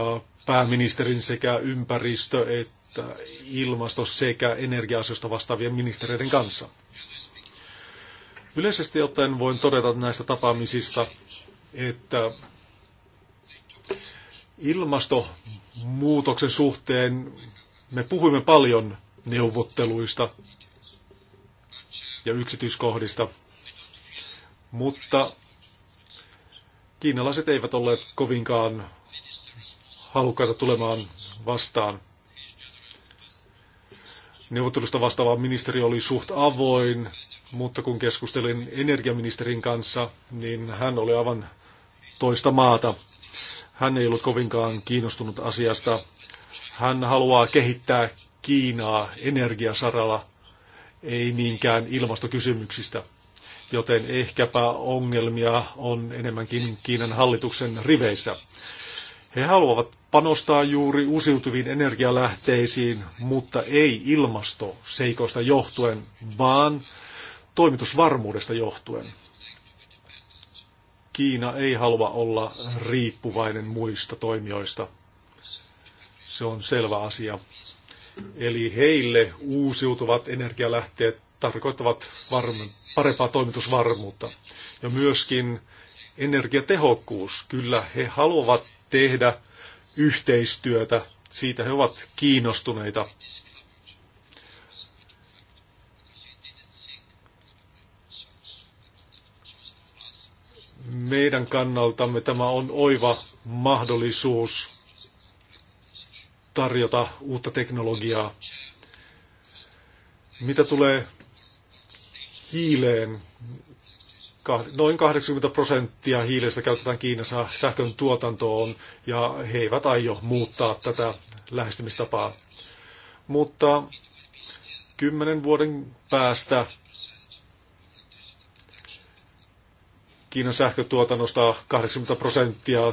pääministerin sekä ympäristö- että ilmasto- sekä energia-asioista vastaavien ministereiden kanssa. Yleisesti ottaen voin todeta näistä tapaamisista, että ilmastonmuutoksen suhteen me puhuimme paljon neuvotteluista ja yksityiskohdista. Mutta kiinalaiset eivät olleet kovinkaan halukkaita tulemaan vastaan. Neuvottelusta vastaava ministeri oli suht avoin, mutta kun keskustelin energiaministerin kanssa, niin hän oli aivan toista maata. Hän ei ollut kovinkaan kiinnostunut asiasta. Hän haluaa kehittää Kiinaa energiasaralla, ei niinkään ilmastokysymyksistä joten ehkäpä ongelmia on enemmänkin Kiinan hallituksen riveissä. He haluavat panostaa juuri uusiutuviin energialähteisiin, mutta ei ilmastoseikoista johtuen, vaan toimitusvarmuudesta johtuen. Kiina ei halua olla riippuvainen muista toimijoista. Se on selvä asia. Eli heille uusiutuvat energialähteet tarkoittavat varmuutta parempaa toimitusvarmuutta. Ja myöskin energiatehokkuus. Kyllä he haluavat tehdä yhteistyötä. Siitä he ovat kiinnostuneita. Meidän kannaltamme tämä on oiva mahdollisuus tarjota uutta teknologiaa. Mitä tulee hiileen. Noin 80 prosenttia hiilestä käytetään Kiinassa sähkön tuotantoon ja he eivät aio muuttaa tätä lähestymistapaa. Mutta kymmenen vuoden päästä Kiinan sähkötuotannosta 80 prosenttia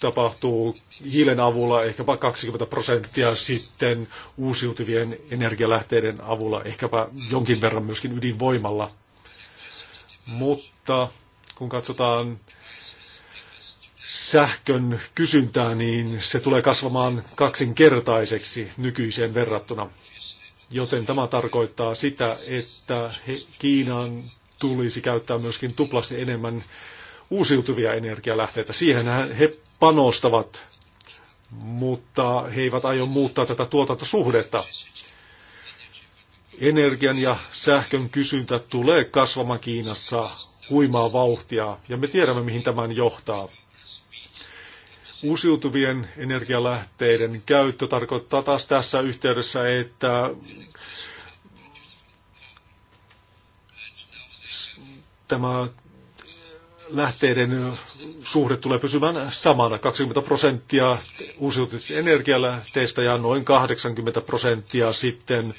tapahtuu hiilen avulla ehkäpä 20 prosenttia, sitten uusiutuvien energialähteiden avulla ehkäpä jonkin verran myöskin ydinvoimalla. Mutta kun katsotaan sähkön kysyntää, niin se tulee kasvamaan kaksinkertaiseksi nykyiseen verrattuna. Joten tämä tarkoittaa sitä, että Kiinan tulisi käyttää myöskin tuplasti enemmän uusiutuvia energialähteitä. Siihen he panostavat, mutta he eivät aio muuttaa tätä tuotantosuhdetta. Energian ja sähkön kysyntä tulee kasvamaan Kiinassa huimaa vauhtia, ja me tiedämme, mihin tämän johtaa. Uusiutuvien energialähteiden käyttö tarkoittaa taas tässä yhteydessä, että tämä lähteiden suhde tulee pysymään samana, 20 prosenttia uusiutuvista energialähteistä ja noin 80 prosenttia sitten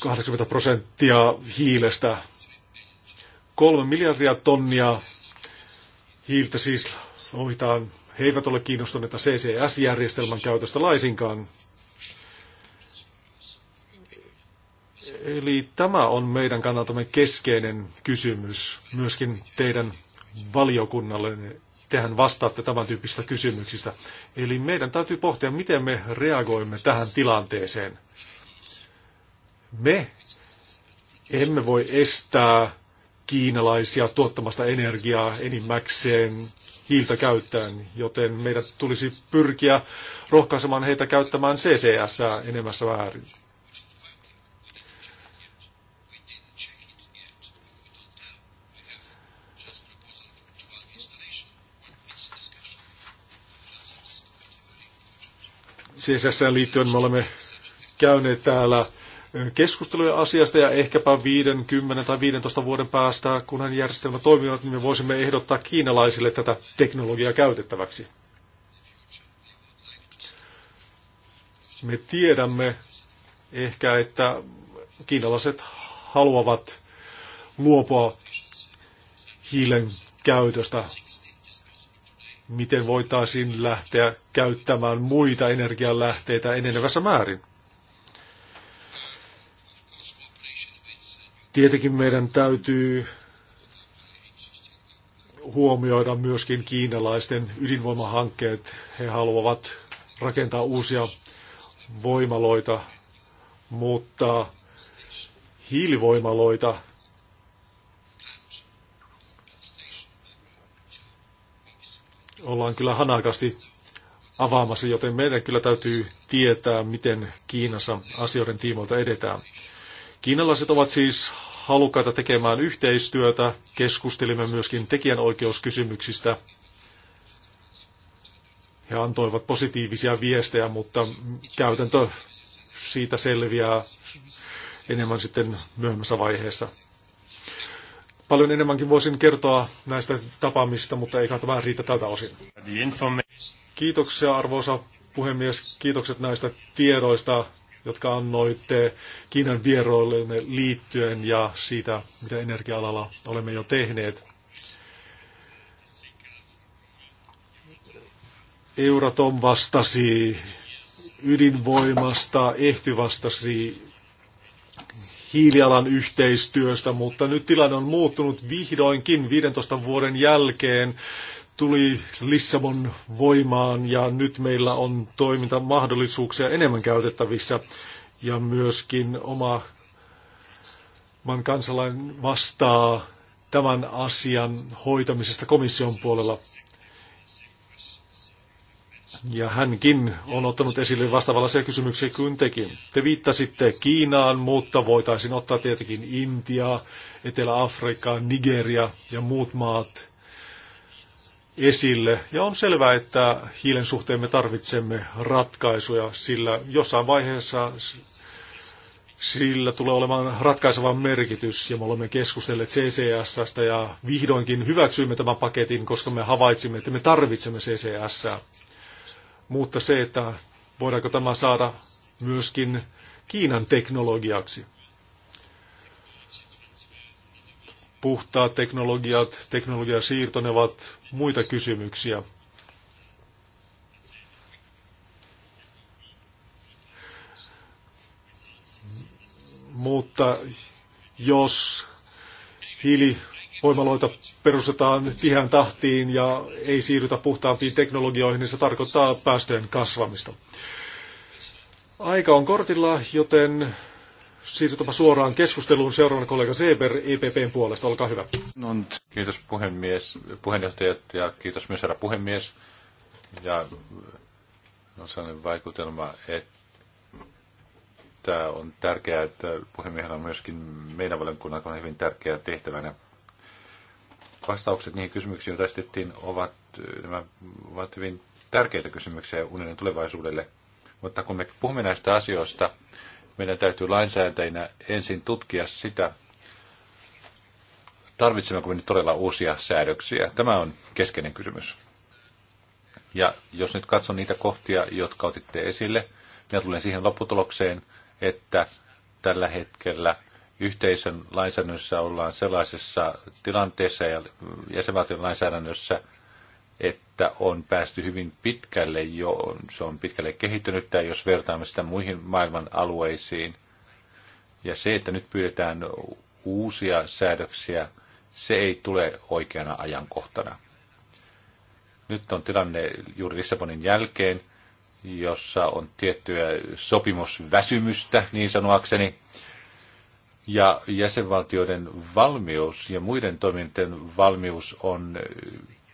80 prosenttia hiilestä. Kolme miljardia tonnia hiiltä siis ohitaan. He eivät ole kiinnostuneita CCS-järjestelmän käytöstä laisinkaan. Eli tämä on meidän kannaltamme keskeinen kysymys myöskin teidän valiokunnalle. Tehän vastaatte tämän tyyppistä kysymyksistä. Eli meidän täytyy pohtia, miten me reagoimme tähän tilanteeseen. Me emme voi estää kiinalaisia tuottamasta energiaa enimmäkseen hiiltä käyttäen, joten meidän tulisi pyrkiä rohkaisemaan heitä käyttämään CCS enemmässä väärin. CSS liittyen me olemme käyneet täällä keskusteluja asiasta ja ehkäpä 50 tai 15 vuoden päästä, kunhan järjestelmä toimii, niin me voisimme ehdottaa kiinalaisille tätä teknologiaa käytettäväksi. Me tiedämme ehkä, että kiinalaiset haluavat luopua hiilen käytöstä miten voitaisiin lähteä käyttämään muita energialähteitä enenevässä määrin. Tietenkin meidän täytyy huomioida myöskin kiinalaisten ydinvoimahankkeet. He haluavat rakentaa uusia voimaloita, mutta hiilivoimaloita ollaan kyllä hanakasti avaamassa, joten meidän kyllä täytyy tietää, miten Kiinassa asioiden tiimoilta edetään. Kiinalaiset ovat siis halukkaita tekemään yhteistyötä. Keskustelimme myöskin tekijänoikeuskysymyksistä. He antoivat positiivisia viestejä, mutta käytäntö siitä selviää enemmän sitten myöhemmässä vaiheessa. Paljon enemmänkin voisin kertoa näistä tapaamista, mutta ei tämä riitä tältä osin. Kiitoksia arvoisa puhemies, kiitokset näistä tiedoista, jotka annoitte Kiinan vieroillemme liittyen ja siitä, mitä energia-alalla olemme jo tehneet. Euratom vastasi ydinvoimasta, Ehty vastasi hiilialan yhteistyöstä, mutta nyt tilanne on muuttunut vihdoinkin 15 vuoden jälkeen. Tuli Lissabon voimaan ja nyt meillä on toimintamahdollisuuksia enemmän käytettävissä ja myöskin oma man kansalainen vastaa tämän asian hoitamisesta komission puolella ja hänkin on ottanut esille vastaavallaisia kysymyksiä kuin tekin. Te viittasitte Kiinaan, mutta voitaisiin ottaa tietenkin Intia, Etelä-Afrikka, Nigeria ja muut maat esille. Ja on selvää, että hiilen suhteen me tarvitsemme ratkaisuja, sillä jossain vaiheessa sillä tulee olemaan ratkaiseva merkitys, ja me olemme keskustelleet CCSstä, ja vihdoinkin hyväksyimme tämän paketin, koska me havaitsimme, että me tarvitsemme CCS mutta se, että voidaanko tämä saada myöskin Kiinan teknologiaksi. Puhtaat teknologiat, teknologiasiirto, ne ovat muita kysymyksiä. Mutta jos hiili voimaloita perustetaan tiheään tahtiin ja ei siirrytä puhtaampiin teknologioihin, niin se tarkoittaa päästöjen kasvamista. Aika on kortilla, joten siirrytäpä suoraan keskusteluun seuraavana kollega Seber EPPn puolesta. Olkaa hyvä. Kiitos puhemies, puheenjohtajat ja kiitos myös herra puhemies. Ja on sellainen vaikutelma, että on tärkeää, että puhemiehellä on myöskin meidän valiokunnan on hyvin tärkeä tehtävänä vastaukset niihin kysymyksiin, joita esitettiin, ovat, nämä ovat hyvin tärkeitä kysymyksiä unionin tulevaisuudelle. Mutta kun me puhumme näistä asioista, meidän täytyy lainsäätäjinä ensin tutkia sitä, tarvitsemmeko me nyt todella uusia säädöksiä. Tämä on keskeinen kysymys. Ja jos nyt katson niitä kohtia, jotka otitte esille, minä tulen siihen lopputulokseen, että tällä hetkellä – yhteisön lainsäädännössä ollaan sellaisessa tilanteessa ja jäsenvaltion lainsäädännössä, että on päästy hyvin pitkälle jo, se on pitkälle kehittynyt, tai jos vertaamme sitä muihin maailman alueisiin. Ja se, että nyt pyydetään uusia säädöksiä, se ei tule oikeana ajankohtana. Nyt on tilanne juuri Lissabonin jälkeen, jossa on tiettyä sopimusväsymystä, niin sanoakseni, ja jäsenvaltioiden valmius ja muiden toimintojen valmius on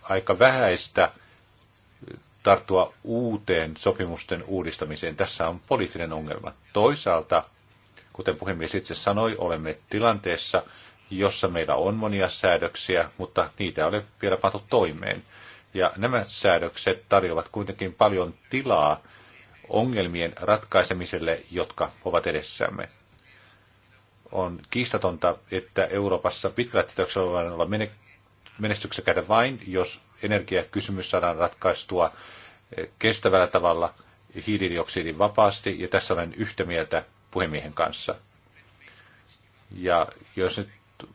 aika vähäistä tarttua uuteen sopimusten uudistamiseen. Tässä on poliittinen ongelma. Toisaalta, kuten puhemies itse sanoi, olemme tilanteessa, jossa meillä on monia säädöksiä, mutta niitä ei ole vielä pantu toimeen. Ja nämä säädökset tarjoavat kuitenkin paljon tilaa ongelmien ratkaisemiselle, jotka ovat edessämme on kiistatonta, että Euroopassa pitkällä tähtäyksellä voidaan olla menestyksekäitä vain, jos energiakysymys saadaan ratkaistua eh, kestävällä tavalla hiilidioksidin vapaasti, ja tässä olen yhtä mieltä puhemiehen kanssa. Ja jos nyt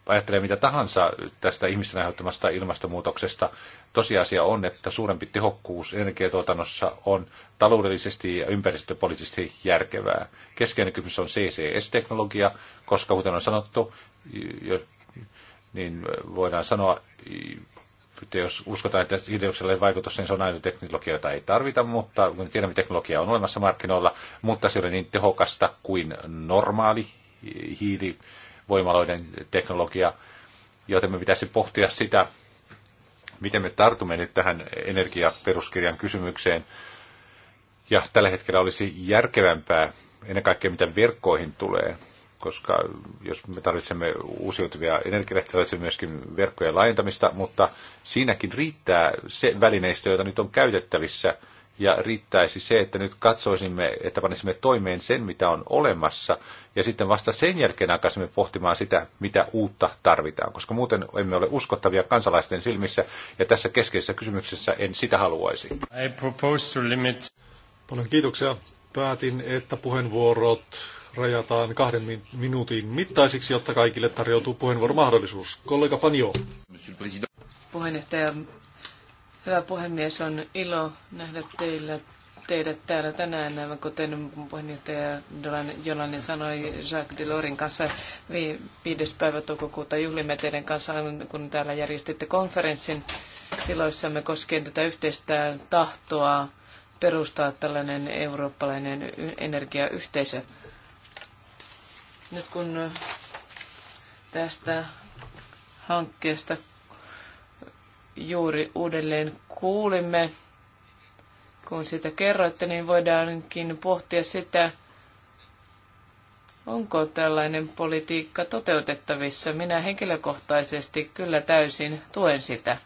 ajattelee mitä tahansa tästä ihmisten aiheuttamasta ilmastonmuutoksesta, tosiasia on, että suurempi tehokkuus energiatuotannossa on taloudellisesti ja ympäristöpoliittisesti järkevää. Keskeinen kysymys on CCS-teknologia, koska kuten on sanottu, niin voidaan sanoa, että jos uskotaan, että hiilidioksilla ei vaikutus, niin se on aina teknologia, jota ei tarvita, mutta kun tiedämme, teknologia on olemassa markkinoilla, mutta se ei ole niin tehokasta kuin normaali hiili voimaloiden teknologia, joten me pitäisi pohtia sitä, miten me tartumme nyt tähän energiaperuskirjan kysymykseen. Ja tällä hetkellä olisi järkevämpää ennen kaikkea mitä verkkoihin tulee, koska jos me tarvitsemme uusiutuvia energialehtiä, tarvitsemme myöskin verkkojen laajentamista, mutta siinäkin riittää se välineistö, jota nyt on käytettävissä – ja riittäisi se, että nyt katsoisimme, että panisimme toimeen sen, mitä on olemassa, ja sitten vasta sen jälkeen alkaisimme pohtimaan sitä, mitä uutta tarvitaan, koska muuten emme ole uskottavia kansalaisten silmissä, ja tässä keskeisessä kysymyksessä en sitä haluaisi. I propose to limit. Paljon kiitoksia. Päätin, että puheenvuorot rajataan kahden minuutin mittaisiksi, jotta kaikille tarjoutuu puheenvuoromahdollisuus. Kollega Panjo. Puheenjohtaja, Hyvä puhemies, on ilo nähdä teillä, teidät täällä tänään, kuten puheenjohtaja Jolanen sanoi Jacques Delorin kanssa 5. päivä toukokuuta juhlimme teidän kanssa, kun täällä järjestitte konferenssin tiloissamme koskien tätä yhteistä tahtoa perustaa tällainen eurooppalainen energiayhteisö. Nyt kun tästä hankkeesta juuri uudelleen kuulimme, kun sitä kerroitte, niin voidaankin pohtia sitä, onko tällainen politiikka toteutettavissa. Minä henkilökohtaisesti kyllä täysin tuen sitä.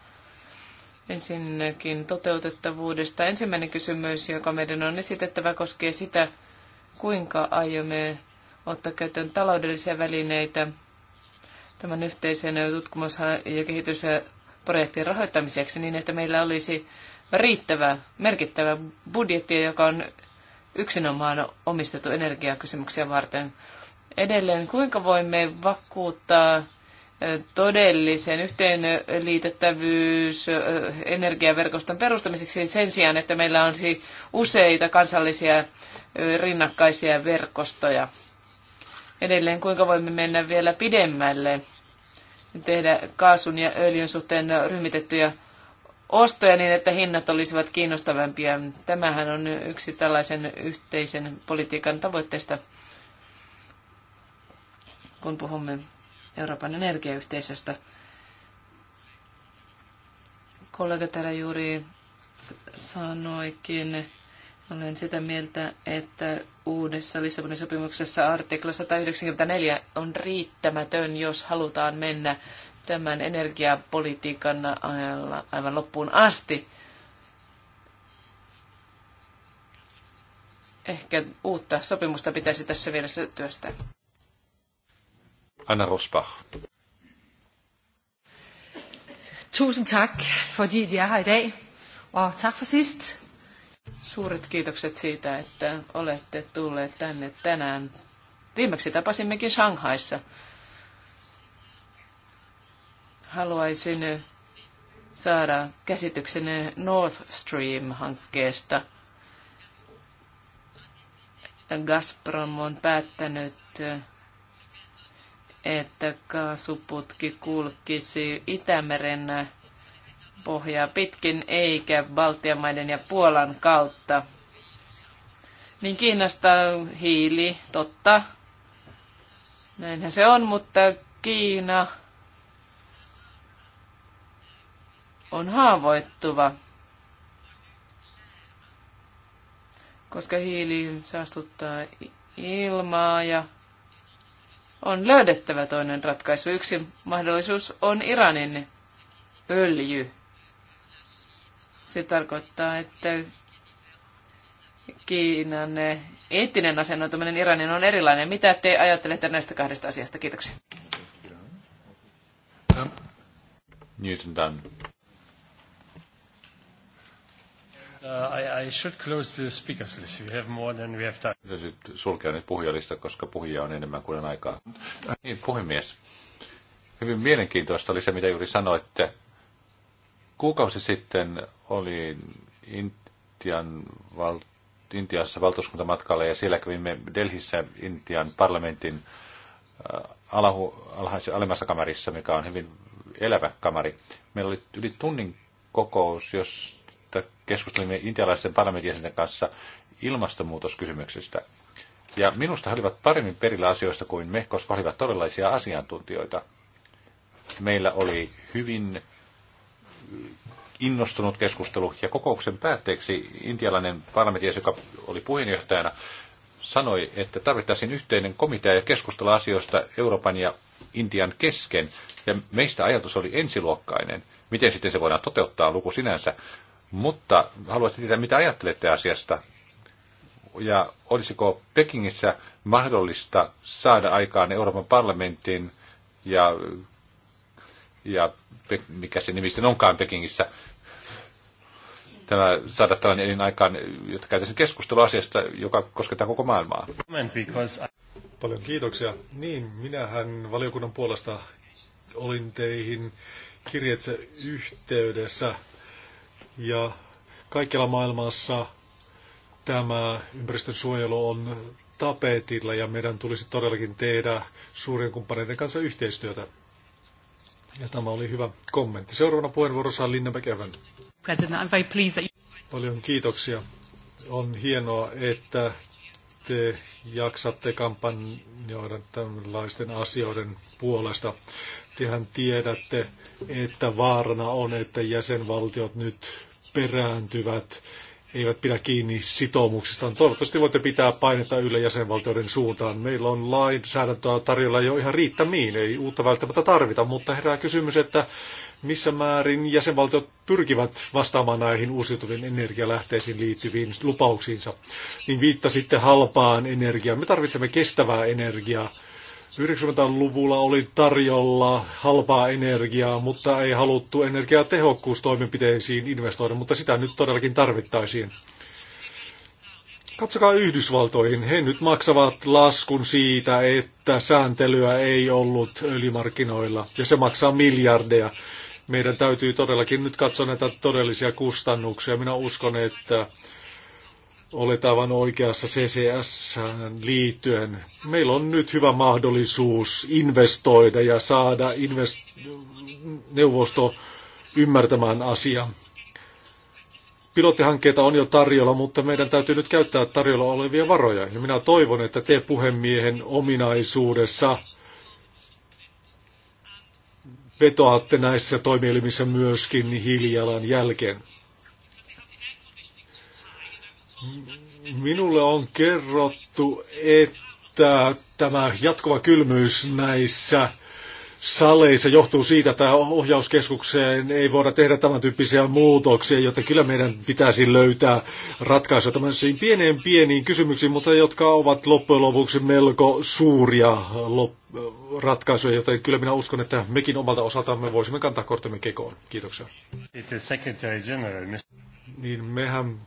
Ensinnäkin toteutettavuudesta. Ensimmäinen kysymys, joka meidän on esitettävä, koskee sitä, kuinka aiomme ottaa käyttöön taloudellisia välineitä tämän yhteisen tutkimus- ja kehitys- ja projektin rahoittamiseksi niin, että meillä olisi riittävä, merkittävä budjetti, joka on yksinomaan omistettu energiakysymyksiä varten. Edelleen, kuinka voimme vakuuttaa todellisen yhteenliitettävyys energiaverkoston perustamiseksi sen sijaan, että meillä on useita kansallisia rinnakkaisia verkostoja. Edelleen, kuinka voimme mennä vielä pidemmälle tehdä kaasun ja öljyn suhteen ryhmitettyjä ostoja niin, että hinnat olisivat kiinnostavampia. Tämähän on yksi tällaisen yhteisen politiikan tavoitteista, kun puhumme Euroopan energiayhteisöstä. Kollega täällä juuri sanoikin, olen sitä mieltä, että uudessa Lissabonin sopimuksessa artikla 194 on riittämätön, jos halutaan mennä tämän energiapolitiikan ajalla aivan loppuun asti. Ehkä uutta sopimusta pitäisi tässä vielä työstää. Anna Rosbach. Tusen tak, fordi de er her i dag, og tak for sidst. Suuret kiitokset siitä, että olette tulleet tänne tänään. Viimeksi tapasimmekin Shanghaissa. Haluaisin saada käsityksen North Stream-hankkeesta. Gazprom on päättänyt, että kaasuputki kulkisi Itämeren pohjaa pitkin, eikä Baltian maiden ja Puolan kautta. Niin Kiinasta hiili, totta. Näinhän se on, mutta Kiina on haavoittuva, koska hiili saastuttaa ilmaa ja on löydettävä toinen ratkaisu. Yksi mahdollisuus on Iranin öljy. Se tarkoittaa, että Kiinan eettinen asennoituminen Iranin on erilainen. Mitä te ajattelette näistä kahdesta asiasta? Kiitoksia. Newton Dunn. Uh, I, should close the speakers list. We have more than we have time. Nyt sulkea nyt puhujalista, koska puhuja on enemmän kuin aikaa. Niin, puhemies. Hyvin mielenkiintoista oli se, mitä juuri sanoitte. Kuukausi sitten oli Intian val, Intiassa valtuuskuntamatkalla ja siellä kävimme Delhissä Intian parlamentin äh, alahu, alhaisen, alemmassa kamarissa, mikä on hyvin elävä kamari. Meillä oli yli tunnin kokous, josta keskustelimme intialaisten parlamentin jäsenten kanssa ilmastonmuutoskysymyksistä. Ja minusta he olivat paremmin perillä asioista kuin me, koska he olivat todellaisia asiantuntijoita. Meillä oli hyvin innostunut keskustelu ja kokouksen päätteeksi intialainen parlamentias, joka oli puheenjohtajana, sanoi, että tarvittaisiin yhteinen komitea ja keskustella asioista Euroopan ja Intian kesken. Ja meistä ajatus oli ensiluokkainen. Miten sitten se voidaan toteuttaa luku sinänsä? Mutta haluaisin tietää, mitä ajattelette asiasta. Ja olisiko Pekingissä mahdollista saada aikaan Euroopan parlamentin ja ja mikä se nimi sitten onkaan Pekingissä, tämä, saada tällainen elinaikaan, jotta käytäisiin keskustelua asiasta, joka koskettaa koko maailmaa. Paljon kiitoksia. Niin, minähän valiokunnan puolesta olin teihin kirjeitse yhteydessä ja kaikilla maailmassa tämä ympäristönsuojelu on tapetilla ja meidän tulisi todellakin tehdä suurien kumppaneiden kanssa yhteistyötä. Ja tämä oli hyvä kommentti. Seuraavana puheenvuorossa on Linna Mäkevän. Paljon kiitoksia. On hienoa, että te jaksatte kampanjoida tällaisten asioiden puolesta. Tehän tiedätte, että vaarana on, että jäsenvaltiot nyt perääntyvät eivät pidä kiinni sitoumuksistaan. Toivottavasti voitte pitää painetta yllä jäsenvaltioiden suuntaan. Meillä on lainsäädäntöä tarjolla jo ihan riittämiin, ei uutta välttämättä tarvita, mutta herää kysymys, että missä määrin jäsenvaltiot pyrkivät vastaamaan näihin uusiutuviin energialähteisiin liittyviin lupauksiinsa, niin viittasitte halpaan energiaan. Me tarvitsemme kestävää energiaa 90-luvulla oli tarjolla halpaa energiaa, mutta ei haluttu energiatehokkuustoimenpiteisiin investoida, mutta sitä nyt todellakin tarvittaisiin. Katsokaa Yhdysvaltoihin. He nyt maksavat laskun siitä, että sääntelyä ei ollut öljymarkkinoilla, ja se maksaa miljardeja. Meidän täytyy todellakin nyt katsoa näitä todellisia kustannuksia. Minä uskon, että olet aivan oikeassa CCS liittyen. Meillä on nyt hyvä mahdollisuus investoida ja saada invest- neuvosto ymmärtämään asian. Pilottihankkeita on jo tarjolla, mutta meidän täytyy nyt käyttää tarjolla olevia varoja. Ja minä toivon, että te puhemiehen ominaisuudessa vetoatte näissä toimielimissä myöskin hiilijalan jälkeen. Minulle on kerrottu, että tämä jatkuva kylmyys näissä saleissa johtuu siitä, että ohjauskeskukseen ei voida tehdä tämän tyyppisiä muutoksia, jotta kyllä meidän pitäisi löytää ratkaisuja tämmöisiin pieneen pieniin kysymyksiin, mutta jotka ovat loppujen lopuksi melko suuria ratkaisuja, joten kyllä minä uskon, että mekin omalta osaltamme voisimme kantaa kortemme kekoon. Kiitoksia. Niin mehän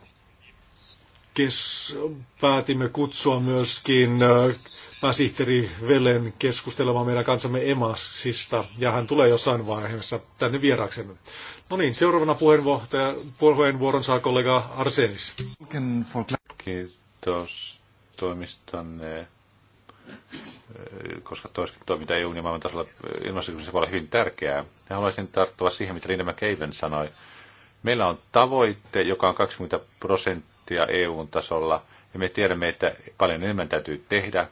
kes, päätimme kutsua myöskin pääsihteeri Velen keskustelemaan meidän kansamme Emasista, ja hän tulee jossain vaiheessa tänne vieraksemme. No niin, seuraavana puheenvuoron saa kollega Arsenis. Kiitos toimistanne, koska toiskin toiminta EU- ja niin maailman tasolla ilmastokysymys voi olla hyvin tärkeää. Ja haluaisin tarttua siihen, mitä Rinne McCaven sanoi. Meillä on tavoite, joka on 20 prosenttia prosenttia EUn tasolla. Ja me tiedämme, että paljon enemmän täytyy tehdä.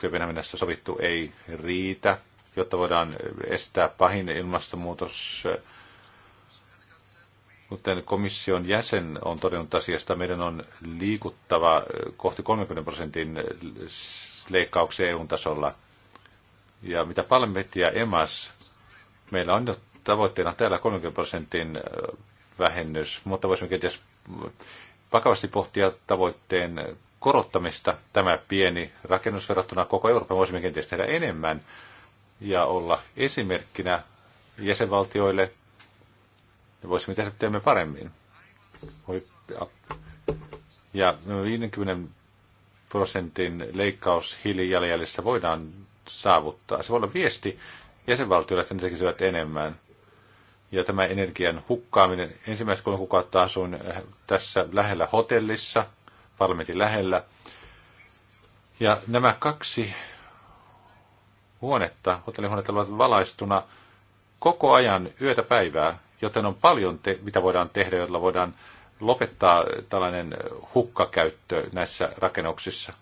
Kööpenhaminassa sovittu ei riitä, jotta voidaan estää pahin ilmastonmuutos. Kuten komission jäsen on todennut asiasta, meidän on liikuttava kohti 30 prosentin leikkauksia EUn tasolla. Ja mitä parlamentti EMAS, meillä on jo tavoitteena täällä 30 prosentin vähennys, mutta voisimme kenties vakavasti pohtia tavoitteen korottamista. Tämä pieni rakennus verrattuna koko Euroopan voisimme kenties tehdä enemmän ja olla esimerkkinä jäsenvaltioille ja voisimme tehdä teemme paremmin. Ja 50 prosentin leikkaus hiilijalanjäljessä voidaan saavuttaa. Se voi olla viesti jäsenvaltioille, että ne tekisivät enemmän ja tämä energian hukkaaminen. Ensimmäiset kolme kuukautta asuin eh, tässä lähellä hotellissa, parlamentin lähellä. Ja nämä kaksi huonetta, hotellihuonetta ovat valaistuna koko ajan yötä päivää, joten on paljon, te- mitä voidaan tehdä, jolla voidaan lopettaa tällainen hukkakäyttö näissä rakennuksissa.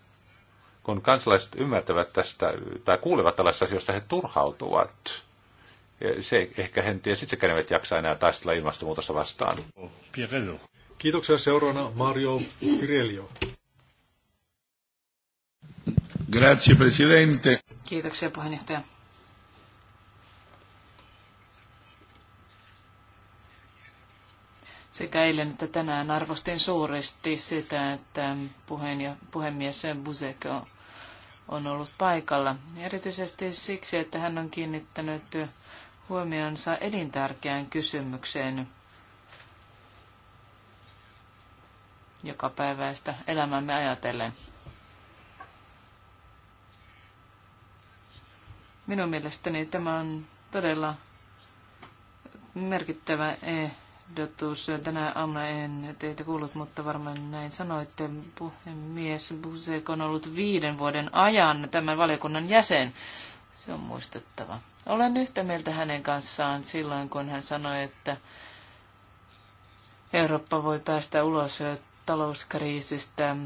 Kun kansalaiset ymmärtävät tästä tai kuulevat tällaisista asioista, he turhautuvat se ehkä henties itsekään eivät jaksa enää taistella ilmastonmuutosta vastaan. Pirello. Kiitoksia seuraavana Mario Pirello. Grazie Presidente. Kiitoksia puheenjohtaja. Sekä eilen että tänään arvostin suuresti sitä, että puhemies Buzek on ollut paikalla. Erityisesti siksi, että hän on kiinnittänyt huomionsa elintärkeään kysymykseen joka päiväistä elämämme ajatellen. Minun mielestäni tämä on todella merkittävä ehdotus. Tänä aamuna en teitä kuullut, mutta varmaan näin sanoitte. Puhemies Busek on ollut viiden vuoden ajan tämän valiokunnan jäsen. Se on muistettava. Olen yhtä mieltä hänen kanssaan silloin, kun hän sanoi, että Eurooppa voi päästä ulos talouskriisistä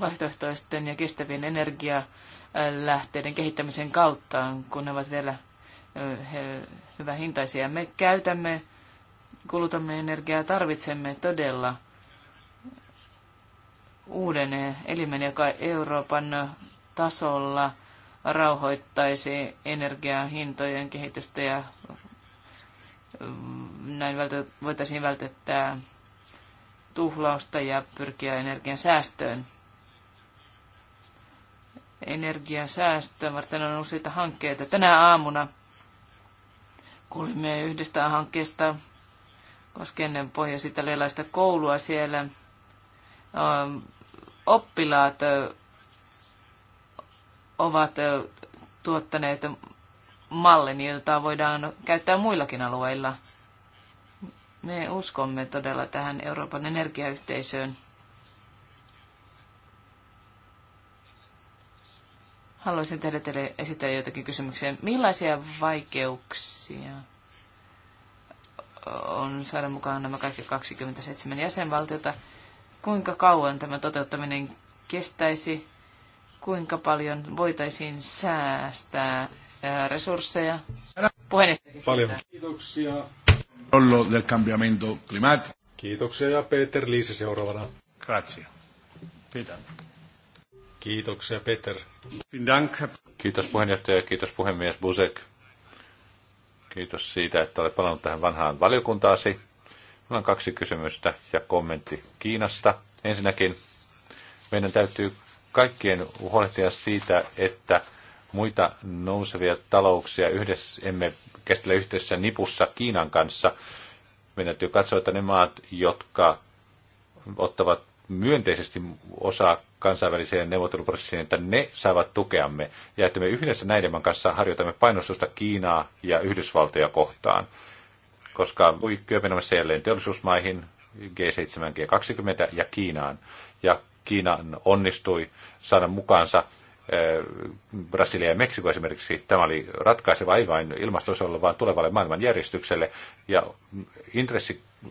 vaihtoehtoisten ja kestävien energialähteiden kehittämisen kautta, kun ne ovat vielä hyvä hintaisia. Me käytämme, kulutamme energiaa, tarvitsemme todella uuden elimen, joka Euroopan tasolla rauhoittaisi energiahintojen kehitystä ja mm, näin voitaisiin vältettää tuhlausta ja pyrkiä energian säästöön. Energiasäästöä varten on useita hankkeita. Tänä aamuna kuulimme yhdestä hankkeesta koskien pohjois-italialaista koulua siellä. Oppilaat ovat tuottaneet mallin, jota voidaan käyttää muillakin alueilla. Me uskomme todella tähän Euroopan energiayhteisöön. Haluaisin tehdä teille esittää joitakin kysymyksiä. Millaisia vaikeuksia on saada mukaan nämä kaikki 27 jäsenvaltiota? Kuinka kauan tämä toteuttaminen kestäisi? kuinka paljon voitaisiin säästää resursseja. Paljon. Kiitoksia. Rollo del cambiamento climatico. Kiitoksia ja Peter Liisi seuraavana. Grazie. Pidän. Kiitoksia Peter. Kiitos puheenjohtaja ja kiitos puhemies Busek. Kiitos siitä, että olet palannut tähän vanhaan valiokuntaasi. Minulla on kaksi kysymystä ja kommentti Kiinasta. Ensinnäkin meidän täytyy kaikkien huolehtia siitä, että muita nousevia talouksia yhdessä, emme kestä yhteisessä nipussa Kiinan kanssa. Meidän täytyy katsoa, että ne maat, jotka ottavat myönteisesti osaa kansainväliseen neuvotteluprosessiin, että ne saavat tukeamme ja että me yhdessä näiden kanssa harjoitamme painostusta Kiinaa ja Yhdysvaltoja kohtaan. Koska kyöpenemässä jälleen teollisuusmaihin, G7, G20 ja Kiinaan. Ja Kiina onnistui saada mukaansa eh, Brasilia ja Meksiko esimerkiksi, tämä oli ratkaiseva ei vain ilmastosolle, vaan tulevalle maailmanjärjestykselle. Ja intressi eh,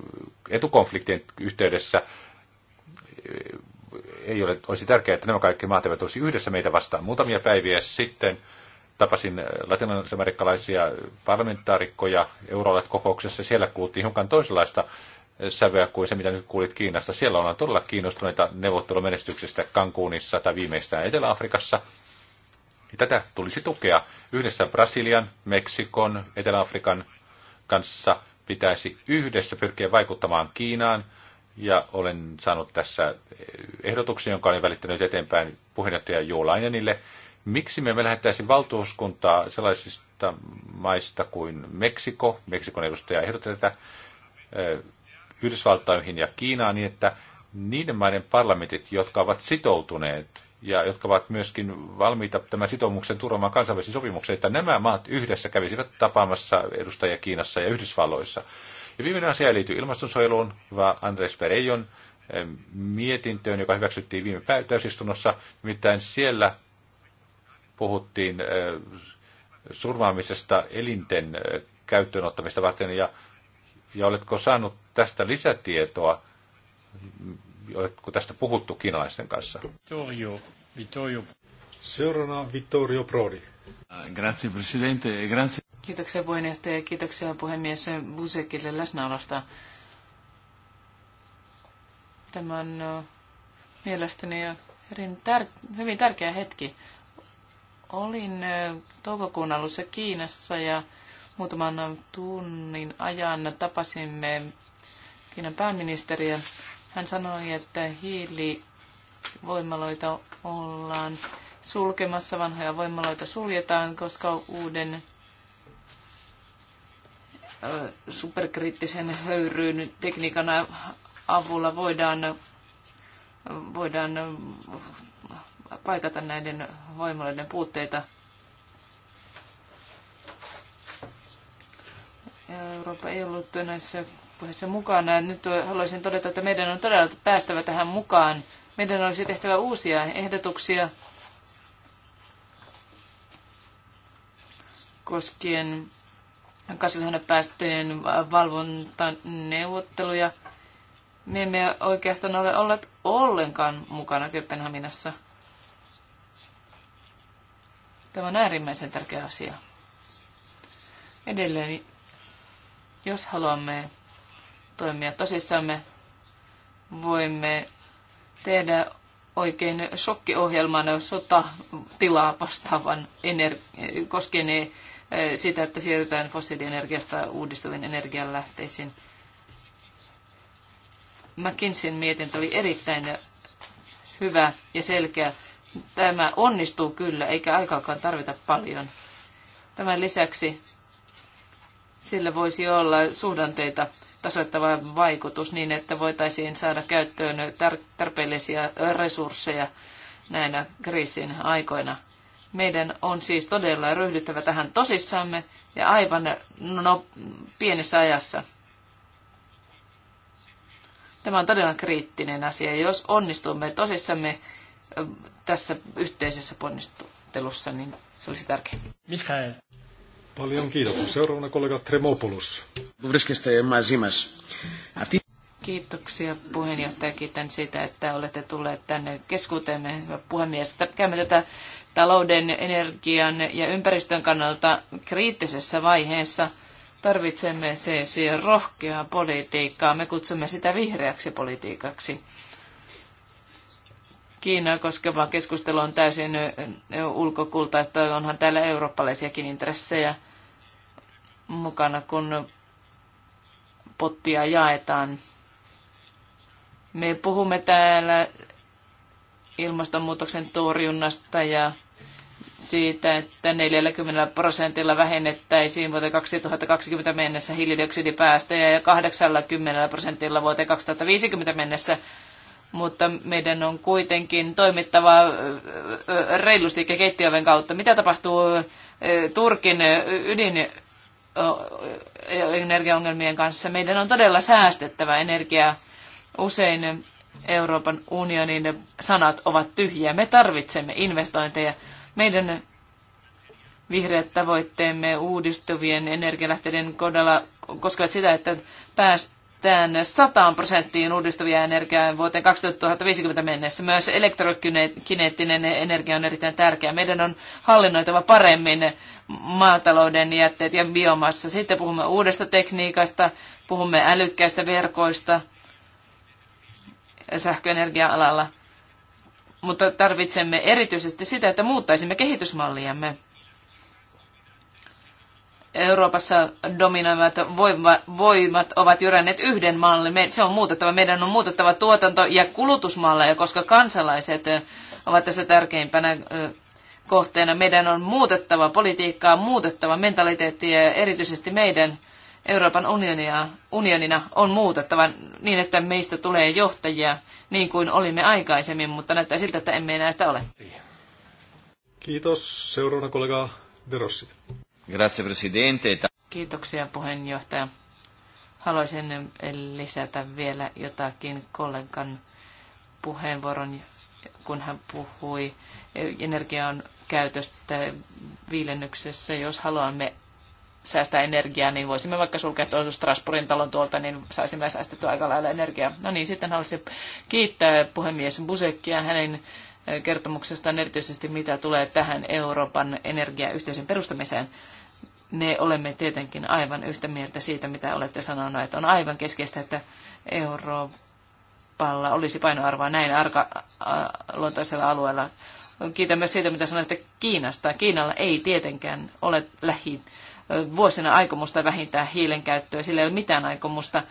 etukonfliktien yhteydessä eh, ei ole, olisi tärkeää, että nämä kaikki maat eivät olisi yhdessä meitä vastaan. Muutamia päiviä sitten tapasin latinalaisamerikkalaisia parlamentaarikkoja euroalat kokouksessa. Siellä kuultiin hiukan toisenlaista sävyä kuin se, mitä nyt kuulit Kiinasta. Siellä ollaan todella kiinnostuneita neuvottelumenestyksestä Cancunissa tai viimeistään Etelä-Afrikassa. Tätä tulisi tukea yhdessä Brasilian, Meksikon, Etelä-Afrikan kanssa pitäisi yhdessä pyrkiä vaikuttamaan Kiinaan. Ja olen saanut tässä ehdotuksen, jonka olen välittänyt eteenpäin puheenjohtaja juolainenille. Miksi me lähettäisi valtuuskuntaa sellaisista maista kuin Meksiko, Meksikon edustaja ehdotti tätä, Yhdysvaltoihin ja Kiinaan niin, että niiden maiden parlamentit, jotka ovat sitoutuneet ja jotka ovat myöskin valmiita tämän sitoumuksen turvaamaan kansainvälisiin sopimukseen, että nämä maat yhdessä kävisivät tapaamassa edustajia Kiinassa ja Yhdysvalloissa. Ja viimeinen asia liittyy ilmastonsuojeluun, vaan Andres Pereijon eh, mietintöön, joka hyväksyttiin viime täysistunnossa. Nimittäin siellä puhuttiin eh, surmaamisesta elinten eh, käyttöönottamista varten ja, ja oletko saanut tästä lisätietoa? Oletko tästä puhuttu kinaisten kanssa? Vittorio, Vittorio. Seuraavana Vittorio Prodi. Grazie Presidente, e grazie. Kiitoksia puheenjohtaja ja kiitoksia puhemies Busekille läsnäolosta. Tämä on mielestäni hyvin, tär- hyvin tärkeä hetki. Olin toukokuun alussa Kiinassa ja muutaman tunnin ajan tapasimme Kiinan pääministeriä. Hän sanoi, että hiilivoimaloita ollaan sulkemassa, vanhoja voimaloita suljetaan, koska uuden superkriittisen höyryyn tekniikan avulla voidaan, voidaan paikata näiden voimaloiden puutteita. Eurooppa ei ollut näissä puheessa mukana. Nyt haluaisin todeta, että meidän on todella päästävä tähän mukaan. Meidän olisi tehtävä uusia ehdotuksia koskien kasvihuonepäästöjen valvontaneuvotteluja. Me emme oikeastaan ole olleet ollenkaan mukana Kööpenhaminassa. Tämä on äärimmäisen tärkeä asia. Edelleen, jos haluamme toimia tosissamme. Voimme tehdä oikein shokkiohjelman sotatilaa vastaavan ener- koskien eh, sitä, että siirrytään fossiilienergiasta uudistuviin energianlähteisiin. McKinseyn mietintö oli erittäin hyvä ja selkeä. Tämä onnistuu kyllä, eikä aikaakaan tarvita paljon. Tämän lisäksi sillä voisi olla suhdanteita tasoittava vaikutus niin, että voitaisiin saada käyttöön tarpeellisia resursseja näinä kriisin aikoina. Meidän on siis todella ryhdyttävä tähän tosissamme ja aivan no, pienessä ajassa. Tämä on todella kriittinen asia. Jos onnistumme tosissamme tässä yhteisessä ponnistelussa, niin se olisi tärkeää. Mikael. Paljon kiitoksia. Seuraavana kollega Tremopoulos. Kiitoksia puheenjohtaja. Kiitän siitä, että olette tulleet tänne keskuuteemme, hyvä puhemies. Käymme tätä talouden, energian ja ympäristön kannalta kriittisessä vaiheessa. Tarvitsemme siis rohkeaa politiikkaa. Me kutsumme sitä vihreäksi politiikaksi. Kiinaa koskeva keskustelu on täysin ulkokultaista. Onhan täällä eurooppalaisiakin intressejä mukana, kun pottia jaetaan. Me puhumme täällä ilmastonmuutoksen torjunnasta ja siitä, että 40 prosentilla vähennettäisiin vuoteen 2020 mennessä hiilidioksidipäästöjä ja 80 prosentilla vuoteen 2050 mennessä. Mutta meidän on kuitenkin toimittava reilusti keittiöven kautta. Mitä tapahtuu Turkin ydin energiaongelmien kanssa. Meidän on todella säästettävä energiaa. Usein Euroopan unionin sanat ovat tyhjiä. Me tarvitsemme investointeja. Meidän vihreät tavoitteemme uudistuvien energialähteiden kohdalla koskevat sitä, että päästöt päästään 100 prosenttiin uudistuvia energiaa vuoteen 2050 mennessä. Myös elektrokineettinen energia on erittäin tärkeä. Meidän on hallinnoitava paremmin maatalouden jätteet ja biomassa. Sitten puhumme uudesta tekniikasta, puhumme älykkäistä verkoista sähköenergia-alalla. Mutta tarvitsemme erityisesti sitä, että muuttaisimme kehitysmalliamme. Euroopassa dominoivat voimat ovat jyränneet yhden mallin. Se on muutettava. Meidän on muutettava tuotanto- ja kulutusmalleja, koska kansalaiset ovat tässä tärkeimpänä kohteena. Meidän on muutettava politiikkaa, muutettava mentaliteettia ja erityisesti meidän Euroopan unionia, unionina on muutettava niin, että meistä tulee johtajia niin kuin olimme aikaisemmin, mutta näyttää siltä, että emme enää sitä ole. Kiitos. Seuraavana kollega Derossi. Grazie Presidente. Kiitoksia puheenjohtaja. Haluaisin lisätä vielä jotakin kollegan puheenvuoron, kun hän puhui energian käytöstä viilennyksessä. Jos haluamme säästää energiaa, niin voisimme vaikka sulkea tuon Strasbourgin talon tuolta, niin saisimme säästettyä aika lailla energiaa. No niin, sitten haluaisin kiittää puhemies Busekkia hänen kertomuksesta, erityisesti mitä tulee tähän Euroopan energiayhteisön perustamiseen. Me olemme tietenkin aivan yhtä mieltä siitä, mitä olette sanoneet. Että on aivan keskeistä, että Euroopalla olisi painoarvoa näin arka luontaisella alueella. Kiitän myös siitä, mitä sanoitte Kiinasta. Kiinalla ei tietenkään ole lähi vuosina aikomusta vähintää hiilen käyttöä. Sillä ei ole mitään aikomusta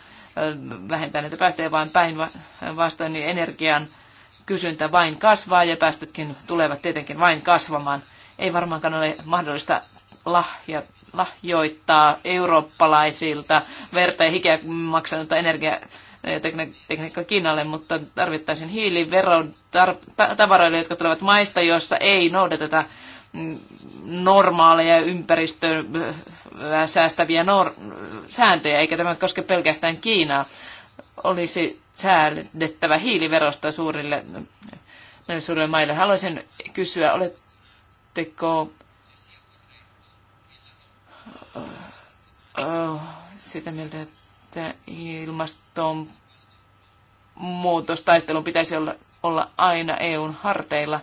vähentää näitä päästöjä, vaan päinvastoin niin energian kysyntä vain kasvaa ja päästötkin tulevat tietenkin vain kasvamaan. Ei varmaankaan ole mahdollista lahja, lahjoittaa eurooppalaisilta verta ja hikeä maksanutta energiaa tekniikka Kiinalle, mutta tarvittaisiin hiiliveron tar- tavaroille, jotka tulevat maista, joissa ei noudateta mm, normaaleja ympäristöä säästäviä nor- sääntöjä, eikä tämä koske pelkästään Kiinaa olisi säädettävä hiiliverosta suurille, suurille maille. Haluaisin kysyä, oletteko sitä mieltä, että ilmaston muutostaistelun pitäisi olla, olla aina EUn harteilla.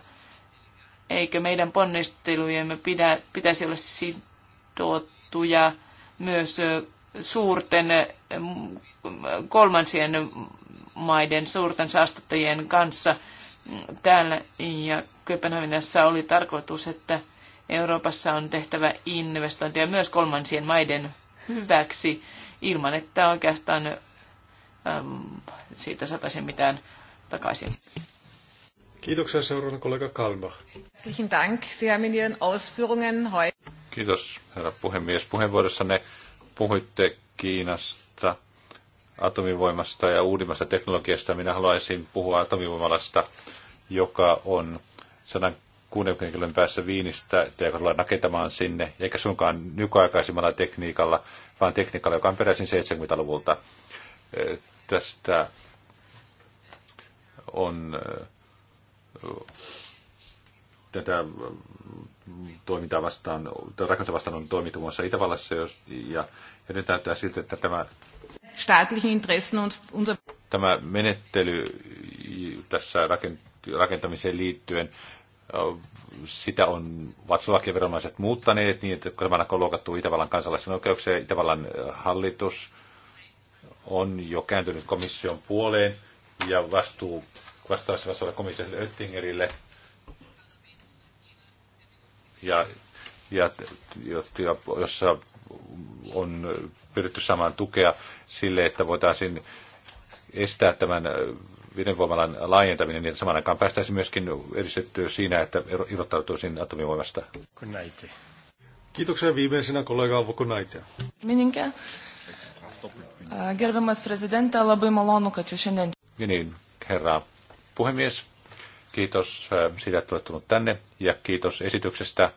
Eikö meidän ponnistelujemme pidä, pitäisi olla sidottuja myös suurten kolmansien maiden suurten saastuttajien kanssa täällä. Ja Kööpenhaminassa oli tarkoitus, että Euroopassa on tehtävä investointia myös kolmansien maiden hyväksi ilman, että oikeastaan ähm, siitä saataisiin mitään takaisin. Kiitoksia seuraavana kollega Kalmbach. Herzlichen Dank. Sie haben in Ihren Ausführungen heute... Kiitos, herra puhemies. Puheenvuorossanne puhuitte Kiinasta atomivoimasta ja uudimmasta teknologiasta. Minä haluaisin puhua atomivoimalasta, joka on 160 kilometrin päässä Viinistä, joka tullaan nakentamaan sinne, eikä sunkaan nykyaikaisimmalla tekniikalla, vaan tekniikalla, joka on peräisin 70-luvulta. Tästä on tätä toimintaa vastaan, rakennusta vastaan on toimittu muassa Itävallassa, jos, ja, ja nyt näyttää siltä, että tämä staatlichen Interessen und... unter Tämä menettely tässä rakentamiseen liittyen, äh, sitä on vatsalakien viranomaiset muuttaneet niin, että tämä on luokattu Itävallan kansalaisen oikeuksia. Itävallan äh, hallitus on jo kääntynyt komission puoleen ja vastuu vastaavassa vastaavalle komissiolle Oettingerille. Ja, ja, jossa on pyritty saamaan tukea sille, että voitaisiin estää tämän ydinvoimalan laajentaminen, niin samaan aikaan päästäisiin myöskin edistettyä siinä, että irrottautuisiin atomivoimasta. Kiitoksia viimeisenä kollega Avo Kunnaitia. Mininkä? Gerbiamas presidenta, labai malonu, kad jūs Ja Niin, herra puhemies, kiitos siitä, että olet tullut tänne ja kiitos esityksestä,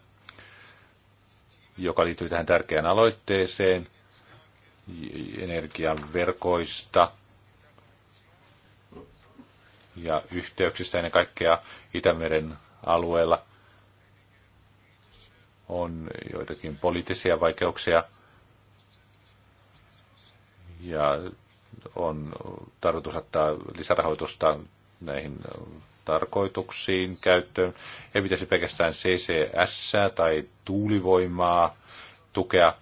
joka liittyy tähän tärkeään aloitteeseen – energian verkoista ja yhteyksistä ennen kaikkea Itämeren alueella. On joitakin poliittisia vaikeuksia ja on tarkoitus ottaa lisärahoitusta näihin tarkoituksiin käyttöön. Ei pitäisi pelkästään CCS tai tuulivoimaa tukea,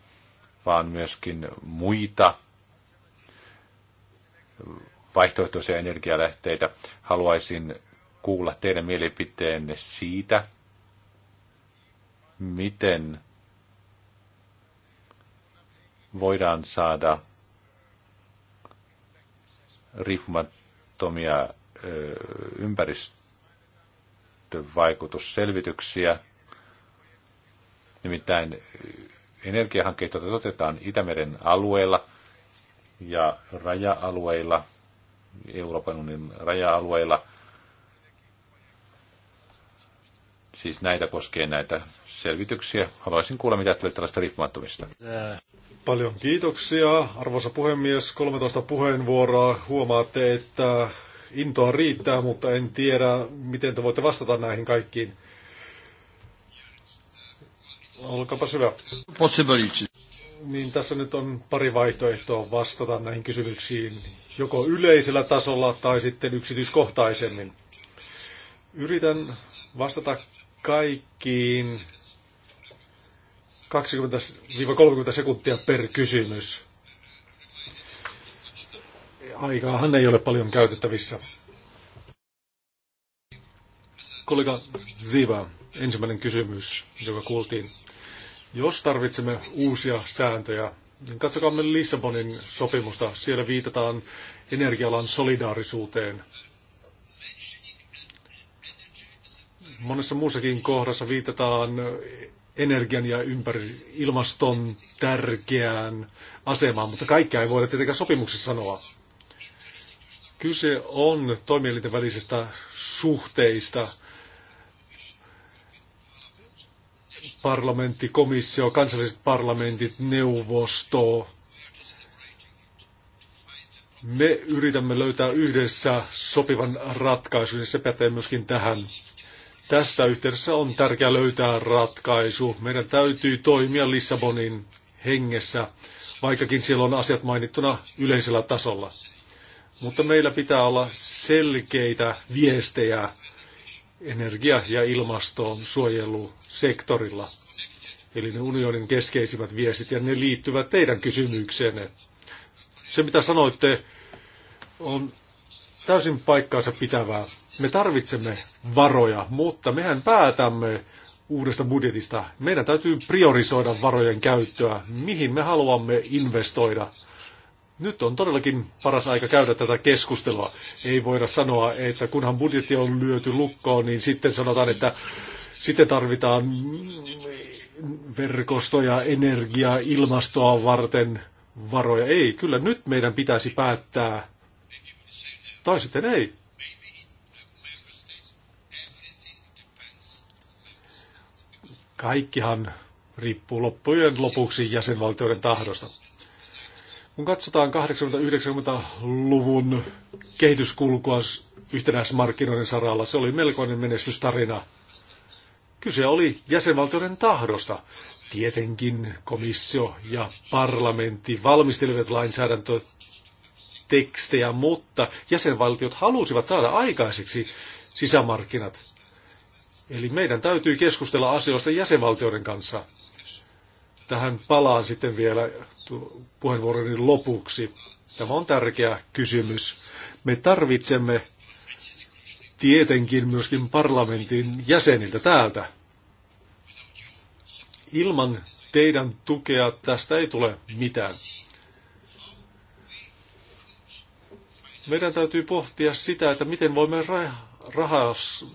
vaan myöskin muita vaihtoehtoisia energialähteitä. Haluaisin kuulla teidän mielipiteenne siitä, miten voidaan saada riippumattomia ympäristövaikutusselvityksiä. Nimittäin energiahankkeita toteutetaan Itämeren alueella ja raja-alueilla, Euroopan unionin raja-alueilla. Siis näitä koskee näitä selvityksiä. Haluaisin kuulla, mitä tulee tällaista riippumattomista. Paljon kiitoksia, arvoisa puhemies. 13 puheenvuoroa. Huomaatte, että intoa riittää, mutta en tiedä, miten te voitte vastata näihin kaikkiin. Olkaapa hyvä. Possibility. Niin tässä nyt on pari vaihtoehtoa vastata näihin kysymyksiin, joko yleisellä tasolla tai sitten yksityiskohtaisemmin. Yritän vastata kaikkiin 20-30 sekuntia per kysymys. Aikaahan ei ole paljon käytettävissä. Kollega Ziva, ensimmäinen kysymys, joka kuultiin. Jos tarvitsemme uusia sääntöjä, niin katsokaamme Lissabonin sopimusta. Siellä viitataan energialan solidaarisuuteen. Monessa muussakin kohdassa viitataan energian ja ympäri ilmaston tärkeään asemaan, mutta kaikkea ei voida tietenkään sopimuksessa sanoa. Kyse on toimielinten välisistä suhteista, parlamentti, komissio, kansalliset parlamentit, neuvosto. Me yritämme löytää yhdessä sopivan ratkaisun ja se pätee myöskin tähän. Tässä yhteydessä on tärkeää löytää ratkaisu. Meidän täytyy toimia Lissabonin hengessä, vaikkakin siellä on asiat mainittuna yleisellä tasolla. Mutta meillä pitää olla selkeitä viestejä energia- ja ilmastoon suojelu sektorilla. Eli ne unionin keskeisimmät viestit, ja ne liittyvät teidän kysymykseenne. Se, mitä sanoitte, on täysin paikkaansa pitävää. Me tarvitsemme varoja, mutta mehän päätämme uudesta budjetista. Meidän täytyy priorisoida varojen käyttöä, mihin me haluamme investoida. Nyt on todellakin paras aika käydä tätä keskustelua. Ei voida sanoa, että kunhan budjetti on lyöty lukkoon, niin sitten sanotaan, että sitten tarvitaan verkostoja, energiaa, ilmastoa varten varoja. Ei, kyllä nyt meidän pitäisi päättää. Tai sitten ei. Kaikkihan riippuu loppujen lopuksi jäsenvaltioiden tahdosta. Kun katsotaan 80-90-luvun kehityskulkua yhtenäismarkkinoiden saralla, se oli melkoinen menestystarina – Kyse oli jäsenvaltioiden tahdosta. Tietenkin komissio ja parlamentti valmistelivat lainsäädäntötekstejä, mutta jäsenvaltiot halusivat saada aikaiseksi sisämarkkinat. Eli meidän täytyy keskustella asioista jäsenvaltioiden kanssa. Tähän palaan sitten vielä puheenvuoroni lopuksi. Tämä on tärkeä kysymys. Me tarvitsemme tietenkin myöskin parlamentin jäseniltä täältä. Ilman teidän tukea tästä ei tule mitään. Meidän täytyy pohtia sitä, että miten voimme rahas,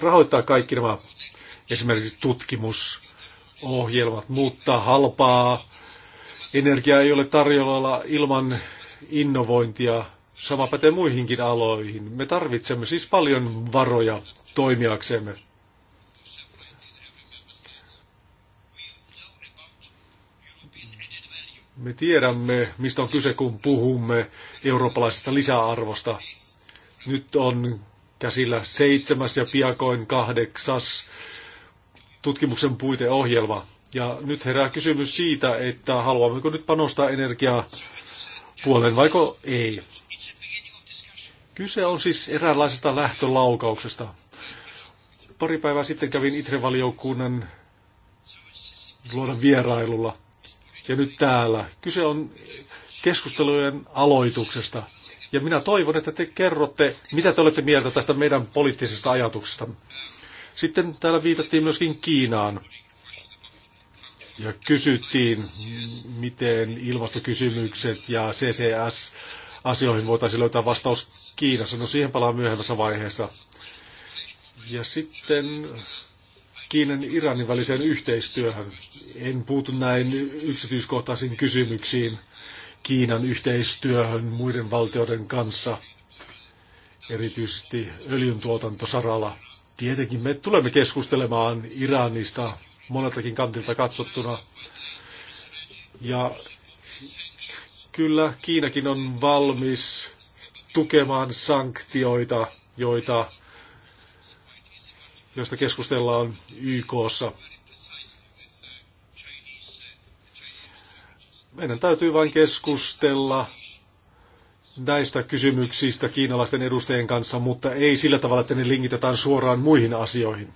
rahoittaa kaikki nämä esimerkiksi tutkimusohjelmat, mutta halpaa energiaa ei ole tarjolla ilman innovointia Sama pätee muihinkin aloihin. Me tarvitsemme siis paljon varoja toimijaksemme. Me tiedämme, mistä on kyse, kun puhumme eurooppalaisesta lisäarvosta. Nyt on käsillä seitsemäs ja piakoin kahdeksas tutkimuksen puiteohjelma. Ja nyt herää kysymys siitä, että haluammeko nyt panostaa energiaa puolen vaiko ei. Kyse on siis eräänlaisesta lähtölaukauksesta. Pari päivää sitten kävin Itrevaliokunnan luoda vierailulla. Ja nyt täällä. Kyse on keskustelujen aloituksesta. Ja minä toivon, että te kerrotte, mitä te olette mieltä tästä meidän poliittisesta ajatuksesta. Sitten täällä viitattiin myöskin Kiinaan. Ja kysyttiin, miten ilmastokysymykset ja CCS-asioihin voitaisiin löytää vastaus Kiinassa. No siihen palaan myöhemmässä vaiheessa. Ja sitten Kiinan Iranin väliseen yhteistyöhön. En puutu näin yksityiskohtaisiin kysymyksiin Kiinan yhteistyöhön muiden valtioiden kanssa, erityisesti öljyntuotantosaralla. Tietenkin me tulemme keskustelemaan Iranista moneltakin kantilta katsottuna. Ja kyllä Kiinakin on valmis tukemaan sanktioita, joita, joista keskustellaan YKssa. Meidän täytyy vain keskustella näistä kysymyksistä kiinalaisten edustajien kanssa, mutta ei sillä tavalla, että ne linkitetään suoraan muihin asioihin.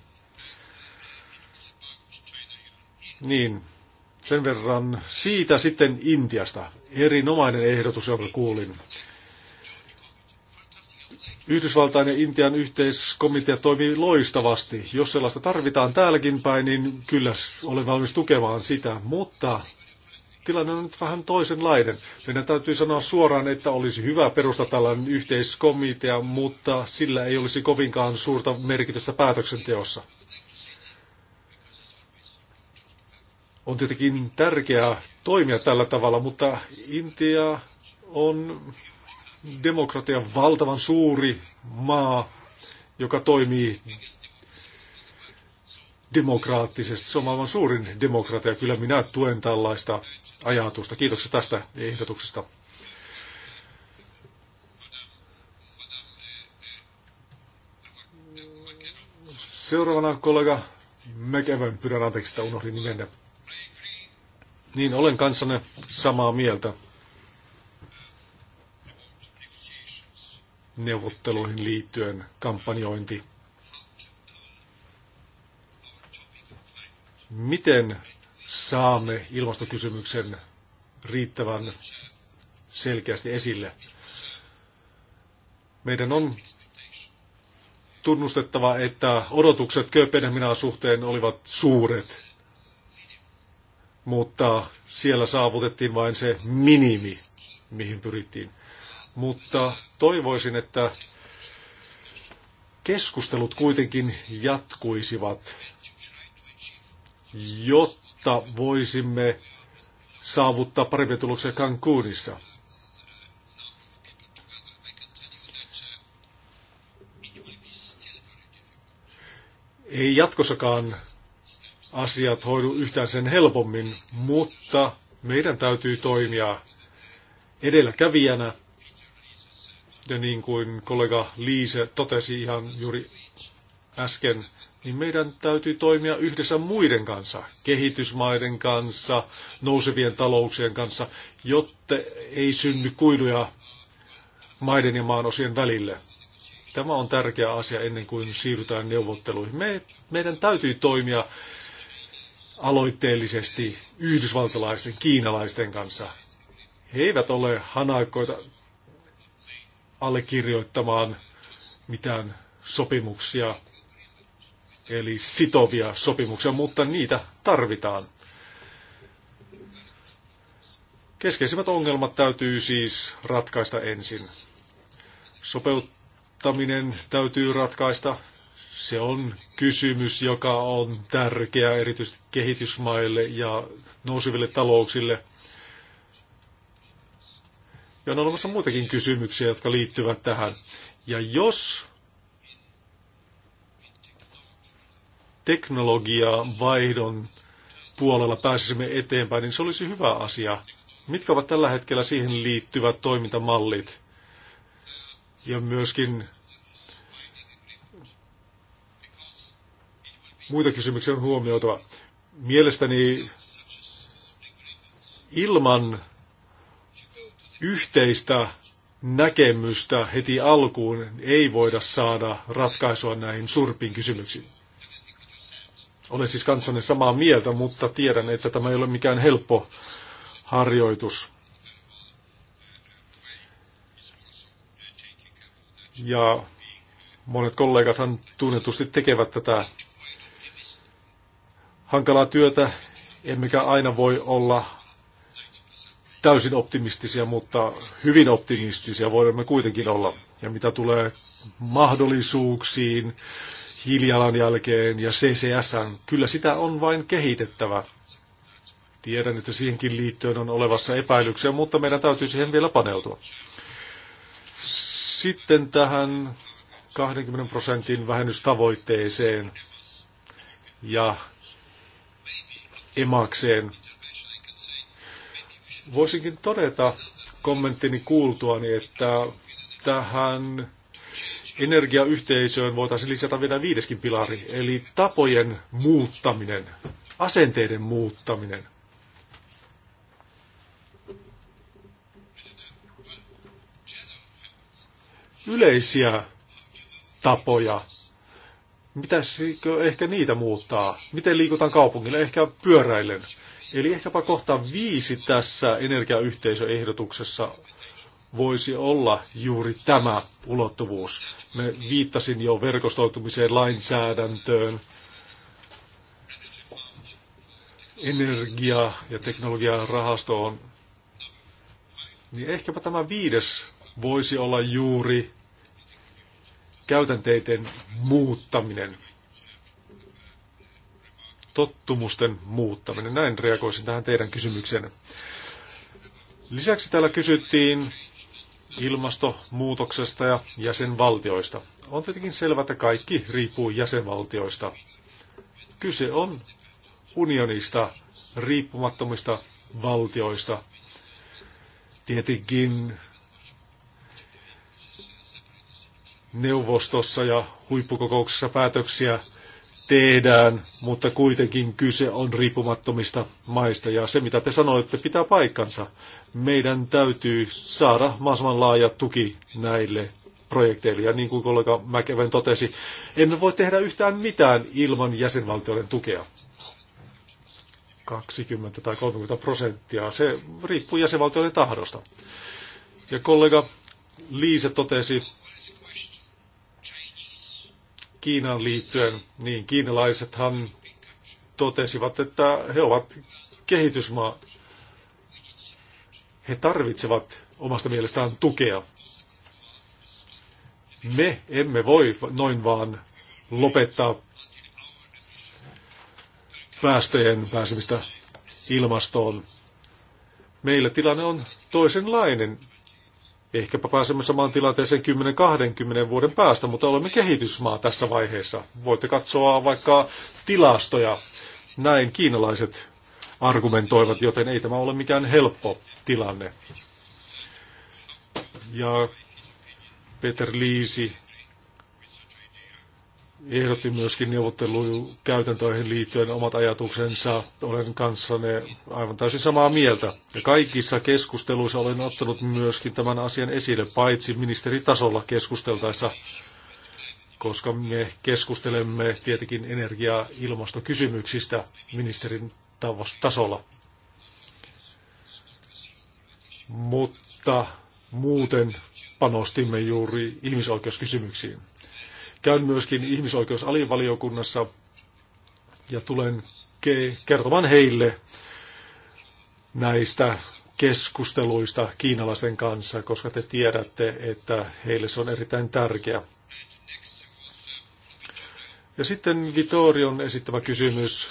Niin, sen verran siitä sitten Intiasta. Erinomainen ehdotus, jonka kuulin. Yhdysvaltain ja Intian yhteiskomitea toimii loistavasti. Jos sellaista tarvitaan täälläkin päin, niin kyllä olen valmis tukemaan sitä, mutta tilanne on nyt vähän toisenlainen. Meidän täytyy sanoa suoraan, että olisi hyvä perustaa tällainen yhteiskomitea, mutta sillä ei olisi kovinkaan suurta merkitystä päätöksenteossa. On tietenkin tärkeää toimia tällä tavalla, mutta Intia on demokratian valtavan suuri maa, joka toimii demokraattisesti. Se on maailman suurin demokratia. Kyllä minä tuen tällaista ajatusta. Kiitoksia tästä ehdotuksesta. Seuraavana kollega Mekevän, pyydän anteeksi, että unohdin nimenne. Niin, olen kanssanne samaa mieltä. neuvotteluihin liittyen kampanjointi. Miten saamme ilmastokysymyksen riittävän selkeästi esille? Meidän on tunnustettava, että odotukset Kööpenhaminan suhteen olivat suuret, mutta siellä saavutettiin vain se minimi, mihin pyrittiin mutta toivoisin, että keskustelut kuitenkin jatkuisivat, jotta voisimme saavuttaa parempia tuloksia Cancunissa. Ei jatkossakaan asiat hoidu yhtään sen helpommin, mutta meidän täytyy toimia edelläkävijänä – ja niin kuin kollega Liise totesi ihan juuri äsken, niin meidän täytyy toimia yhdessä muiden kanssa, kehitysmaiden kanssa, nousevien talouksien kanssa, jotta ei synny kuiluja maiden ja osien välille. Tämä on tärkeä asia ennen kuin siirrytään neuvotteluihin. Me, meidän täytyy toimia aloitteellisesti yhdysvaltalaisten, kiinalaisten kanssa. He eivät ole hanakoita allekirjoittamaan mitään sopimuksia, eli sitovia sopimuksia, mutta niitä tarvitaan. Keskeisimmät ongelmat täytyy siis ratkaista ensin. Sopeuttaminen täytyy ratkaista. Se on kysymys, joka on tärkeä erityisesti kehitysmaille ja nouseville talouksille – ja on olemassa muitakin kysymyksiä, jotka liittyvät tähän. Ja jos teknologia vaihdon puolella pääsisimme eteenpäin, niin se olisi hyvä asia. Mitkä ovat tällä hetkellä siihen liittyvät toimintamallit? Ja myöskin muita kysymyksiä on huomioitava. Mielestäni ilman yhteistä näkemystä heti alkuun ei voida saada ratkaisua näihin surpiin kysymyksiin. Olen siis kanssanne samaa mieltä, mutta tiedän, että tämä ei ole mikään helppo harjoitus. Ja monet kollegathan tunnetusti tekevät tätä hankalaa työtä, emmekä aina voi olla täysin optimistisia, mutta hyvin optimistisia voimme kuitenkin olla. Ja mitä tulee mahdollisuuksiin, hiilijalanjälkeen ja CCS, kyllä sitä on vain kehitettävä. Tiedän, että siihenkin liittyen on olevassa epäilyksiä, mutta meidän täytyy siihen vielä paneutua. Sitten tähän 20 prosentin vähennystavoitteeseen ja emakseen. Voisinkin todeta kommenttini kuultuani, että tähän energiayhteisöön voitaisiin lisätä vielä viideskin pilari, eli tapojen muuttaminen, asenteiden muuttaminen. Yleisiä tapoja. Mitäs ehkä niitä muuttaa? Miten liikutaan kaupungille? Ehkä pyöräilen. Eli ehkäpä kohta viisi tässä energiayhteisöehdotuksessa voisi olla juuri tämä ulottuvuus. Me viittasin jo verkostoitumiseen, lainsäädäntöön, energia- ja teknologiarahastoon. Niin ehkäpä tämä viides voisi olla juuri käytänteiden muuttaminen tottumusten muuttaminen. Näin reagoisin tähän teidän kysymykseen. Lisäksi täällä kysyttiin ilmastonmuutoksesta ja jäsenvaltioista. On tietenkin selvä, että kaikki riippuu jäsenvaltioista. Kyse on unionista, riippumattomista valtioista. Tietenkin neuvostossa ja huippukokouksessa päätöksiä tehdään, mutta kuitenkin kyse on riippumattomista maista. Ja se, mitä te sanoitte, pitää paikkansa. Meidän täytyy saada mahdollisimman laaja tuki näille projekteille. Ja niin kuin kollega Mäkeven totesi, emme voi tehdä yhtään mitään ilman jäsenvaltioiden tukea. 20 tai 30 prosenttia. Se riippuu jäsenvaltioiden tahdosta. Ja kollega Liise totesi, Kiinaan liittyen, niin kiinalaisethan totesivat, että he ovat kehitysmaa. He tarvitsevat omasta mielestään tukea. Me emme voi noin vaan lopettaa päästöjen pääsemistä ilmastoon. Meillä tilanne on toisenlainen. Ehkäpä pääsemme samaan tilanteeseen 10-20 vuoden päästä, mutta olemme kehitysmaa tässä vaiheessa. Voitte katsoa vaikka tilastoja. Näin kiinalaiset argumentoivat, joten ei tämä ole mikään helppo tilanne. Ja Peter Liisi ehdotti myöskin neuvottelukäytäntöihin liittyen omat ajatuksensa. Olen kanssanne aivan täysin samaa mieltä. Ja kaikissa keskusteluissa olen ottanut myöskin tämän asian esille, paitsi ministeritasolla keskusteltaessa, koska me keskustelemme tietenkin energia- ja ilmastokysymyksistä ministerin tasolla. Mutta muuten panostimme juuri ihmisoikeuskysymyksiin. Käyn myöskin ihmisoikeusalivaliokunnassa ja tulen ke- kertomaan heille näistä keskusteluista kiinalaisten kanssa, koska te tiedätte, että heille se on erittäin tärkeä. Ja sitten Vitorion esittämä kysymys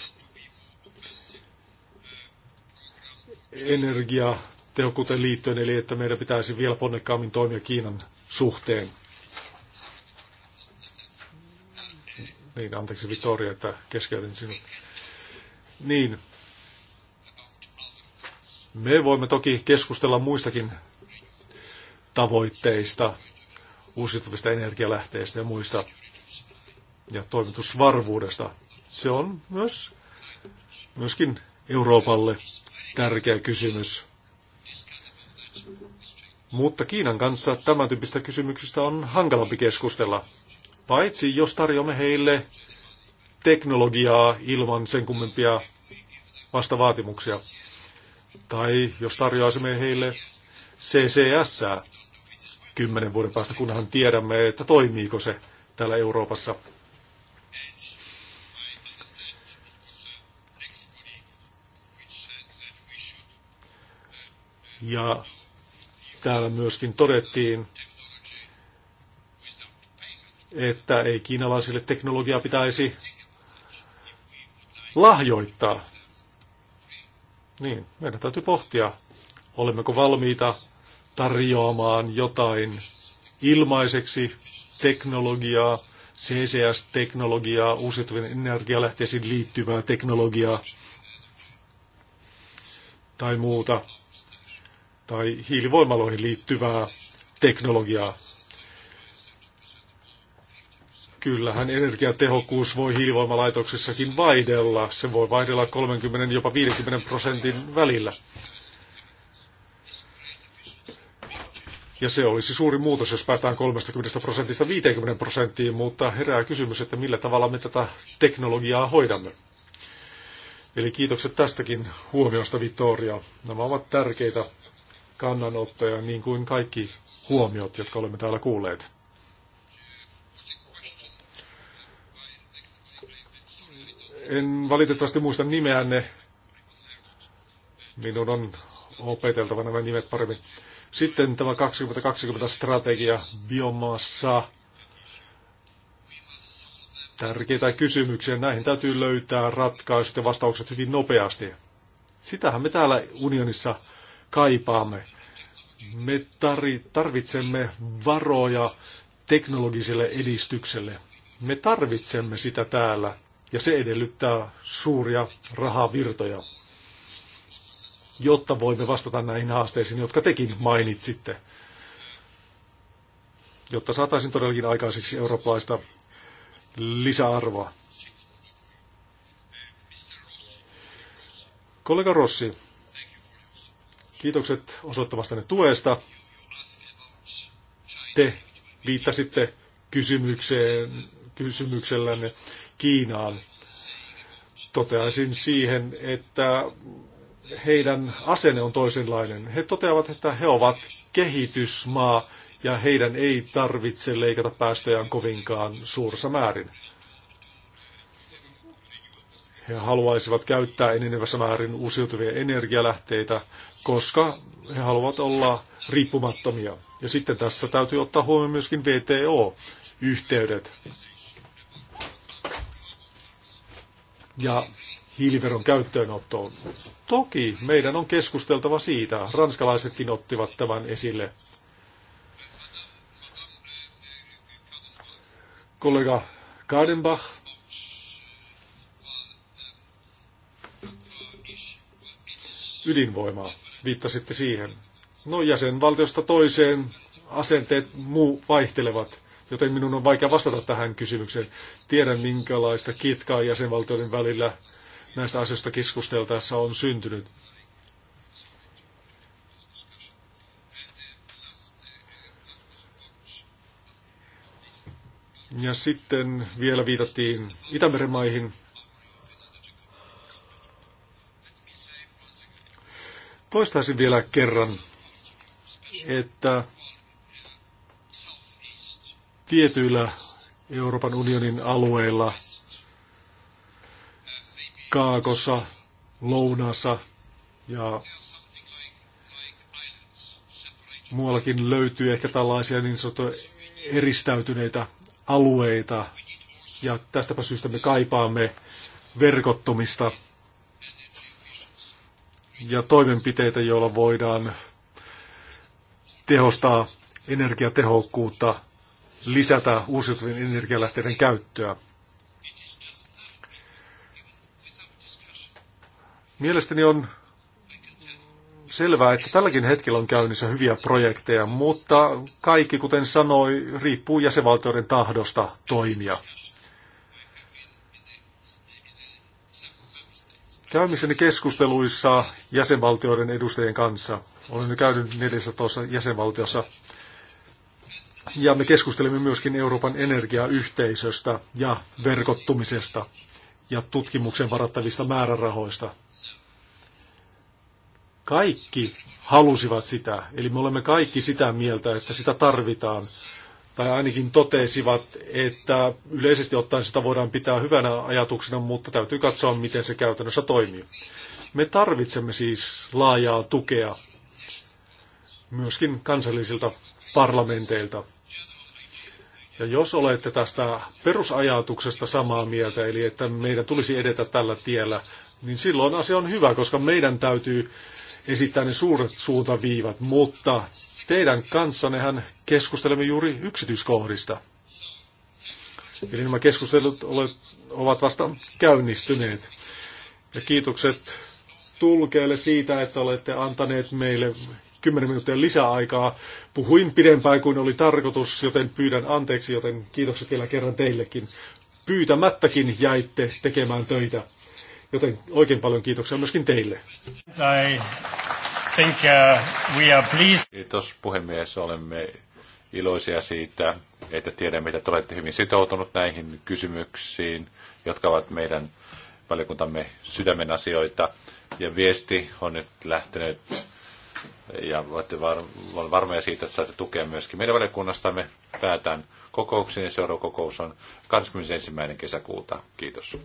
energiatehokkuuteen liittyen, eli että meidän pitäisi vielä ponnekkaammin toimia Kiinan suhteen. Niin, anteeksi Victoria, että keskeytin sinut. Niin, me voimme toki keskustella muistakin tavoitteista, uusiutuvista energialähteistä ja muista, ja toimitusvarvuudesta. Se on myös, myöskin Euroopalle tärkeä kysymys. Mutta Kiinan kanssa tämän tyyppistä kysymyksistä on hankalampi keskustella. Paitsi jos tarjoamme heille teknologiaa ilman sen kummempia vastavaatimuksia. Tai jos tarjoaisimme heille CCS, kymmenen vuoden päästä, kunhan tiedämme, että toimiiko se täällä Euroopassa. Ja täällä myöskin todettiin, että ei kiinalaisille teknologiaa pitäisi lahjoittaa. Niin, meidän täytyy pohtia, olemmeko valmiita tarjoamaan jotain ilmaiseksi teknologiaa, CCS-teknologiaa, uusiutuvien energialähteisiin liittyvää teknologiaa tai muuta, tai hiilivoimaloihin liittyvää teknologiaa. Kyllähän energiatehokkuus voi hiilivoimalaitoksissakin vaihdella. Se voi vaihdella 30 jopa 50 prosentin välillä. Ja se olisi suuri muutos, jos päästään 30 prosentista 50 prosenttiin, mutta herää kysymys, että millä tavalla me tätä teknologiaa hoidamme. Eli kiitokset tästäkin huomiosta, Vittoria. Nämä ovat tärkeitä kannanottoja, niin kuin kaikki huomiot, jotka olemme täällä kuulleet. En valitettavasti muista nimeänne. Minun on opeteltava nämä nimet paremmin. Sitten tämä 2020-strategia, biomassa, tärkeitä kysymyksiä. Näihin täytyy löytää ratkaisut ja vastaukset hyvin nopeasti. Sitähän me täällä unionissa kaipaamme. Me tarvitsemme varoja teknologiselle edistykselle. Me tarvitsemme sitä täällä ja se edellyttää suuria rahavirtoja, jotta voimme vastata näihin haasteisiin, jotka tekin mainitsitte, jotta saataisiin todellakin aikaiseksi eurooppalaista lisäarvoa. Kollega Rossi, kiitokset osoittamastanne tuesta. Te viittasitte kysymykseen kysymyksellänne Kiinaan. Toteaisin siihen, että heidän asenne on toisenlainen. He toteavat, että he ovat kehitysmaa ja heidän ei tarvitse leikata päästöjään kovinkaan suurissa määrin. He haluaisivat käyttää enenevässä määrin uusiutuvia energialähteitä, koska he haluavat olla riippumattomia. Ja sitten tässä täytyy ottaa huomioon myöskin VTO-yhteydet. ja hiiliveron käyttöönottoon. Toki meidän on keskusteltava siitä. Ranskalaisetkin ottivat tämän esille. Kollega Kadenbach ydinvoimaa. Viittasitte siihen. No jäsenvaltiosta toiseen asenteet muu vaihtelevat joten minun on vaikea vastata tähän kysymykseen. Tiedän, minkälaista kitkaa jäsenvaltioiden välillä näistä asioista keskusteltaessa on syntynyt. Ja sitten vielä viitattiin Itämeren maihin. Toistaisin vielä kerran, että tietyillä Euroopan unionin alueilla, kaakossa, lounassa ja muuallakin löytyy ehkä tällaisia niin sanottuja eristäytyneitä alueita. Ja tästäpä syystä me kaipaamme verkottumista ja toimenpiteitä, joilla voidaan tehostaa energiatehokkuutta lisätä uusiutuvien energialähteiden käyttöä. Mielestäni on selvää, että tälläkin hetkellä on käynnissä hyviä projekteja, mutta kaikki, kuten sanoi, riippuu jäsenvaltioiden tahdosta toimia. Käymiseni keskusteluissa jäsenvaltioiden edustajien kanssa, olen nyt käynyt 14 jäsenvaltiossa, ja me keskustelemme myöskin Euroopan energiayhteisöstä ja verkottumisesta ja tutkimuksen varattavista määrärahoista. Kaikki halusivat sitä, eli me olemme kaikki sitä mieltä, että sitä tarvitaan. Tai ainakin totesivat, että yleisesti ottaen sitä voidaan pitää hyvänä ajatuksena, mutta täytyy katsoa, miten se käytännössä toimii. Me tarvitsemme siis laajaa tukea myöskin kansallisilta parlamenteilta. Ja jos olette tästä perusajatuksesta samaa mieltä, eli että meidän tulisi edetä tällä tiellä, niin silloin asia on hyvä, koska meidän täytyy esittää ne suuret suuntaviivat, mutta teidän kanssanehan keskustelemme juuri yksityiskohdista. Eli nämä keskustelut ovat vasta käynnistyneet. Ja kiitokset tulkeille siitä, että olette antaneet meille 10 minuuttia lisäaikaa. Puhuin pidempään kuin oli tarkoitus, joten pyydän anteeksi, joten kiitokset vielä kerran teillekin. Pyytämättäkin jäitte tekemään töitä, joten oikein paljon kiitoksia myöskin teille. I think, uh, we are pleased. Kiitos puhemies, olemme iloisia siitä, että tiedämme, että olette hyvin sitoutunut näihin kysymyksiin, jotka ovat meidän valiokuntamme sydämen asioita. Ja viesti on nyt lähtenyt ja olette var, varmoja siitä, että saatte tukea myöskin meidän valiokunnastamme. Päätään kokouksiin ja seuraava kokous on 21. kesäkuuta. Kiitos.